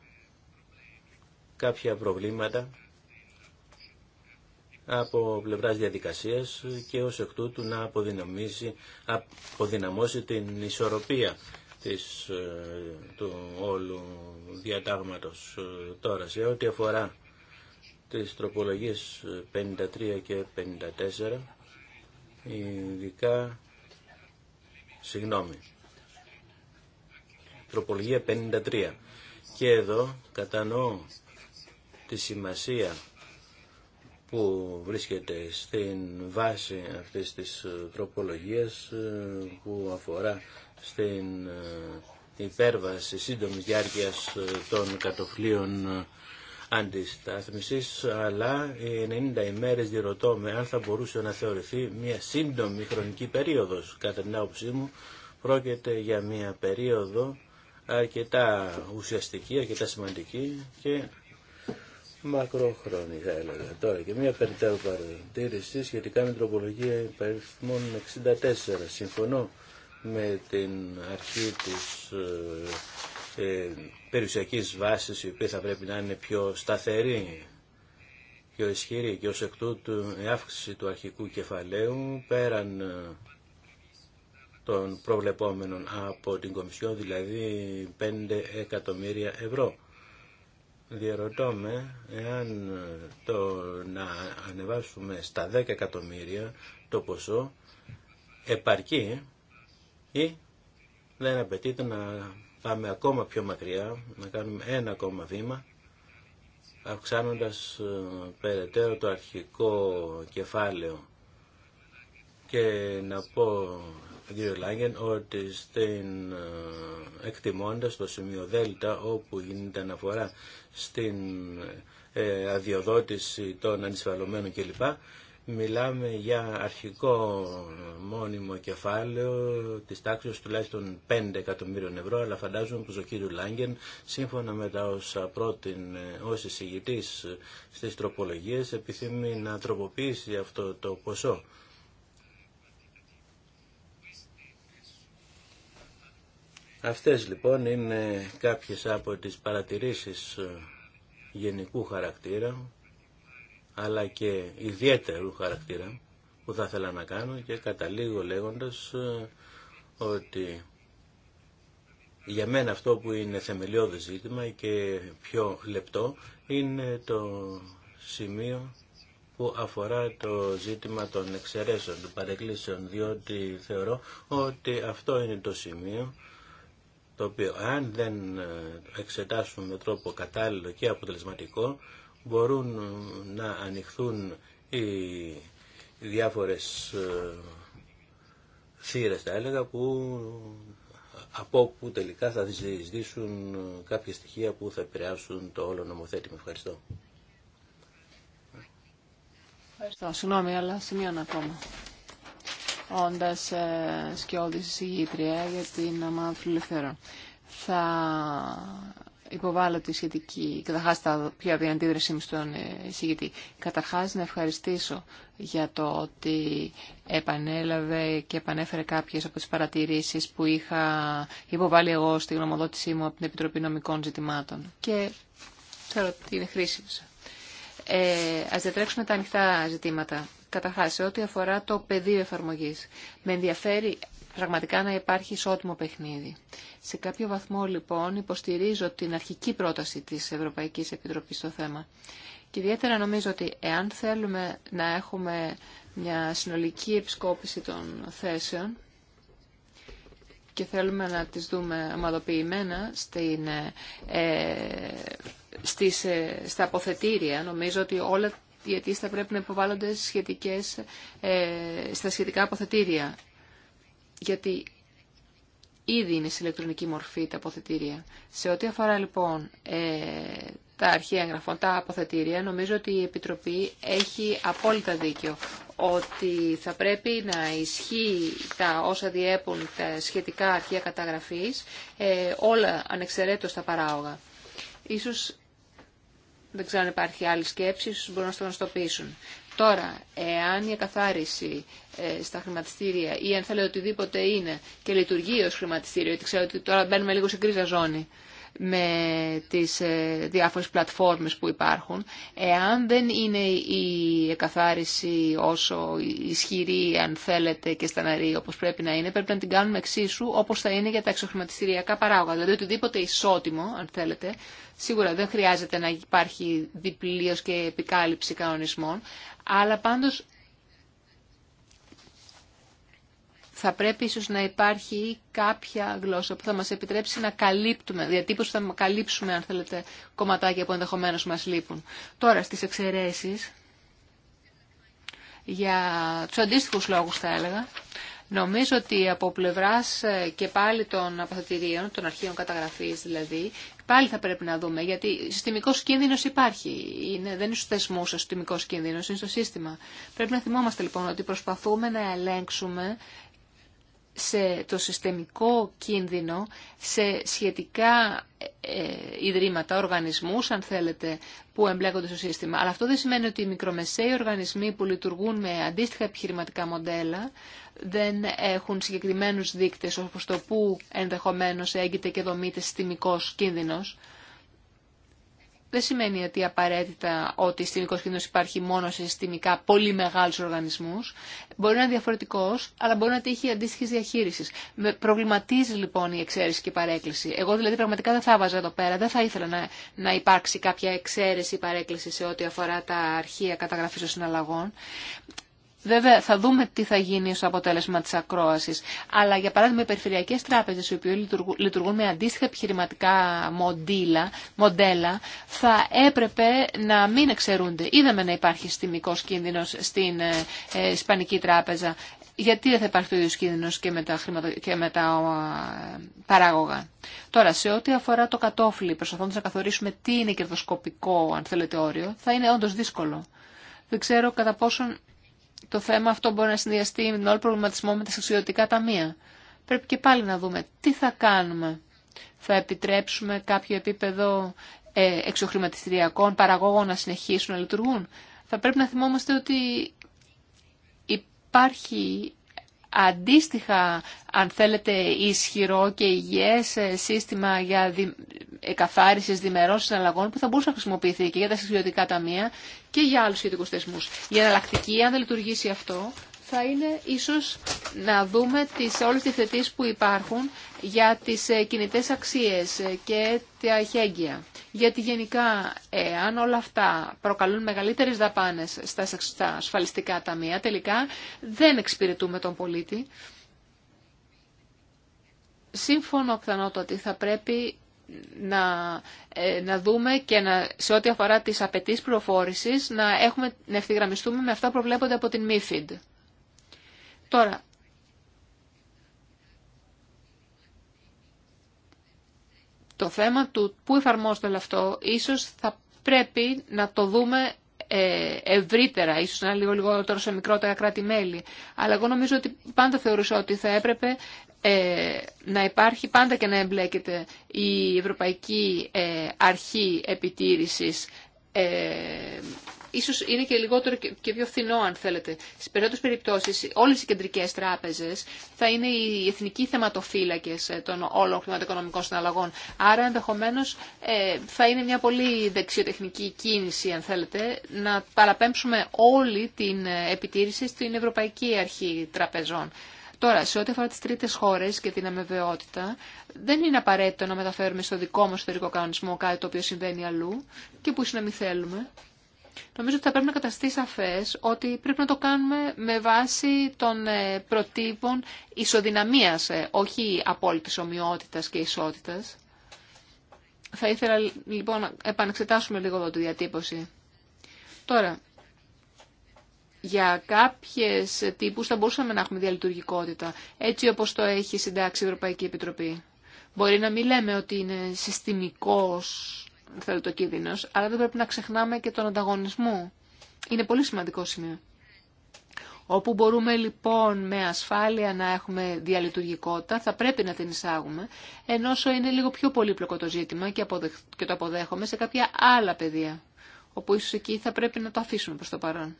κάποια προβλήματα από πλευρά διαδικασία και ως εκ τούτου να αποδυναμώσει, την ισορροπία της, ε, του όλου διατάγματος ε, τώρα σε ό,τι αφορά τις τροπολογίες 53 ε, και 54 ειδικά συγγνώμη τροπολογία 53 και εδώ κατανοώ τη σημασία που βρίσκεται στην βάση αυτής της ε, τροπολογίας ε, που αφορά στην ε, υπέρβαση σύντομη διάρκεια των κατοφλίων αντιστάθμισης, αλλά οι 90 ημέρες διερωτώ με αν θα μπορούσε να θεωρηθεί μια σύντομη χρονική περίοδος. Κατά την άποψή μου πρόκειται για μια περίοδο αρκετά ουσιαστική, αρκετά σημαντική και μακροχρόνια θα έλεγα. Τώρα και μια περιττέρου παρατήρηση σχετικά με τροπολογία υπαριθμών 64. Συμφωνώ με την αρχή της ε, ε, περιουσιακής βάσης η οποία θα πρέπει να είναι πιο σταθερή πιο ισχυρή και ως εκ τούτου η ε, αύξηση του αρχικού κεφαλαίου πέραν ε, των προβλεπόμενων από την Κομισιόν δηλαδή 5 εκατομμύρια ευρώ διαρωτώ με εάν ε, το να ανεβάσουμε στα 10 εκατομμύρια το ποσό επαρκεί ή δεν απαιτείται να πάμε ακόμα πιο μακριά, να κάνουμε ένα ακόμα βήμα αυξάνοντας ε, περαιτέρω το αρχικό κεφάλαιο και να πω δύο Λάγκεν ότι στην, ε, εκτιμώντα το σημείο Δέλτα όπου γίνεται αναφορά στην ε, αδειοδότηση των ανισφαλωμένων κλπ. Μιλάμε για αρχικό μόνιμο κεφάλαιο της τάξης τουλάχιστον 5 εκατομμύριων ευρώ, αλλά φαντάζομαι πως ο κύριος Λάγκεν, σύμφωνα με τα όσα πρότεινε ως εισηγητής στις τροπολογίες, επιθυμεί να τροποποιήσει αυτό το ποσό. Αυτές λοιπόν είναι κάποιες από τις παρατηρήσεις ε, γενικού χαρακτήρα αλλά και ιδιαίτερου χαρακτήρα που θα ήθελα να κάνω και καταλήγω λέγοντας ε, ότι για μένα αυτό που είναι θεμελιώδη ζήτημα και πιο λεπτό είναι το σημείο που αφορά το ζήτημα των εξαιρέσεων, των παρεκκλήσεων, διότι θεωρώ ότι αυτό είναι το σημείο το οποίο αν δεν ε, εξετάσουν με τρόπο κατάλληλο και αποτελεσματικό μπορούν ε, να ανοιχθούν οι διάφορες ε, θύρες θα έλεγα που από που τελικά θα διεισδύσουν κάποια στοιχεία που θα επηρεάσουν το όλο νομοθέτημα. Ευχαριστώ. Ευχαριστώ. Συγγνώμη, αλλά σημείωνα ακόμα όντας ε, σκιώδης εισηγήτρια για την ομάδα φιλελευθερών. Θα υποβάλλω τη σχετική, καταρχάς θα πιο την αντίδρασή μου στον ε, εισηγητή. Καταρχάς να ευχαριστήσω για το ότι επανέλαβε και επανέφερε κάποιες από τις παρατηρήσεις που είχα υποβάλει εγώ στη γνωμοδότησή μου από την Επιτροπή Νομικών Ζητημάτων. Και ξέρω ότι είναι χρήσιμο. Ε, ας διατρέξουμε τα ανοιχτά ζητήματα Καταρχάς, σε ό,τι αφορά το πεδίο εφαρμογής, με ενδιαφέρει πραγματικά να υπάρχει ισότιμο παιχνίδι. Σε κάποιο βαθμό, λοιπόν, υποστηρίζω την αρχική πρόταση της Ευρωπαϊκής Επιτροπής στο θέμα. Και ιδιαίτερα νομίζω ότι εάν θέλουμε να έχουμε μια συνολική επισκόπηση των θέσεων και θέλουμε να τις δούμε ομαδοποιημένα στην, ε, ε, στις, ε, στα αποθετήρια, νομίζω ότι όλα γιατί θα πρέπει να υποβάλλονται σχετικές, ε, στα σχετικά αποθετήρια. Γιατί ήδη είναι σε ηλεκτρονική μορφή τα αποθετήρια. Σε ό,τι αφορά λοιπόν ε, τα αρχεία εγγραφών, τα αποθετήρια, νομίζω ότι η Επιτροπή έχει απόλυτα δίκιο ότι θα πρέπει να ισχύει τα όσα διέπουν τα σχετικά αρχεία καταγραφής, ε, όλα ανεξαιρέτως τα παράογα. Ίσως δεν ξέρω αν υπάρχει άλλη σκέψη, ίσως μπορούν να το γνωστοποιήσουν. Τώρα, εάν η ακαθάριση ε, στα χρηματιστήρια ή αν θέλετε οτιδήποτε είναι και λειτουργεί ως χρηματιστήριο, γιατί ξέρω ότι τώρα μπαίνουμε λίγο σε κρίζα ζώνη, με τις ε, διάφορες πλατφόρμες που υπάρχουν. Εάν δεν είναι η εκαθάριση όσο ισχυρή, αν θέλετε, και στεναρή όπως πρέπει να είναι, πρέπει να την κάνουμε εξίσου όπως θα είναι για τα εξοχρηματιστηριακά παράγοντα. Δηλαδή οτιδήποτε ισότιμο, αν θέλετε, σίγουρα δεν χρειάζεται να υπάρχει διπλίως και επικάλυψη κανονισμών, αλλά πάντως θα πρέπει ίσως να υπάρχει κάποια γλώσσα που θα μας επιτρέψει να καλύπτουμε, διατύπωση που θα καλύψουμε, αν θέλετε, κομματάκια που ενδεχομένω μας λείπουν. Τώρα, στις εξαιρεσει για τους αντίστοιχους λόγους θα έλεγα, Νομίζω ότι από πλευρά ε, και πάλι των αποθετηρίων, των αρχείων καταγραφή, δηλαδή, πάλι θα πρέπει να δούμε, γιατί συστημικό κίνδυνο υπάρχει. δεν είναι στου θεσμού ο συστημικό κίνδυνο, είναι στο σύστημα. Πρέπει να θυμόμαστε λοιπόν ότι προσπαθούμε να ελέγξουμε σε το συστημικό κίνδυνο, σε σχετικά ε, ιδρύματα, οργανισμούς αν θέλετε, που εμπλέκονται στο σύστημα. Αλλά αυτό δεν σημαίνει ότι οι μικρομεσαίοι οργανισμοί που λειτουργούν με αντίστοιχα επιχειρηματικά μοντέλα δεν έχουν συγκεκριμένους δείκτες όπως το που ενδεχομένως έγκυται και δομείται συστημικός κίνδυνος δεν σημαίνει ότι απαραίτητα ότι συστημικός κίνδυνος υπάρχει μόνο σε συστημικά πολύ μεγάλους οργανισμούς. Μπορεί να είναι διαφορετικός, αλλά μπορεί να τύχει αντίστοιχη διαχείριση. Με προβληματίζει λοιπόν η εξαίρεση και η παρέκκληση. Εγώ δηλαδή πραγματικά δεν θα βάζα εδώ πέρα, δεν θα ήθελα να, να υπάρξει κάποια εξαίρεση ή παρέκκληση σε ό,τι αφορά τα αρχεία καταγραφή των συναλλαγών. Βέβαια, θα δούμε τι θα γίνει στο αποτέλεσμα της ακρόασης. Αλλά, για παράδειγμα, οι περιφερειακές τράπεζες, οι οποίοι λειτουργούν με αντίστοιχα επιχειρηματικά μοντήλα, μοντέλα, θα έπρεπε να μην εξαιρούνται. Είδαμε να υπάρχει συστημικό κίνδυνος στην ε, ε, Ισπανική τράπεζα. Γιατί δεν θα υπάρχει το ίδιο κίνδυνο και με τα, χρηματο... και με τα ε, παράγωγα. Τώρα, σε ό,τι αφορά το κατόφλι, προσπαθώντα να καθορίσουμε τι είναι κερδοσκοπικό, αν θέλετε, όριο, θα είναι όντω δύσκολο. Δεν ξέρω κατά πόσον το θέμα αυτό μπορεί να συνδυαστεί με τον όλο προβληματισμό με τα σεξουαλικά ταμεία. Πρέπει και πάλι να δούμε τι θα κάνουμε. Θα επιτρέψουμε κάποιο επίπεδο ε, εξοχρηματιστηριακών παραγόγων να συνεχίσουν να λειτουργούν. Θα πρέπει να θυμόμαστε ότι υπάρχει αντίστοιχα, αν θέλετε, ισχυρό και υγιές ε, σύστημα για δι... εκαθάρισης διμερών συναλλαγών που θα μπορούσε να χρησιμοποιηθεί και για τα συγκριτικά ταμεία και για άλλους σχετικούς θεσμούς. Η εναλλακτική, αν δεν λειτουργήσει αυτό, θα είναι ίσως να δούμε τις, όλες τις θετήσεις που υπάρχουν για τις ε, κινητές αξίες ε, και τα χέγγια. Γιατί γενικά, εάν όλα αυτά προκαλούν μεγαλύτερες δαπάνες στα ασφαλιστικά ταμεία, τελικά δεν εξυπηρετούμε τον πολίτη. Σύμφωνο πιθανότατη ότι θα πρέπει να, ε, να δούμε και να, σε ό,τι αφορά τις απαιτήσει πληροφόρηση να, έχουμε, να ευθυγραμμιστούμε με αυτά που προβλέπονται από την MIFID. Τώρα, το θέμα του πού εφαρμόζεται αυτό, ίσως θα πρέπει να το δούμε ε, ευρύτερα, ίσως να είναι λίγο λιγότερο σε μικρότερα κράτη-μέλη. Αλλά εγώ νομίζω ότι πάντα θεωρούσα ότι θα έπρεπε ε, να υπάρχει πάντα και να εμπλέκεται η Ευρωπαϊκή ε, Αρχή Επιτήρησης ε, ίσως είναι και λιγότερο και πιο φθηνό αν θέλετε. Σε περισσότερες περιπτώσει, όλες οι κεντρικές τράπεζες θα είναι οι εθνικοί θεματοφύλακες των όλων χρηματοοικονομικών συναλλαγών. Άρα ενδεχομένως θα είναι μια πολύ δεξιοτεχνική κίνηση αν θέλετε να παραπέμψουμε όλη την επιτήρηση στην Ευρωπαϊκή Αρχή Τραπεζών. Τώρα, σε ό,τι αφορά τι τρίτε χώρε και την αμεβαιότητα, δεν είναι απαραίτητο να μεταφέρουμε στο δικό μα ιστορικό κανονισμό κάτι το οποίο συμβαίνει αλλού και που να μην θέλουμε. Νομίζω ότι θα πρέπει να καταστεί σαφέ ότι πρέπει να το κάνουμε με βάση των ε, προτύπων ισοδυναμία, ε, όχι απόλυτη ομοιότητα και ισότητα. Θα ήθελα λοιπόν να επανεξετάσουμε λίγο εδώ τη διατύπωση. Τώρα, για κάποιες τύπους θα μπορούσαμε να έχουμε διαλειτουργικότητα, έτσι όπως το έχει συντάξει η Ευρωπαϊκή Επιτροπή. Μπορεί να μην λέμε ότι είναι συστημικός θέλω το κίνδυνο, αλλά δεν πρέπει να ξεχνάμε και τον ανταγωνισμό. Είναι πολύ σημαντικό σημείο. Όπου μπορούμε λοιπόν με ασφάλεια να έχουμε διαλειτουργικότητα, θα πρέπει να την εισάγουμε, ενώ είναι λίγο πιο πολύπλοκο το ζήτημα και, και το αποδέχομαι σε κάποια άλλα πεδία, όπου ίσως εκεί θα πρέπει να το αφήσουμε προς το παρόν.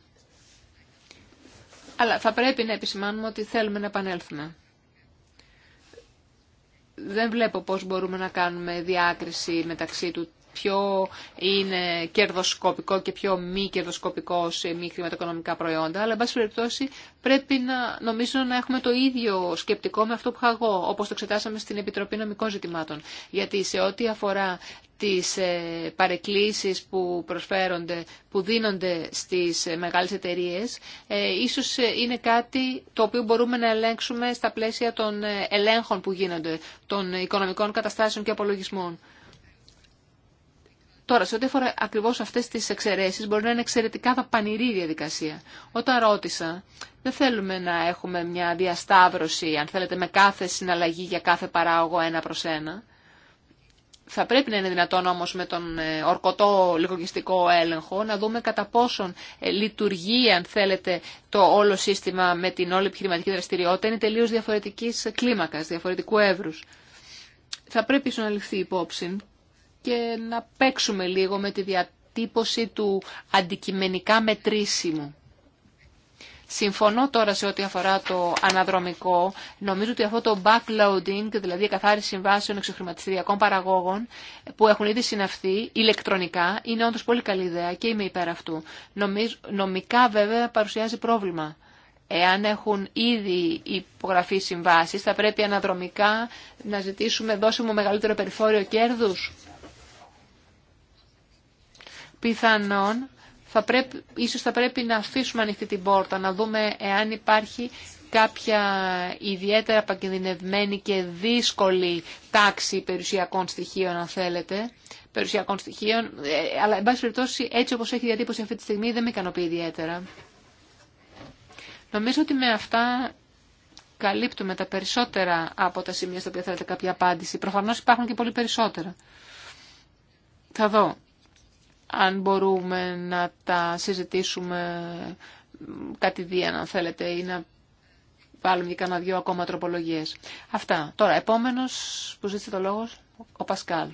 Αλλά θα πρέπει να επισημάνουμε ότι θέλουμε να επανέλθουμε. Δεν βλέπω πώς μπορούμε να κάνουμε διάκριση μεταξύ του ποιο είναι κερδοσκοπικό και ποιο μη κερδοσκοπικό σε μη χρηματοοικονομικά προϊόντα, αλλά εν πάση περιπτώσει πρέπει να νομίζω να έχουμε το ίδιο σκεπτικό με αυτό που είχα εγώ, όπω το εξετάσαμε στην Επιτροπή Νομικών Ζητημάτων. Γιατί σε ό,τι αφορά τις ε, παρεκκλήσεις που προσφέρονται, που δίνονται στις ε, μεγάλες εταιρείες, ε, ίσως είναι κάτι το οποίο μπορούμε να ελέγξουμε στα πλαίσια των ελέγχων που γίνονται, των οικονομικών καταστάσεων και απολογισμών. Τώρα, σε ό,τι αφορά ακριβώ αυτέ τι εξαιρέσει, μπορεί να είναι εξαιρετικά δαπανηρή η διαδικασία. Όταν ρώτησα, δεν θέλουμε να έχουμε μια διασταύρωση, αν θέλετε, με κάθε συναλλαγή για κάθε παράγωγο ένα προ ένα. Θα πρέπει να είναι δυνατόν όμως με τον ε, ορκωτό λογιστικό έλεγχο να δούμε κατά πόσον ε, λειτουργεί, αν θέλετε, το όλο σύστημα με την όλη επιχειρηματική δραστηριότητα είναι τελείως διαφορετικής κλίμακας, διαφορετικού εύρους. Θα πρέπει να ληφθεί υπόψη και να παίξουμε λίγο με τη διατύπωση του αντικειμενικά μετρήσιμου. Συμφωνώ τώρα σε ό,τι αφορά το αναδρομικό. Νομίζω ότι αυτό το backloading, δηλαδή η καθάριση συμβάσεων εξωχρηματιστηριακών παραγόγων που έχουν ήδη συναυθεί ηλεκτρονικά, είναι όντως πολύ καλή ιδέα και είμαι υπέρ αυτού. νομικά βέβαια παρουσιάζει πρόβλημα. Εάν έχουν ήδη υπογραφεί συμβάσεις, θα πρέπει αναδρομικά να ζητήσουμε δώσιμο μεγαλύτερο περιθώριο κέρδους πιθανόν θα πρέπει, ίσως θα πρέπει να αφήσουμε ανοιχτή την πόρτα, να δούμε εάν υπάρχει κάποια ιδιαίτερα παγκινδυνευμένη και δύσκολη τάξη περιουσιακών στοιχείων, αν θέλετε, περιουσιακών στοιχείων, ε, αλλά, εν πάση περιπτώσει, έτσι όπως έχει διατύπωση αυτή τη στιγμή, δεν με ικανοποιεί ιδιαίτερα. Νομίζω ότι με αυτά καλύπτουμε τα περισσότερα από τα σημεία στα οποία θέλετε κάποια απάντηση. Προφανώς υπάρχουν και πολύ περισσότερα. Θα δω αν μπορούμε να τα συζητήσουμε κάτι κατηδίαν αν θέλετε ή να βάλουμε και κανένα δυο ακόμα τροπολογίες. Αυτά. Τώρα, επόμενος που ζήτησε το λόγο, ο Πασκάλ.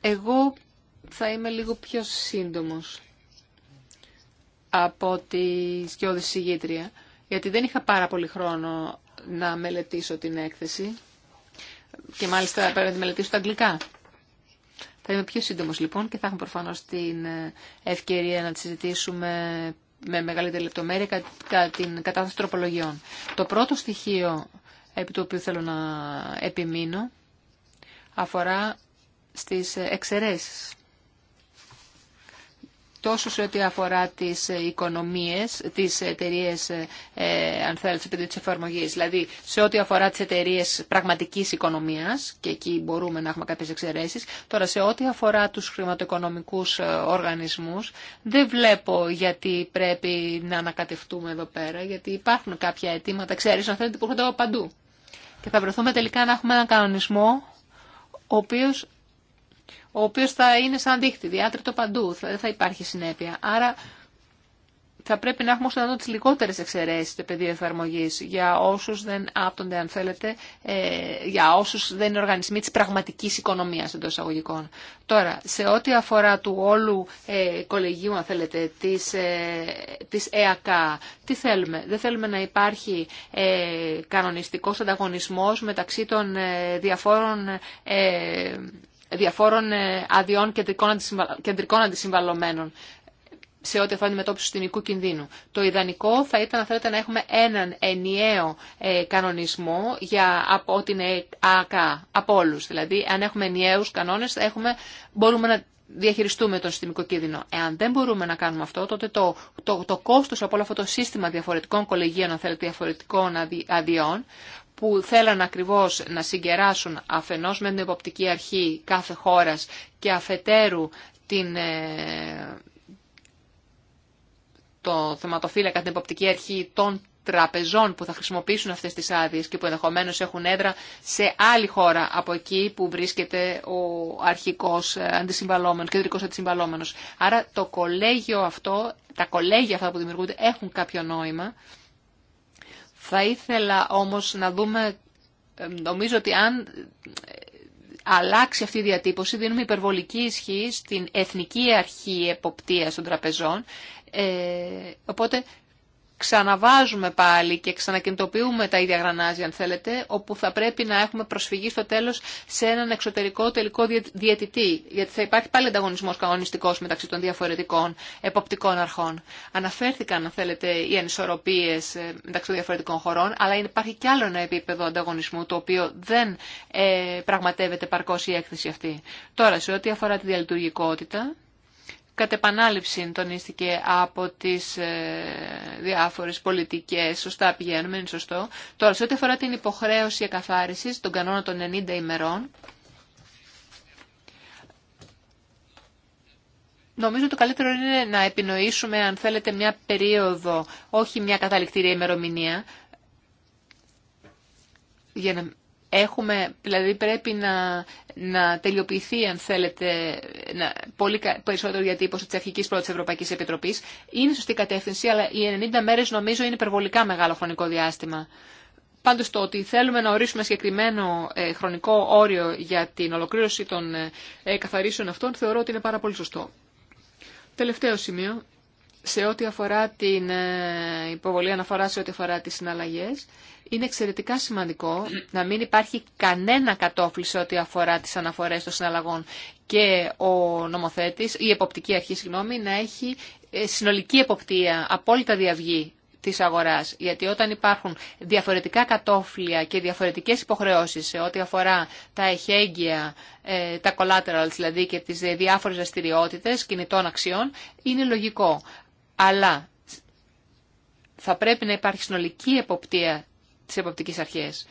Εγώ θα είμαι λίγο πιο σύντομος από τη σκιώδη συγγήτρια, γιατί δεν είχα πάρα πολύ χρόνο να μελετήσω την έκθεση και μάλιστα πρέπει να τη μελετήσω τα αγγλικά. Θα είμαι πιο σύντομος λοιπόν και θα έχουμε προφανώς την ε, ευκαιρία να τη συζητήσουμε με μεγαλύτερη λεπτομέρεια κατά την κατάσταση τροπολογιών. Το πρώτο στοιχείο επί το οποίο θέλω να επιμείνω αφορά στις εξαιρέσεις τόσο σε ό,τι αφορά τις ε, οικονομίες, τις εταιρείε ε, ε, αν θέλετε, τη εφαρμογή, Δηλαδή, σε ό,τι αφορά τις εταιρείε πραγματικής οικονομίας, και εκεί μπορούμε να έχουμε κάποιες εξαιρέσεις, τώρα σε ό,τι αφορά τους χρηματοοικονομικούς ε, οργανισμούς, δεν βλέπω γιατί πρέπει να ανακατευτούμε εδώ πέρα, γιατί υπάρχουν κάποια αιτήματα, ξέρεις, αν θέλετε, που έρχονται παντού. Και θα βρεθούμε τελικά να έχουμε έναν κανονισμό ο οποίος ο οποίος θα είναι σαν δίχτυ, διάτριτο παντού, δεν θα υπάρχει συνέπεια. Άρα θα πρέπει να έχουμε όσο να δω τις λιγότερες εξαιρέσεις στο πεδίο εφαρμογή για όσους δεν άπτονται, αν θέλετε, ε, για όσους δεν είναι οργανισμοί της πραγματικής οικονομίας εντός εισαγωγικών. Τώρα, σε ό,τι αφορά του όλου ε, κολεγίου, αν θέλετε, της, ε, της ΕΑΚΑ, τι θέλουμε. Δεν θέλουμε να υπάρχει ε, κανονιστικός ανταγωνισμός μεταξύ των ε, διαφόρων ε, διαφόρων ε, αδειών κεντρικών αντισυμβαλωμένων σε ό,τι αφορά αντιμετώπιση συστημικού κινδύνου. Το ιδανικό θα ήταν, να θέλετε, να έχουμε έναν ενιαίο ε, κανονισμό για από την ΑΚΑ, από όλου. Δηλαδή, αν έχουμε ενιαίου κανόνε, μπορούμε να διαχειριστούμε τον συστημικό κίνδυνο. Εάν δεν μπορούμε να κάνουμε αυτό, τότε το, το, το κόστος από όλο αυτό το σύστημα διαφορετικών κολεγίων, αν θέλετε, διαφορετικών αδειών, που θέλαν ακριβώς να συγκεράσουν αφενός με την εποπτική αρχή κάθε χώρας και αφετέρου την, ε, το θεματοφύλακα, την εποπτική αρχή των τραπεζών που θα χρησιμοποιήσουν αυτές τις άδειες και που ενδεχομένως έχουν έδρα σε άλλη χώρα από εκεί που βρίσκεται ο αρχικός ε, αντισυμβαλόμενος, κεντρικός αντισυμβαλόμενος. Άρα το κολέγιο αυτό, τα κολέγια αυτά που δημιουργούνται έχουν κάποιο νόημα. Θα ήθελα όμως να δούμε, ε, νομίζω ότι αν ε, αλλάξει αυτή η διατύπωση, δίνουμε υπερβολική ισχύ στην Εθνική Αρχή Εποπτείας των Τραπεζών, ε, οπότε ξαναβάζουμε πάλι και ξανακινητοποιούμε τα ίδια γρανάζια αν θέλετε, όπου θα πρέπει να έχουμε προσφυγή στο τέλος σε έναν εξωτερικό τελικό διαιτητή, γιατί θα υπάρχει πάλι ανταγωνισμός κανονιστικός μεταξύ των διαφορετικών εποπτικών αρχών. Αναφέρθηκαν, αν θέλετε, οι ανισορροπίες ε, μεταξύ των διαφορετικών χωρών, αλλά υπάρχει κι άλλο ένα επίπεδο ανταγωνισμού, το οποίο δεν ε, πραγματεύεται παρκώς η έκθεση αυτή. Τώρα, σε ό,τι αφορά τη διαλειτουργικότητα, κατ' επανάληψη τονίστηκε από τις ε, διάφορες πολιτικές. Σωστά πηγαίνουμε, είναι σωστό. Τώρα, σε ό,τι αφορά την υποχρέωση εκαθάρισης, τον κανόνα των 90 ημερών, Νομίζω το καλύτερο είναι να επινοήσουμε, αν θέλετε, μια περίοδο, όχι μια καταληκτήρια ημερομηνία, για να Έχουμε, δηλαδή πρέπει να, να τελειοποιηθεί, αν θέλετε, να, πολύ περισσότερο για τύπωση τη αρχική πρώτη Ευρωπαϊκή Επιτροπή. Είναι σωστή κατεύθυνση, αλλά οι 90 μέρε νομίζω είναι υπερβολικά μεγάλο χρονικό διάστημα. Πάντως το ότι θέλουμε να ορίσουμε συγκεκριμένο ε, χρονικό όριο για την ολοκλήρωση των ε, ε, καθαρίσεων αυτών θεωρώ ότι είναι πάρα πολύ σωστό. Τελευταίο σημείο, σε ό,τι αφορά την υποβολή αναφορά, σε ό,τι αφορά τις συναλλαγές, είναι εξαιρετικά σημαντικό να μην υπάρχει κανένα κατόφλι σε ό,τι αφορά τις αναφορές των συναλλαγών και ο νομοθέτης, η εποπτική αρχή, συγγνώμη, να έχει ε, συνολική εποπτεία, απόλυτα διαυγή της αγοράς. Γιατί όταν υπάρχουν διαφορετικά κατόφλια και διαφορετικές υποχρεώσεις σε ό,τι αφορά τα εχέγγυα, ε, τα collateral, δηλαδή και τις διάφορες δραστηριότητε κινητών αξιών, είναι λογικό. Αλλά θα πρέπει να υπάρχει συνολική εποπτεία τις εποπτικές αρχές.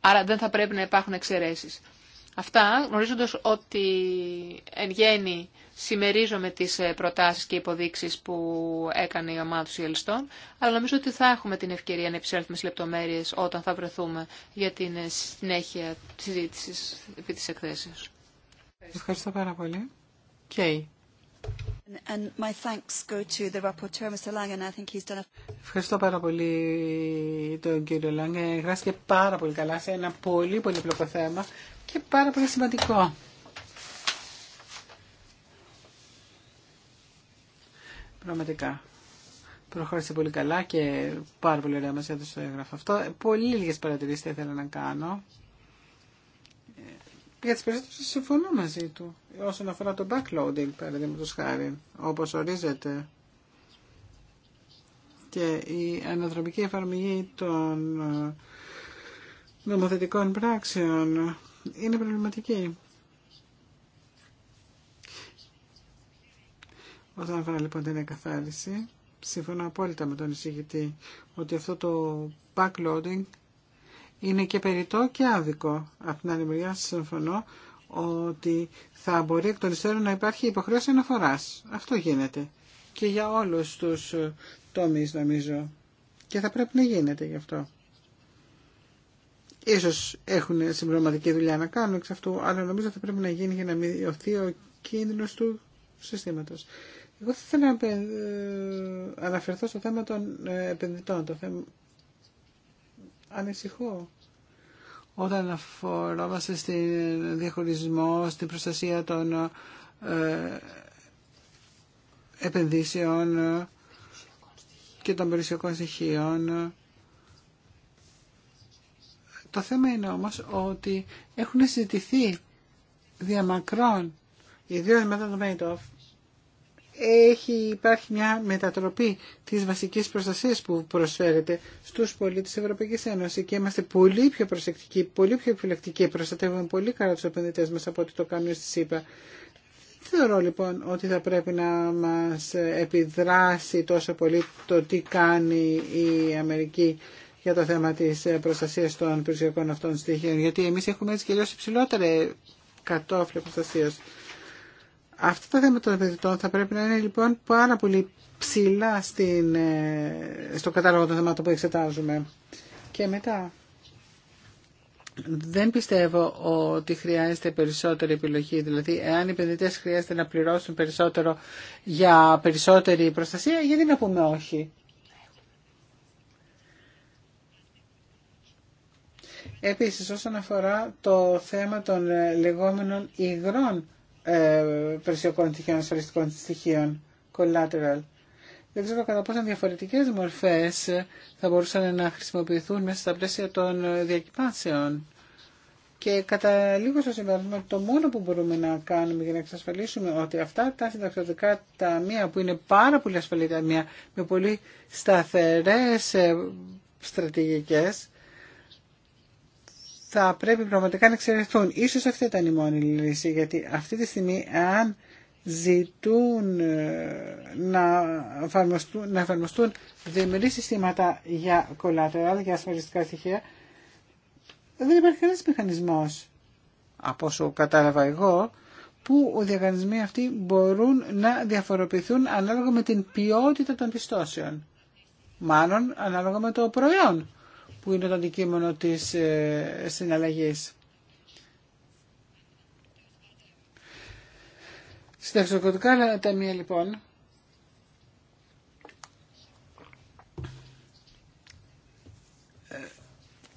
Άρα δεν θα πρέπει να υπάρχουν εξαιρέσεις. Αυτά γνωρίζοντα ότι εν γέννη συμμερίζομαι τις ε, προτάσεις και υποδείξεις που έκανε η ομάδα του Σιελστών, αλλά νομίζω ότι θα έχουμε την ευκαιρία να επισέλθουμε στις λεπτομέρειες όταν θα βρεθούμε για την ε, συνέχεια της συζήτησης επί της εκθέσεως. Ευχαριστώ πάρα πολύ. Κέι. Ευχαριστώ πάρα πολύ τον κύριο Λάγκε. και πάρα πολύ καλά σε ένα πολύ πολύπλοκο θέμα και πάρα πολύ σημαντικό. Πραγματικά. Προχώρησε πολύ καλά και πάρα πολύ ωραία μας έδωσε το έγγραφο αυτό. Πολύ λίγες παρατηρήσεις θα ήθελα να κάνω για τις περισσότερε συμφωνώ μαζί του όσον αφορά το backloading παραδείγματο χάρη όπως ορίζεται και η αναδρομική εφαρμογή των ε, νομοθετικών πράξεων είναι προβληματική. Όσον αφορά λοιπόν την εκαθάριση, συμφωνώ απόλυτα με τον εισηγητή ότι αυτό το backloading είναι και περιττό και άδικο. Από την άλλη μεριά συμφωνώ ότι θα μπορεί εκ των υστέρων να υπάρχει υποχρέωση αναφοράς. Αυτό γίνεται. Και για όλους τους ε, τομείς νομίζω. Και θα πρέπει να γίνεται γι' αυτό. Ίσως έχουν συμπληρωματική δουλειά να κάνουν εξ αυτού, αλλά νομίζω θα πρέπει να γίνει για να μειωθεί ο κίνδυνος του συστήματος. Εγώ θα ήθελα να ε, αναφερθώ στο θέμα των ε, επενδυτών, το θέμα ανησυχώ όταν αφορόμαστε στην διαχωρισμό, στην προστασία των ε, επενδύσεων και των περιουσιακών στοιχείων. Το θέμα είναι όμως ότι έχουν συζητηθεί διαμακρών, ιδίως μετά το Μέιτοφ, έχει, υπάρχει μια μετατροπή της βασικής προστασίας που προσφέρεται στους πολίτες της Ευρωπαϊκής Ένωσης και είμαστε πολύ πιο προσεκτικοί, πολύ πιο επιλεκτικοί, προστατεύουμε πολύ καλά τους επενδυτές μας από ό,τι το κάνουν στη ΣΥΠΑ. Θεωρώ λοιπόν ότι θα πρέπει να μας επιδράσει τόσο πολύ το τι κάνει η Αμερική για το θέμα της προστασίας των περιουσιακών αυτών στοιχείων, γιατί εμείς έχουμε έτσι και υψηλότερα κατόφλια προστασίας. Αυτά τα θέματα των επενδυτών θα πρέπει να είναι λοιπόν πάρα πολύ ψηλά στην, ε, στο κατάλογο των θεμάτων που εξετάζουμε. Και μετά. Δεν πιστεύω ότι χρειάζεται περισσότερη επιλογή. Δηλαδή, εάν οι επενδυτέ χρειάζεται να πληρώσουν περισσότερο για περισσότερη προστασία, γιατί να πούμε όχι. Επίσης, όσον αφορά το θέμα των ε, λεγόμενων υγρών ε, στοιχείων, ασφαλιστικών στοιχείων, collateral. Δεν ξέρω κατά πόσο διαφορετικές μορφές θα μπορούσαν να χρησιμοποιηθούν μέσα στα πλαίσια των διακυπάσεων. Και κατά λίγο στο συμπέρασμα το μόνο που μπορούμε να κάνουμε για να εξασφαλίσουμε ότι αυτά τα συνταξιδοτικά ταμεία που είναι πάρα πολύ ασφαλή ταμεία με πολύ σταθερές ε, στρατηγικές θα πρέπει πραγματικά να εξαιρεθούν. Ίσως αυτή ήταν η μόνη λύση, γιατί αυτή τη στιγμή αν ζητούν ε, να εφαρμοστούν, να εφαρμοστούν συστήματα για κολάτερα, για ασφαλιστικά στοιχεία, δεν υπάρχει κανένα μηχανισμός, από όσο κατάλαβα εγώ, που οι διαγωνισμοί αυτοί μπορούν να διαφοροποιηθούν ανάλογα με την ποιότητα των πιστώσεων. Μάλλον ανάλογα με το προϊόν που είναι το αντικείμενο της ε, συναλλαγής. Στα εξωτερικά ταμεία λοιπόν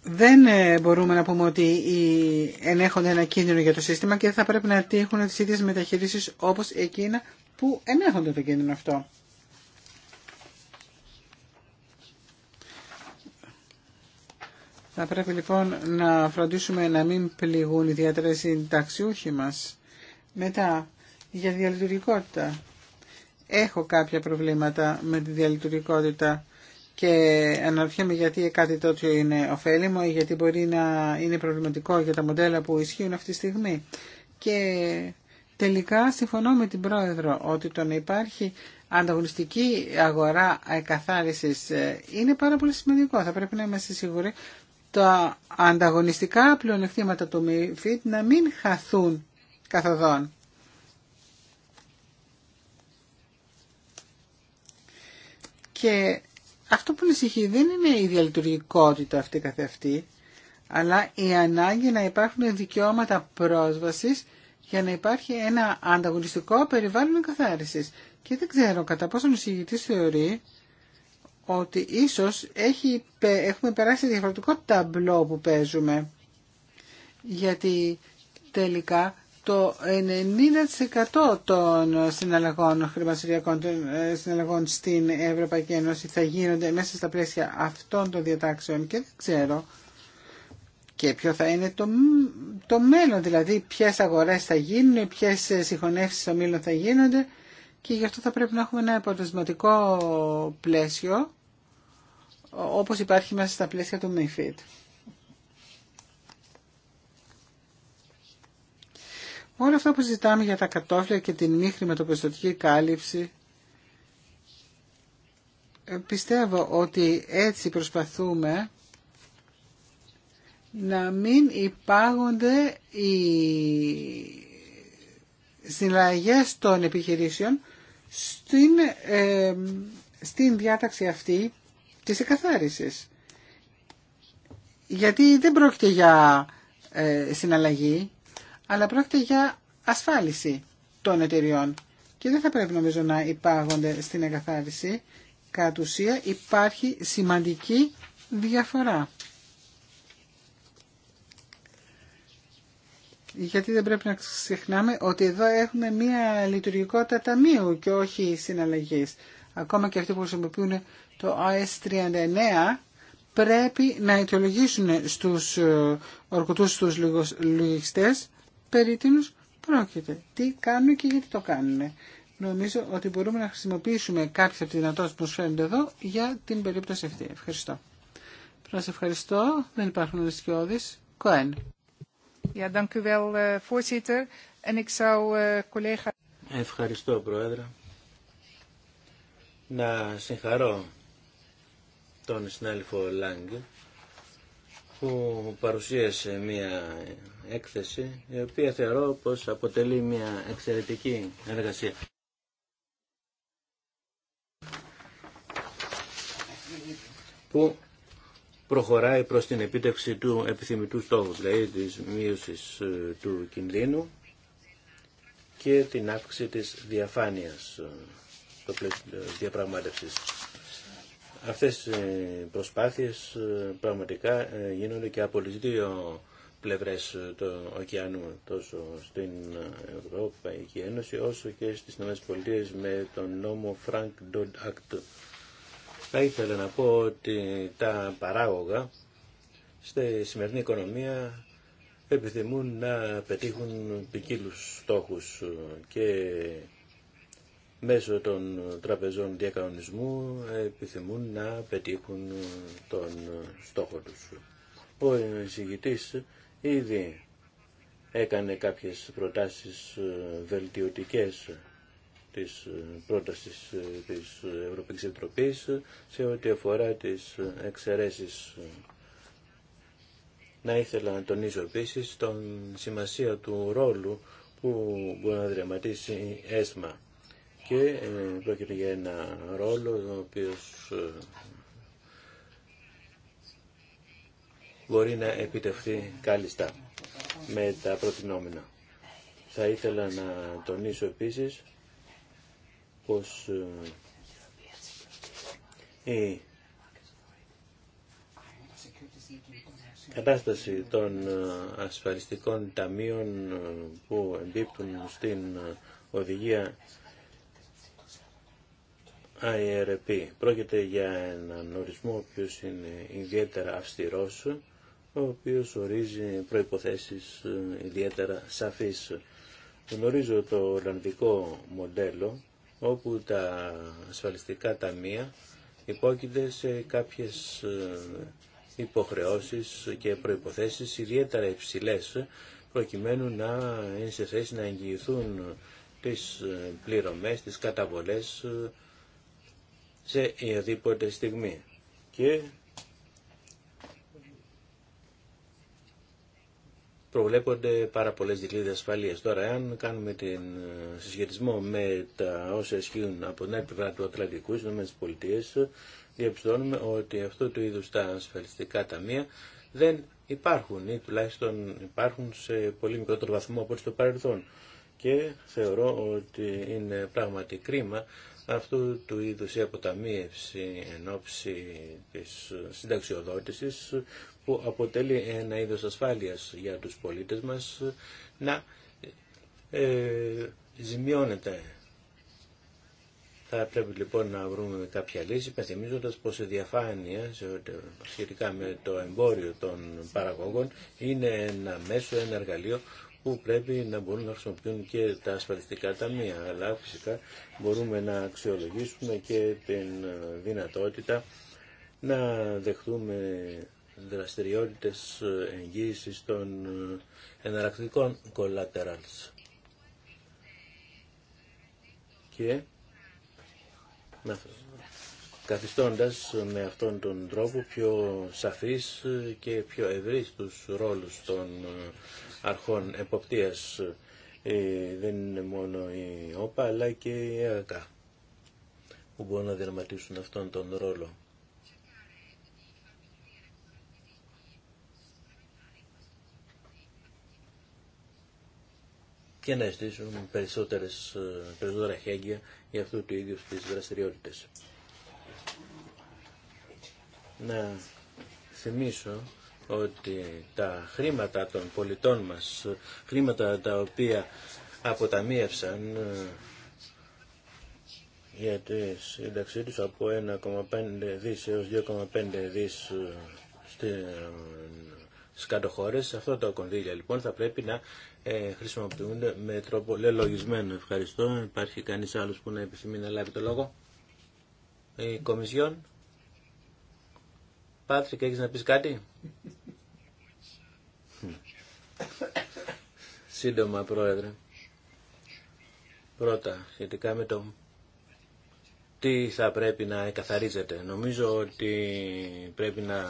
δεν ε, μπορούμε να πούμε ότι ενέχονται ένα κίνδυνο για το σύστημα και θα πρέπει να τύχουν τις ίδιες μεταχειρήσεις όπως εκείνα που ενέχονται το κίνδυνο αυτό. Θα πρέπει λοιπόν να φροντίσουμε να μην πληγούν οι οι συνταξιούχοι μας. Μετά, για διαλειτουργικότητα. Έχω κάποια προβλήματα με τη διαλειτουργικότητα και αναρωτιέμαι γιατί κάτι τέτοιο είναι ωφέλιμο ή γιατί μπορεί να είναι προβληματικό για τα μοντέλα που ισχύουν αυτή τη στιγμή. Και τελικά συμφωνώ με την Πρόεδρο ότι το να υπάρχει ανταγωνιστική αγορά καθάρισης ε, είναι πάρα πολύ σημαντικό. Θα πρέπει να είμαστε σίγουροι τα ανταγωνιστικά πλεονεκτήματα του ΜΥΦΙΤ να μην χαθούν καθοδόν. Και αυτό που ανησυχεί δεν είναι η διαλειτουργικότητα αυτή καθε αυτή, αλλά η ανάγκη να υπάρχουν δικαιώματα πρόσβασης για να υπάρχει ένα ανταγωνιστικό περιβάλλον καθάρισης. Και δεν ξέρω κατά πόσο ο θεωρεί ότι ίσως έχει, έχουμε περάσει διαφορετικό ταμπλό που παίζουμε. Γιατί τελικά το 90% των συναλλαγών χρηματιστηριακών ε, συναλλαγών στην Ευρωπαϊκή Ένωση θα γίνονται μέσα στα πλαίσια αυτών των διατάξεων και δεν ξέρω και ποιο θα είναι το, το μέλλον, δηλαδή ποιες αγορές θα γίνουν, ποιες συγχωνεύσεις ομίλων θα γίνονται και γι' αυτό θα πρέπει να έχουμε ένα αποτελεσματικό πλαίσιο όπως υπάρχει μέσα στα πλαίσια του MIFID. Όλο αυτό που ζητάμε για τα κατόφλια και την μη χρηματοπιστωτική κάλυψη ε, πιστεύω ότι έτσι προσπαθούμε να μην υπάγονται οι συναλλαγές των επιχειρήσεων στην, στην διάταξη αυτή της εκαθάρισης. Γιατί δεν πρόκειται για ε, συναλλαγή, αλλά πρόκειται για ασφάλιση των εταιριών. Και δεν θα πρέπει νομίζω να υπάγονται στην εγκαθάριση. Κατ' ουσία υπάρχει σημαντική διαφορά. γιατί δεν πρέπει να ξεχνάμε ότι εδώ έχουμε μία λειτουργικότητα ταμείου και όχι συναλλαγής. Ακόμα και αυτοί που χρησιμοποιούν το AS39 πρέπει να αιτιολογήσουν στους ε, ορκωτούς τους λογιστές περί τίνους πρόκειται. Τι κάνουν και γιατί το κάνουν. Νομίζω ότι μπορούμε να χρησιμοποιήσουμε κάποιες από τις δυνατότητες που φαίνονται εδώ για την περίπτωση αυτή. Ευχαριστώ. Σας ευχαριστώ. Δεν υπάρχουν ολισκιώδεις. Κοέν. Ευχαριστώ, Πρόεδρε. Να συγχαρώ τον συνάδελφο Λάγκ που παρουσίασε μια έκθεση η οποία θεωρώ πως αποτελεί μια εξαιρετική εργασία. που προχωράει προς την επίτευξη του επιθυμητού στόχου, δηλαδή της μείωσης ε, του κινδύνου και την αύξηση της διαφάνειας ε, στο πλαίσιο διαπραγμάτευσης. Αυτές οι προσπάθειες ε, πραγματικά γίνονται και από τις δύο πλευρές του ωκεανού, τόσο στην Ευρωπαϊκή Ένωση όσο και στις Πολιτείες με τον νόμο Frank Dodd Act θα ήθελα να πω ότι τα παράγωγα στη σημερινή οικονομία επιθυμούν να πετύχουν ποικίλου στόχους και μέσω των τραπεζών διακανονισμού επιθυμούν να πετύχουν τον στόχο τους. Ο εισηγητής ήδη έκανε κάποιες προτάσεις βελτιωτικές της ε, πρότασης ε, της Ευρωπαϊκής Επιτροπής σε ό,τι αφορά τις ε, εξαιρέσεις. Να ήθελα να τονίσω επίσης τον σημασία του ρόλου που μπορεί να δραματίσει ΕΣΜΑ και πρόκειται για ένα ρόλο ο οποίος μπορεί να επιτευχθεί κάλλιστα με τα προτινόμενα. Θα ήθελα να τονίσω επίσης πως ε, η κατάσταση των ε, ασφαλιστικών ταμείων ε, που εμπίπτουν στην οδηγία IRP. Πρόκειται για έναν ορισμό ο οποίος είναι ιδιαίτερα αυστηρός, ο οποίος ορίζει προϋποθέσεις ιδιαίτερα σαφείς. Γνωρίζω το Ολλανδικό μοντέλο όπου τα ασφαλιστικά ταμεία υπόκεινται σε κάποιες ε, υποχρεώσεις και προϋποθέσεις ιδιαίτερα υψηλές προκειμένου να είναι σε θέση να εγγυηθούν τις ε, πληρωμές, τις καταβολές ε, σε οποιαδήποτε στιγμή. Και προβλέπονται πάρα πολλέ δικλείδε ασφαλεία. Τώρα, αν κάνουμε την ε, συσχετισμό με τα όσα ισχύουν από την άλλη του Ατλαντικού, στι ΗΠΑ, διαπιστώνουμε ότι αυτού του είδου τα ασφαλιστικά ταμεία δεν υπάρχουν ή τουλάχιστον υπάρχουν σε πολύ μικρότερο βαθμό από στο παρελθόν. Και θεωρώ ότι είναι πράγματι κρίμα αυτού του είδους η αποταμίευση εν ώψη της συνταξιοδότησης που αποτελεί ένα είδος ασφάλειας για τους πολίτες μας να ε, ζημιώνεται. Θα πρέπει λοιπόν να βρούμε κάποια λύση, υπενθυμίζοντα πω η διαφάνεια σχετικά με το εμπόριο των παραγωγών είναι ένα μέσο, ένα εργαλείο που πρέπει να μπορούν να χρησιμοποιούν και τα ασφαλιστικά ταμεία. Αλλά φυσικά μπορούμε να αξιολογήσουμε και την δυνατότητα να δεχτούμε δραστηριότητες ε, εγγύησης των ε, εναλλακτικών collaterals. Και καθιστώντας με αυτόν τον τρόπο πιο σαφείς ε, και πιο ευρύς τους ρόλους των αρχών εποπτείας δεν είναι μόνο η ΟΠΑ αλλά και η ΕΑΚΑ που μπορούν να διαρματίσουν αυτόν τον ρόλο. και να ζητήσουν περισσότερες, ε, περισσότερα χέγγια για αυτού του ίδιου τις δραστηριότητες. Να θυμίσω ότι τα χρήματα των πολιτών μας, χρήματα τα οποία αποταμίευσαν ε, για τη σύνταξή τους από 1,5 δις έως 2,5 δις ε, στις κατοχώρες, Αυτό το κονδύλια λοιπόν θα πρέπει να ε, χρησιμοποιούνται με τρόπο λελογισμένο. Ευχαριστώ. Υπάρχει κανείς άλλος που να επιθυμεί να λάβει το λόγο. Η Κομισιόν. Πάτρικ, έχεις να πεις κάτι. Σύντομα, Πρόεδρε. Πρώτα, σχετικά με το τι θα πρέπει να καθαρίζεται. Νομίζω ότι πρέπει να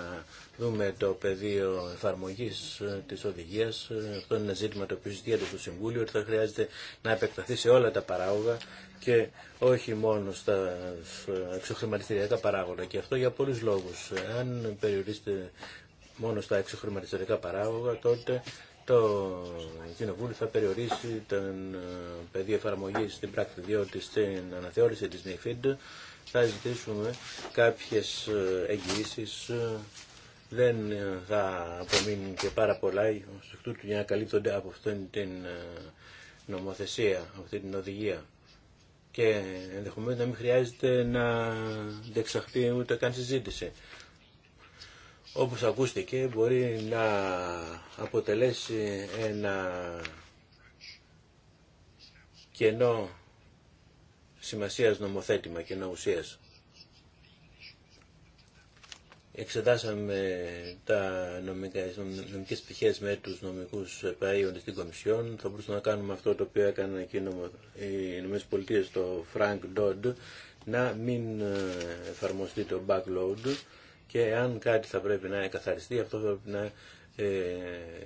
δούμε το πεδίο εφαρμογής της οδηγίας. Αυτό είναι ένα ζήτημα το οποίο ζητιέται στο Συμβούλιο, ότι θα χρειάζεται να επεκταθεί σε όλα τα παράγωγα και όχι μόνο στα εξωχρηματιστηριακά παράγωγα. Και αυτό για πολλούς λόγους. Αν περιορίσετε μόνο στα εξωχρηματιστηριακά παράγωγα, τότε το Κοινοβούλιο θα περιορίσει τον ε, πεδίο εφαρμογή στην πράξη, διότι στην αναθεώρηση της ΝΕΦΙΝΤ θα ζητήσουμε κάποιες ε, εγγυήσεις δεν ε, θα απομείνει και πάρα πολλά ω τούτου για να καλύπτονται από αυτήν την νομοθεσία, από αυτή την οδηγία. Και ενδεχομένως να μην χρειάζεται να διεξαχθεί ούτε καν συζήτηση όπως ακούστηκε μπορεί να αποτελέσει ένα κενό σημασίας νομοθέτημα, κενό ουσίας. Εξετάσαμε τα νομικά, νομικές πτυχές με τους νομικούς παίοντες στην Κομισιόν. Θα μπορούσαμε να κάνουμε αυτό το οποίο έκαναν και οι ΗΠΑ το Frank Dodd, να μην ε, εφαρμοστεί το backload, και αν κάτι θα πρέπει να καθαριστεί, αυτό θα πρέπει να ε,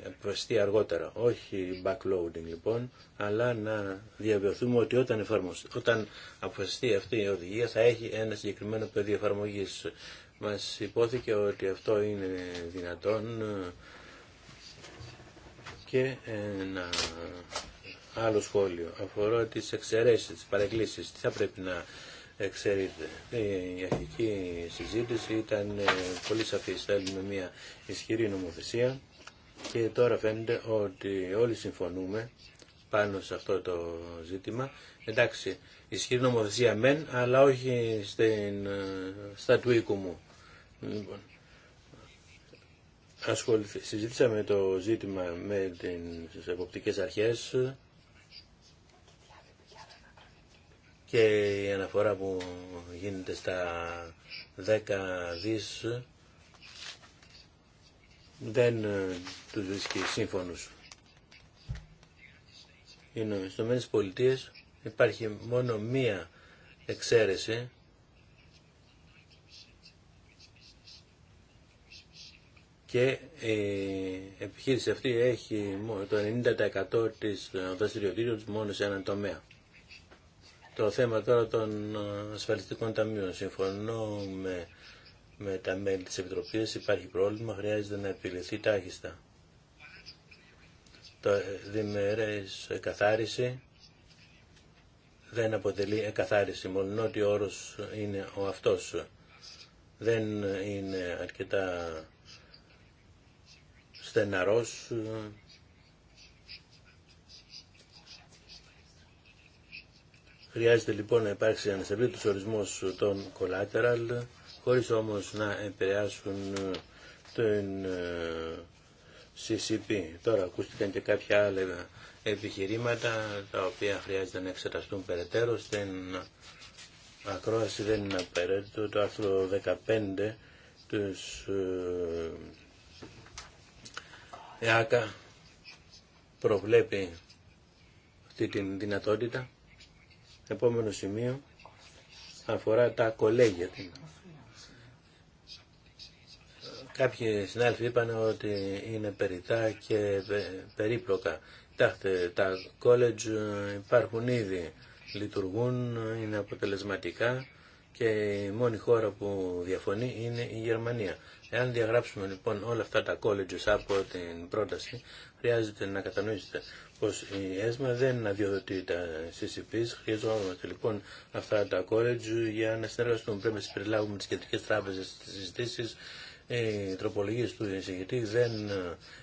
αποφασιστεί αργότερα. Όχι backloading λοιπόν, αλλά να διαβεβαιωθούμε ότι όταν, εφαρμοσ... όταν αποφασιστεί αυτή η οδηγία θα έχει ένα συγκεκριμένο πεδίο εφαρμογή. Μας υπόθηκε ότι αυτό είναι δυνατόν και ένα άλλο σχόλιο αφορά τις εξαιρέσεις, τις παρεκκλήσεις. Τι θα πρέπει να εξαιρείται. Ε, η αρχική συζήτηση ήταν ε, πολύ σαφή, Θέλουμε μια ισχυρή νομοθεσία και τώρα φαίνεται ότι όλοι συμφωνούμε πάνω σε αυτό το ζήτημα. Εντάξει, ισχυρή νομοθεσία μεν, αλλά όχι στην, ε, στα του οίκου μου. Λοιπόν, ασχοληθή, συζήτησαμε το ζήτημα με τις εποπτικές αρχές και η αναφορά που γίνεται στα 10 δις δεν ε, τους βρίσκει σύμφωνους. Είναι στις Ηνωμένες Πολιτείες υπάρχει μόνο μία εξαίρεση και η επιχείρηση αυτή έχει το 90% της δραστηριοτήτων μόνο σε έναν τομέα. Το θέμα τώρα των ασφαλιστικών ταμείων. Συμφωνώ με, με τα μέλη της Επιτροπής. Υπάρχει πρόβλημα, χρειάζεται να επιληθεί τάχιστα. Το διμερές καθάριση δεν αποτελεί εκαθάριση, μόνο ότι ο όρος είναι ο αυτός. Δεν είναι αρκετά στεναρός Χρειάζεται λοιπόν να υπάρξει αναστabiliτος ορισμός των collateral, χωρίς όμως να επηρεάσουν ε, τον ε, CCP. Τώρα ακούστηκαν και κάποια άλλα επιχειρήματα τα οποία χρειάζεται να εξεταστούν περαιτέρω. Στην ακρόαση δεν είναι απαραίτητο. Το άρθρο 15 της ε, ΕΑΚΑ προβλέπει αυτή την δυνατότητα επόμενο σημείο αφορά τα κολέγια. Κάποιοι συνάδελφοι είπαν ότι είναι περιτά και περίπλοκα. Κοιτάξτε, τα college υπάρχουν ήδη, λειτουργούν, είναι αποτελεσματικά και η μόνη χώρα που διαφωνεί είναι η Γερμανία. Εάν διαγράψουμε λοιπόν όλα αυτά τα κόλετζ από την πρόταση, χρειάζεται να κατανοήσετε πως η ΕΣΜΑ δεν αδειοδοτεί τα CCPs. Χρειαζόμαστε λοιπόν αυτά τα college για να συνεργαστούν. Πρέπει να συμπεριλάβουμε τις κεντρικές τράπεζες στις συζητήσεις. Οι τροπολογίε του εισηγητή δεν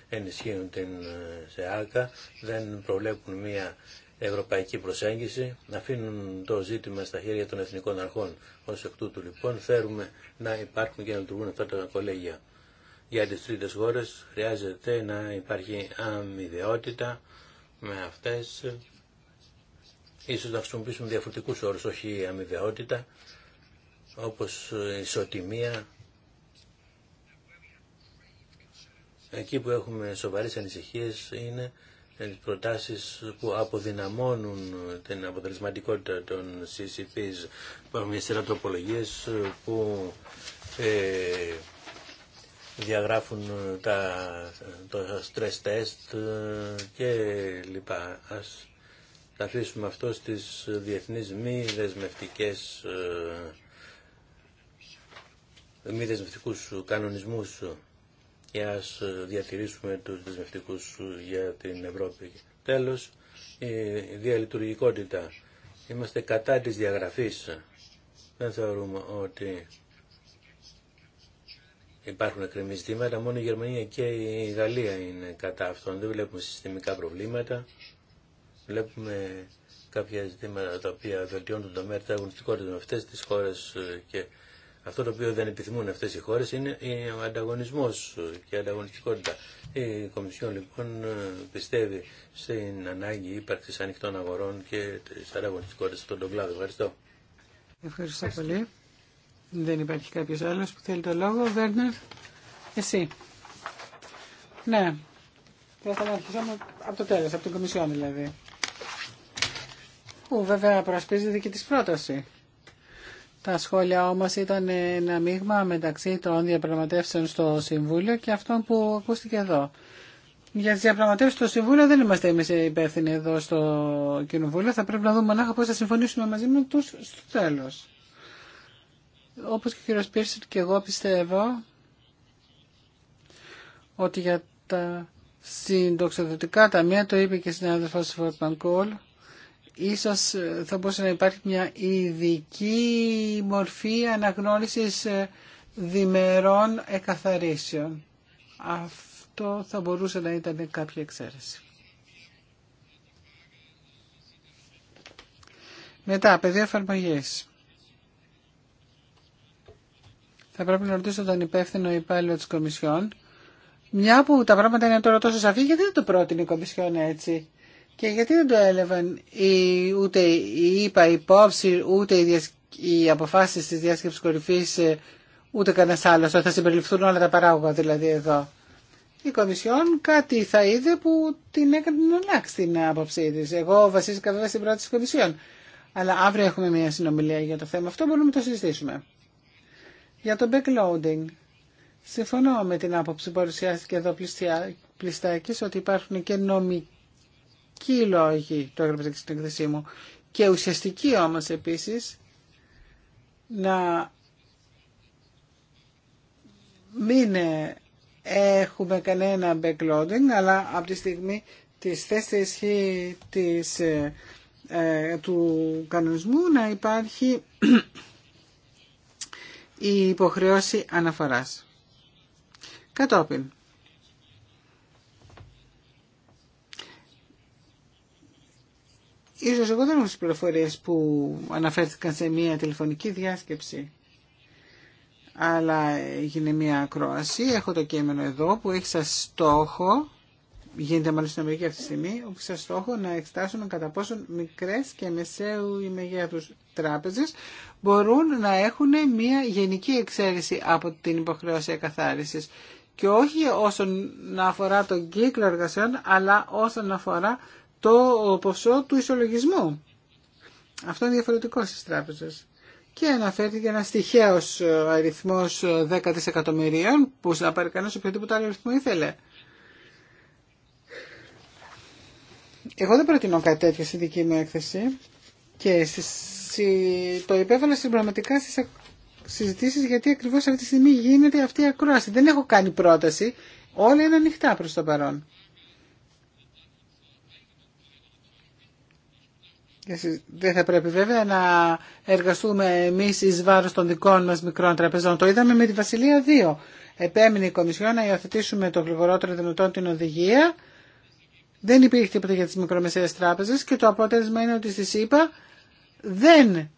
ενισχύουν την ε, ΣΕΑΚΑ, δεν προβλέπουν μια ευρωπαϊκή προσέγγιση, αφήνουν το ζήτημα στα χέρια των εθνικών αρχών. ω εκ τούτου λοιπόν θέλουμε να υπάρχουν και να λειτουργούν αυτά τα κολέγια. Για τις τρίτες χώρες χρειάζεται να υπάρχει αμοιβαιότητα με αυτές. Ίσως να χρησιμοποιήσουμε διαφορετικούς όρους, όχι η αμοιβαιότητα, όπως ισοτιμία. Εκεί που έχουμε σοβαρές ανησυχίες είναι τις προτάσεις που αποδυναμώνουν την αποτελεσματικότητα των CCPs. Υπάρχουν μια σειρά τροπολογίες που ε, διαγράφουν ε, τα, το stress test ε, και λοιπά. Ας τα αφήσουμε αυτό στις διεθνείς μη δεσμευτικές ε, μη δεσμευτικούς κανονισμούς και ας διατηρήσουμε τους δεσμευτικούς για την Ευρώπη. Τέλος, η διαλειτουργικότητα. Είμαστε κατά της διαγραφής. Δεν θεωρούμε ότι υπάρχουν ακριβείς ζητήματα, μόνο η Γερμανία και η Γαλλία είναι κατά αυτών. Δεν βλέπουμε συστημικά προβλήματα. Βλέπουμε κάποια ζητήματα τα οποία βελτιώνουν το μέρη, τα αγωνιστικότητα με αυτές τις χώρες ε, και αυτό το οποίο δεν επιθυμούν αυτές οι χώρες είναι ο ανταγωνισμός ε, και η ανταγωνιστικότητα. Η Κομισιόν λοιπόν ε, πιστεύει στην ανάγκη ύπαρξης ανοιχτών αγορών και της ανταγωνιστικότητας στον τον κλάδο. Ευχαριστώ. Ευχαριστώ πολύ. Δεν υπάρχει κάποιος άλλος που θέλει το λόγο. Βέρνερ, εσύ. Ναι. Θα ήθελα να αρχίσω από το τέλος, από την Κομισιόν δηλαδή. Που βέβαια προασπίζεται και της πρόταση. Τα σχόλια όμως ήταν ένα μείγμα μεταξύ των διαπραγματεύσεων στο Συμβούλιο και αυτών που ακούστηκε εδώ. Για τι διαπραγματεύσει στο Συμβούλιο δεν είμαστε εμεί υπεύθυνοι εδώ στο Κοινοβούλιο. Θα πρέπει να δούμε μονάχα πώ θα συμφωνήσουμε μαζί με του στο τέλο. Όπως και ο κύριος και εγώ πιστεύω ότι για τα συντοξιδοτικά ταμεία, το είπε και συνάδελφος Φορτμαν Κόλ, ίσως θα μπορούσε να υπάρχει μια ειδική μορφή αναγνώρισης διμερών εκαθαρίσεων. Αυτό θα μπορούσε να ήταν κάποια εξαίρεση. Μετά, πεδίο εφαρμογή. Θα πρέπει να ρωτήσω τον υπεύθυνο υπάλληλο τη Κομισιόν. Μια που τα πράγματα είναι τώρα τόσο σαφή, γιατί δεν το πρότεινε η Κομισιόν έτσι. Και γιατί δεν το έλεγαν ούτε η ΕΠΑ υπόψη, ούτε οι, διασ... οι αποφάσεις της διάσκεψης κορυφής, ε, ούτε κανένα άλλος, θα συμπεριληφθούν όλα τα παράγωγα δηλαδή εδώ. Η Κομισιόν κάτι θα είδε που την έκανε να αλλάξει την άποψή τη. Εγώ βασίστηκα βέβαια στην πρόταση τη Κομισιόν. Αλλά αύριο έχουμε μια συνομιλία για το θέμα αυτό, μπορούμε να το συζητήσουμε. Για το backloading. Συμφωνώ με την άποψη που παρουσιάστηκε εδώ ότι υπάρχουν και νομικοί λόγοι, το έγραψα και στην εκδοσή μου, και ουσιαστικοί όμω επίση να μην έχουμε κανένα backloading, αλλά από τη στιγμή της θέση ισχύ ε, ε, του κανονισμού να υπάρχει η υποχρεώση αναφοράς. Κατόπιν. Ίσως εγώ δεν έχω τις πληροφορίες που αναφέρθηκαν σε μια τηλεφωνική διάσκεψη. Αλλά έγινε μια ακρόαση, έχω το κείμενο εδώ που έχει σαν στόχο γίνεται μάλλον στην Αμερική αυτή τη στιγμή, όπου σε στόχο να εκτάσουν κατά πόσον μικρέ και μεσαίου ή μεγέθου τράπεζες μπορούν να έχουν μια γενική εξαίρεση από την υποχρέωση καθάρισης. και όχι όσον αφορά τον κύκλο εργασιών, αλλά όσον αφορά το ποσό του ισολογισμού. Αυτό είναι διαφορετικό στις τράπεζες. Και αναφέρθηκε ένα τυχαίο αριθμό 10 δισεκατομμυρίων που θα πάρει κανένα οποιοδήποτε άλλο αριθμό ήθελε. Εγώ δεν προτείνω κάτι τέτοιο στη δική μου έκθεση και το υπέβαλα πραγματικά στις συζητήσεις γιατί ακριβώς αυτή τη στιγμή γίνεται αυτή η ακρόαση. Δεν έχω κάνει πρόταση, όλα είναι ανοιχτά προς το παρόν. Δεν θα πρέπει βέβαια να εργαστούμε εμείς εις βάρος των δικών μας μικρών τραπεζών. Το είδαμε με τη Βασιλεία 2. Επέμεινε η Κομισιόν να υιοθετήσουμε το γλυγορότερο δυνατόν την οδηγία δεν υπήρχε τίποτα για τις μικρομεσαίες τράπεζες και το αποτέλεσμα είναι ότι στη ΣΥΠΑ δεν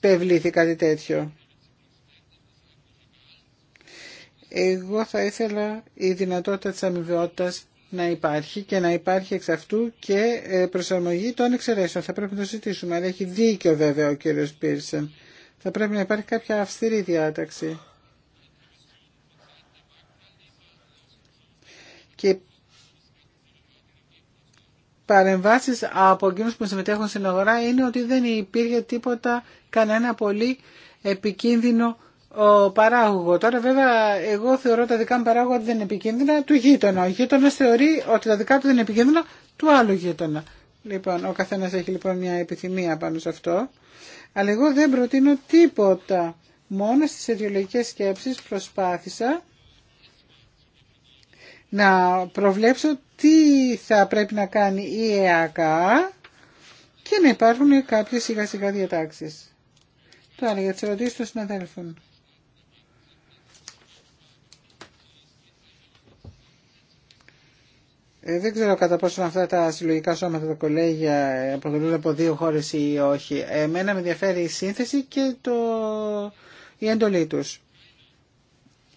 επευλήθη κάτι τέτοιο. Εγώ θα ήθελα η δυνατότητα της αμοιβαιότητας να υπάρχει και να υπάρχει εξ αυτού και ε, προσαρμογή των εξαιρέσεων. Θα πρέπει να το ζητήσουμε. αλλά έχει δίκιο βέβαια ο κύριος Πίρσεν. Θα πρέπει να υπάρχει κάποια αυστηρή διάταξη. Και παρεμβάσεις από εκείνους που συμμετέχουν στην αγορά είναι ότι δεν υπήρχε τίποτα, κανένα πολύ επικίνδυνο ο παράγωγο. Τώρα βέβαια εγώ θεωρώ τα δικά μου παράγωγα ότι δεν είναι επικίνδυνα του γείτονα. Ο γείτονα θεωρεί ότι τα δικά του δεν είναι επικίνδυνα του άλλου γείτονα. Λοιπόν, ο καθένα έχει λοιπόν μια επιθυμία πάνω σε αυτό. Αλλά εγώ δεν προτείνω τίποτα. Μόνο στι αιτιολογικές σκέψει προσπάθησα να προβλέψω τι θα πρέπει να κάνει η ΕΑΚΑ και να υπάρχουν κάποιες σιγά σιγά διατάξεις. Τώρα για τις ερωτήσεις των συναδέλφων. Ε, δεν ξέρω κατά πόσο αυτά τα συλλογικά σώματα, τα κολέγια, αποτελούν από δύο χώρες ή όχι. Εμένα με ενδιαφέρει η σύνθεση και το... η εντολή τους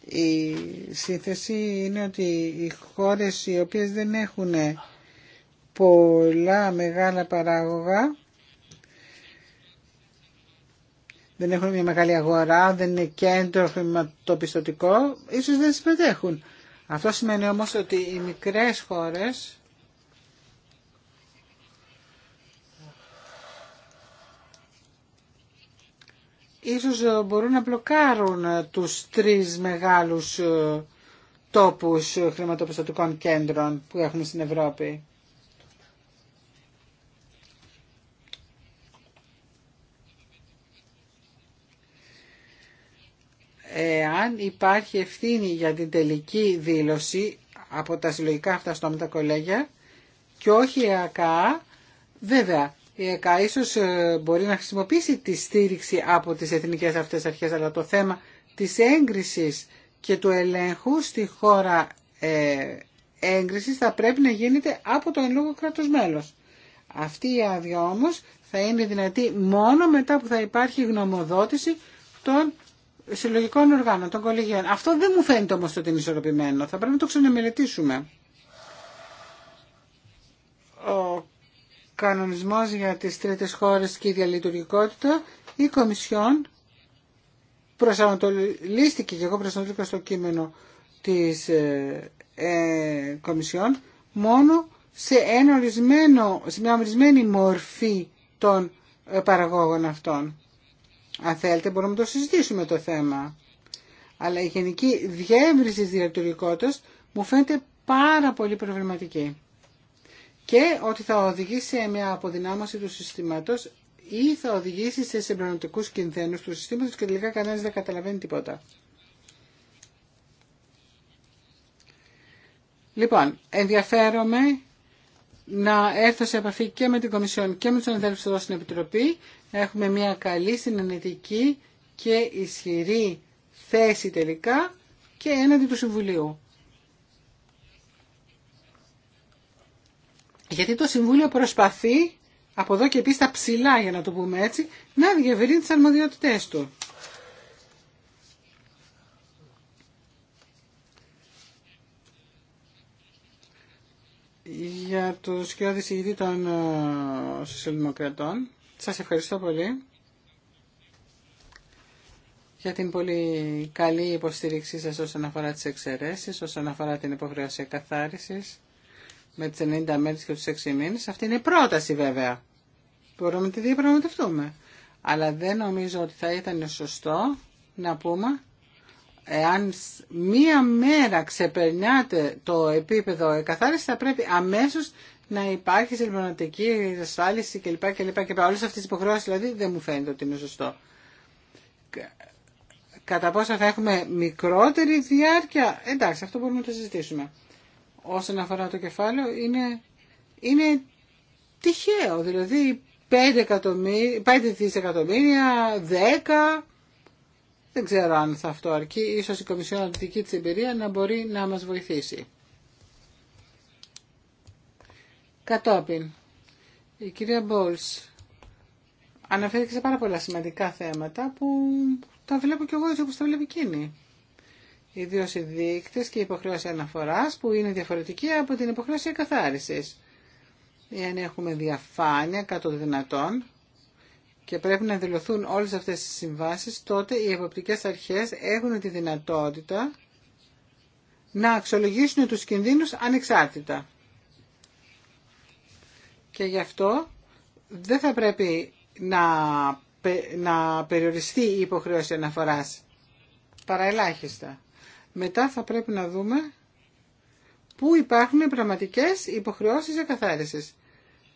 η σύνθεση είναι ότι οι χώρες οι οποίες δεν έχουν πολλά μεγάλα παράγωγα δεν έχουν μια μεγάλη αγορά, δεν είναι κέντρο χρηματοπιστωτικό, ίσως δεν συμμετέχουν. Αυτό σημαίνει όμως ότι οι μικρές χώρες ίσως ε, μπορούν να μπλοκάρουν ε, τους τρεις μεγάλους ε, τόπους χρηματοπιστωτικών κέντρων που έχουμε στην Ευρώπη. Εάν υπάρχει ευθύνη για την τελική δήλωση από τα συλλογικά αυτά στόματα κολέγια και όχι ΑΚΑ, βέβαια η ε, ΕΚΑ ίσως ε, μπορεί να χρησιμοποιήσει τη στήριξη από τις εθνικές αυτές αρχές, αλλά το θέμα της έγκρισης και του ελέγχου στη χώρα ε, έγκρισης θα πρέπει να γίνεται από το εν λόγω κράτος μέλος. Αυτή η άδεια όμως θα είναι δυνατή μόνο μετά που θα υπάρχει γνωμοδότηση των συλλογικών οργάνων, των κολεγίων. Αυτό δεν μου φαίνεται όμως ότι είναι ισορροπημένο. Θα πρέπει να το ξαναμελετήσουμε κανονισμός για τις τρίτες χώρες και η διαλειτουργικότητα, η Κομισιόν προσανατολίστηκε και εγώ προσανατολίστηκα στο κείμενο της ε, ε Κομισιόν μόνο σε, ένα ορισμένο, μια ορισμένη μορφή των ε, παραγόγων αυτών. Αν θέλετε μπορούμε να το συζητήσουμε το θέμα. Αλλά η γενική διεύρυνση της διαλειτουργικότητας μου φαίνεται πάρα πολύ προβληματική και ότι θα οδηγήσει σε μια αποδυνάμωση του συστήματος ή θα οδηγήσει σε συμπληρωματικούς κινδύνους του συστήματος και τελικά κανένας δεν καταλαβαίνει τίποτα. Λοιπόν, ενδιαφέρομαι να έρθω σε επαφή και με την Κομισιόν και με τους αδέλφους εδώ στην Επιτροπή. Έχουμε μια καλή συνενετική και ισχυρή θέση τελικά και έναντι του Συμβουλίου. Γιατί το Συμβούλιο προσπαθεί από εδώ και επίσης τα ψηλά για να το πούμε έτσι, να διευρύνει τις αρμοδιότητές του. Για το σκιώδη συγητή των ε, Σοσιαλδημοκρατών, σας ευχαριστώ πολύ για την πολύ καλή υποστήριξή σας όσον αφορά τις εξαιρέσεις, όσον αφορά την υποχρεώσια καθάρισης με τις 90 μέρες και τους 6 μήνες. Αυτή είναι η πρόταση βέβαια. Μπορούμε να τη διαπραγματευτούμε. Αλλά δεν νομίζω ότι θα ήταν σωστό να πούμε εάν μία μέρα ξεπερνάτε το επίπεδο εκαθάριση θα πρέπει αμέσως να υπάρχει συμπληρωματική ασφάλιση κλπ. κλπ. και Όλες αυτές τις υποχρεώσεις δηλαδή δεν μου φαίνεται ότι είναι σωστό. Κατά πόσα θα έχουμε μικρότερη διάρκεια, εντάξει αυτό μπορούμε να το συζητήσουμε όσον αφορά το κεφάλαιο είναι, είναι τυχαίο. Δηλαδή 5, δισεκατομμύρια, 10, δεν ξέρω αν θα αυτό αρκεί. Ίσως η Κομισιόν τη της εμπειρία να μπορεί να μας βοηθήσει. Κατόπιν, η κυρία Μπόλς αναφέρθηκε σε πάρα πολλά σημαντικά θέματα που τα βλέπω κι εγώ έτσι όπως τα βλέπει εκείνη ιδίως οι δείκτες και η υποχρέωση αναφοράς που είναι διαφορετική από την υποχρέωση εκαθάρισης. Εάν έχουμε διαφάνεια κάτω των δυνατών και πρέπει να δηλωθούν όλες αυτές τις συμβάσεις, τότε οι εποπτικές αρχές έχουν τη δυνατότητα να αξιολογήσουν τους κινδύνους ανεξάρτητα. Και γι' αυτό δεν θα πρέπει να, να περιοριστεί η υποχρέωση αναφοράς παρά μετά θα πρέπει να δούμε πού υπάρχουν πραγματικές υποχρεώσεις εκαθάρισης.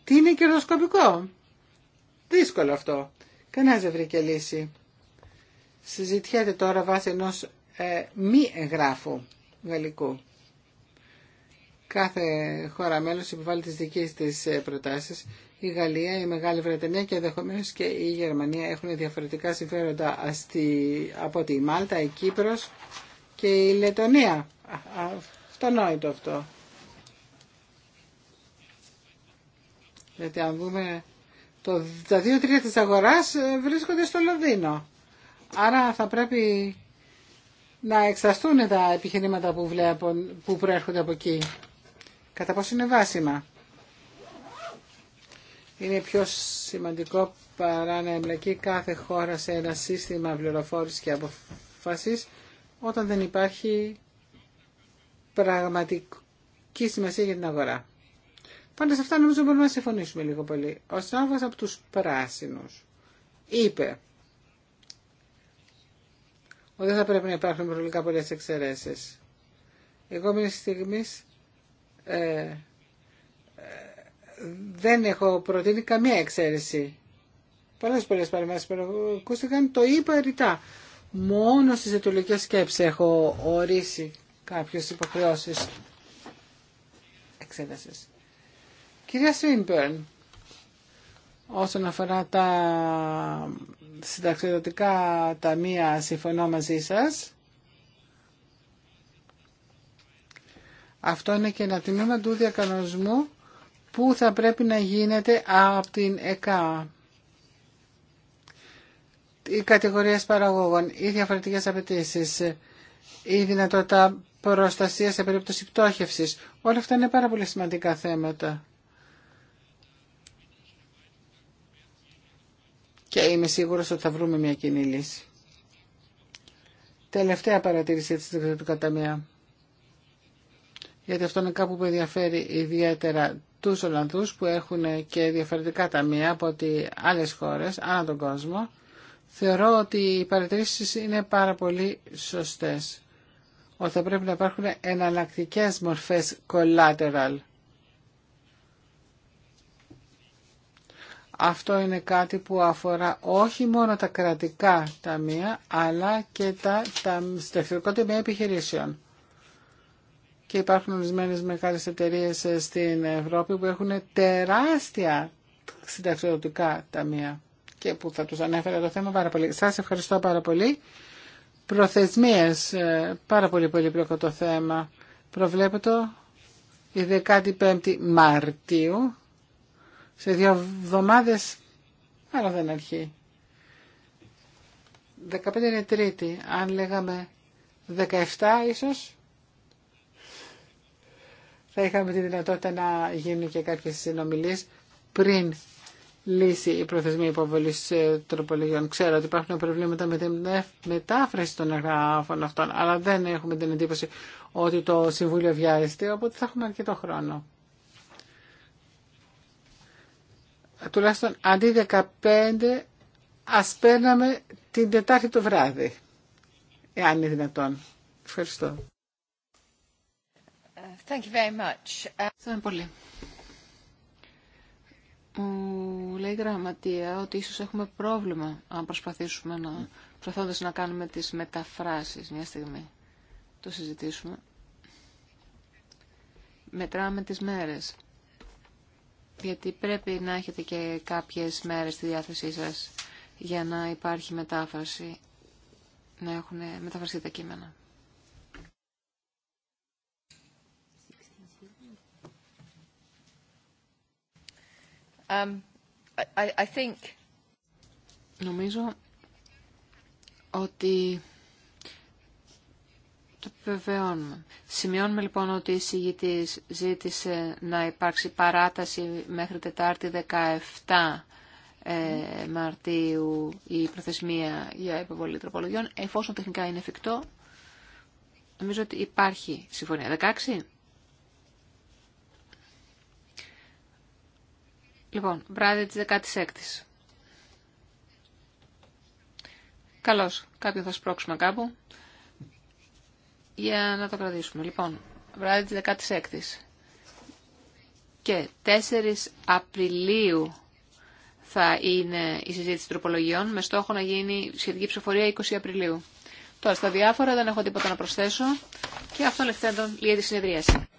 Τι είναι κερδοσκοπικό. Δύσκολο αυτό. Κανένας δεν βρήκε λύση. Συζητιέται τώρα βάσει ενός ε, μη εγγράφου γαλλικού. Κάθε χώρα μέλος υποβάλλει τις δικές της ε, προτάσεις. Η Γαλλία, η Μεγάλη Βρετανία και ενδεχομένω και η Γερμανία έχουν διαφορετικά συμφέροντα από τη Μάλτα, η Κύπρος και η Λετωνία. Αυτονόητο αυτό. Γιατί αν δούμε το, τα δύο τρία της αγοράς ε, βρίσκονται στο Λονδίνο. Άρα θα πρέπει να εξαστούν τα επιχειρήματα που, βλέπω, που προέρχονται από εκεί. Κατά πόσο είναι βάσιμα. Είναι πιο σημαντικό παρά να εμπλακεί κάθε χώρα σε ένα σύστημα πληροφόρηση και αποφάσεις όταν δεν υπάρχει πραγματική σημασία για την αγορά. Πάντα σε αυτά νομίζω μπορούμε να συμφωνήσουμε λίγο πολύ. Ο Σάββας από τους πράσινους είπε ότι δεν θα πρέπει να υπάρχουν προβλικά πολλές εξαιρέσεις. Εγώ μία στιγμή ε, ε, δεν έχω προτείνει καμία εξαίρεση. Πολλές πολλές παρεμβάσεις που ακούστηκαν το είπα ρητά. Μόνο στις ετουλικές σκέψεις έχω ορίσει κάποιες υποχρεώσεις εξέτασης. Κυρία Σουίνπερν, όσον αφορά τα συνταξιδοτικά ταμεία, συμφωνώ μαζί σας. Αυτό είναι και ένα τμήμα του διακανονισμού που θα πρέπει να γίνεται από την ΕΚΑ οι κατηγορίες παραγωγών, οι διαφορετικές απαιτήσει, η δυνατότητα προστασία σε περίπτωση πτώχευσης. Όλα αυτά είναι πάρα πολύ σημαντικά θέματα. Και είμαι σίγουρος ότι θα βρούμε μια κοινή λύση. Τελευταία παρατήρηση της Διευθυντικού Καταμία. Γιατί αυτό είναι κάπου που ενδιαφέρει ιδιαίτερα τους Ολλανδούς που έχουν και διαφορετικά ταμεία από ότι άλλες χώρες ανά τον κόσμο Θεωρώ ότι οι παρατηρήσει είναι πάρα πολύ σωστές. Ότι θα πρέπει να υπάρχουν εναλλακτικέ μορφές collateral. Αυτό είναι κάτι που αφορά όχι μόνο τα κρατικά ταμεία, αλλά και τα, τα ταμεία επιχειρήσεων. Και υπάρχουν ορισμένε μεγάλε εταιρείε ε, στην Ευρώπη που έχουν τεράστια συνταξιδοτικά ταμεία και που θα τους ανέφερα το θέμα πάρα πολύ. Σας ευχαριστώ πάρα πολύ. Προθεσμίες, ε, πάρα πολύ πολύπλοκο το θέμα. Προβλέπετο η 15η Μαρτίου. Σε δύο εβδομάδες, αλλά δεν αρχεί. 15 είναι Τρίτη, αν λέγαμε 17 ίσως θα είχαμε τη δυνατότητα να γίνουν και κάποιες συνομιλίες πριν λύσει η προθεσμία υποβολή ε, τροπολογιών. Ξέρω ότι υπάρχουν προβλήματα με τη ε, μετάφραση των εγγράφων αυτών, αλλά δεν έχουμε την εντύπωση ότι το Συμβούλιο βιάζεται, οπότε θα έχουμε αρκετό χρόνο. Τουλάχιστον αντί 15, ας παίρναμε την Τετάρτη το βράδυ, εάν είναι δυνατόν. Ευχαριστώ. Ευχαριστώ μου λέει η γραμματεία ότι ίσως έχουμε πρόβλημα αν προσπαθήσουμε να, προσπαθώντας να κάνουμε τις μεταφράσεις μια στιγμή. Το συζητήσουμε. Μετράμε τις μέρες. Γιατί πρέπει να έχετε και κάποιες μέρες στη διάθεσή σας για να υπάρχει μετάφραση, να έχουν μεταφραστεί τα κείμενα. Um, νομίζω ότι το επιβεβαιώνουμε. Σημειώνουμε λοιπόν ότι η συγητής ζήτησε να υπάρξει παράταση μέχρι Τετάρτη 17 ε, Μαρτίου η προθεσμία για υποβολή τροπολογιών, εφόσον τεχνικά είναι εφικτό. Νομίζω ότι υπάρχει συμφωνία. 16. Λοιπόν, βράδυ της 16ης. Καλώ. κάποιον θα σπρώξουμε κάπου για να το κρατήσουμε. Λοιπόν, βράδυ τη 16ης. Και 4 Απριλίου θα είναι η συζήτηση τροπολογιών με στόχο να γίνει σχετική ψηφοφορία 20 Απριλίου. Τώρα στα διάφορα δεν έχω τίποτα να προσθέσω και αυτό λεχθέντον λίγη τη συνεδρίαση.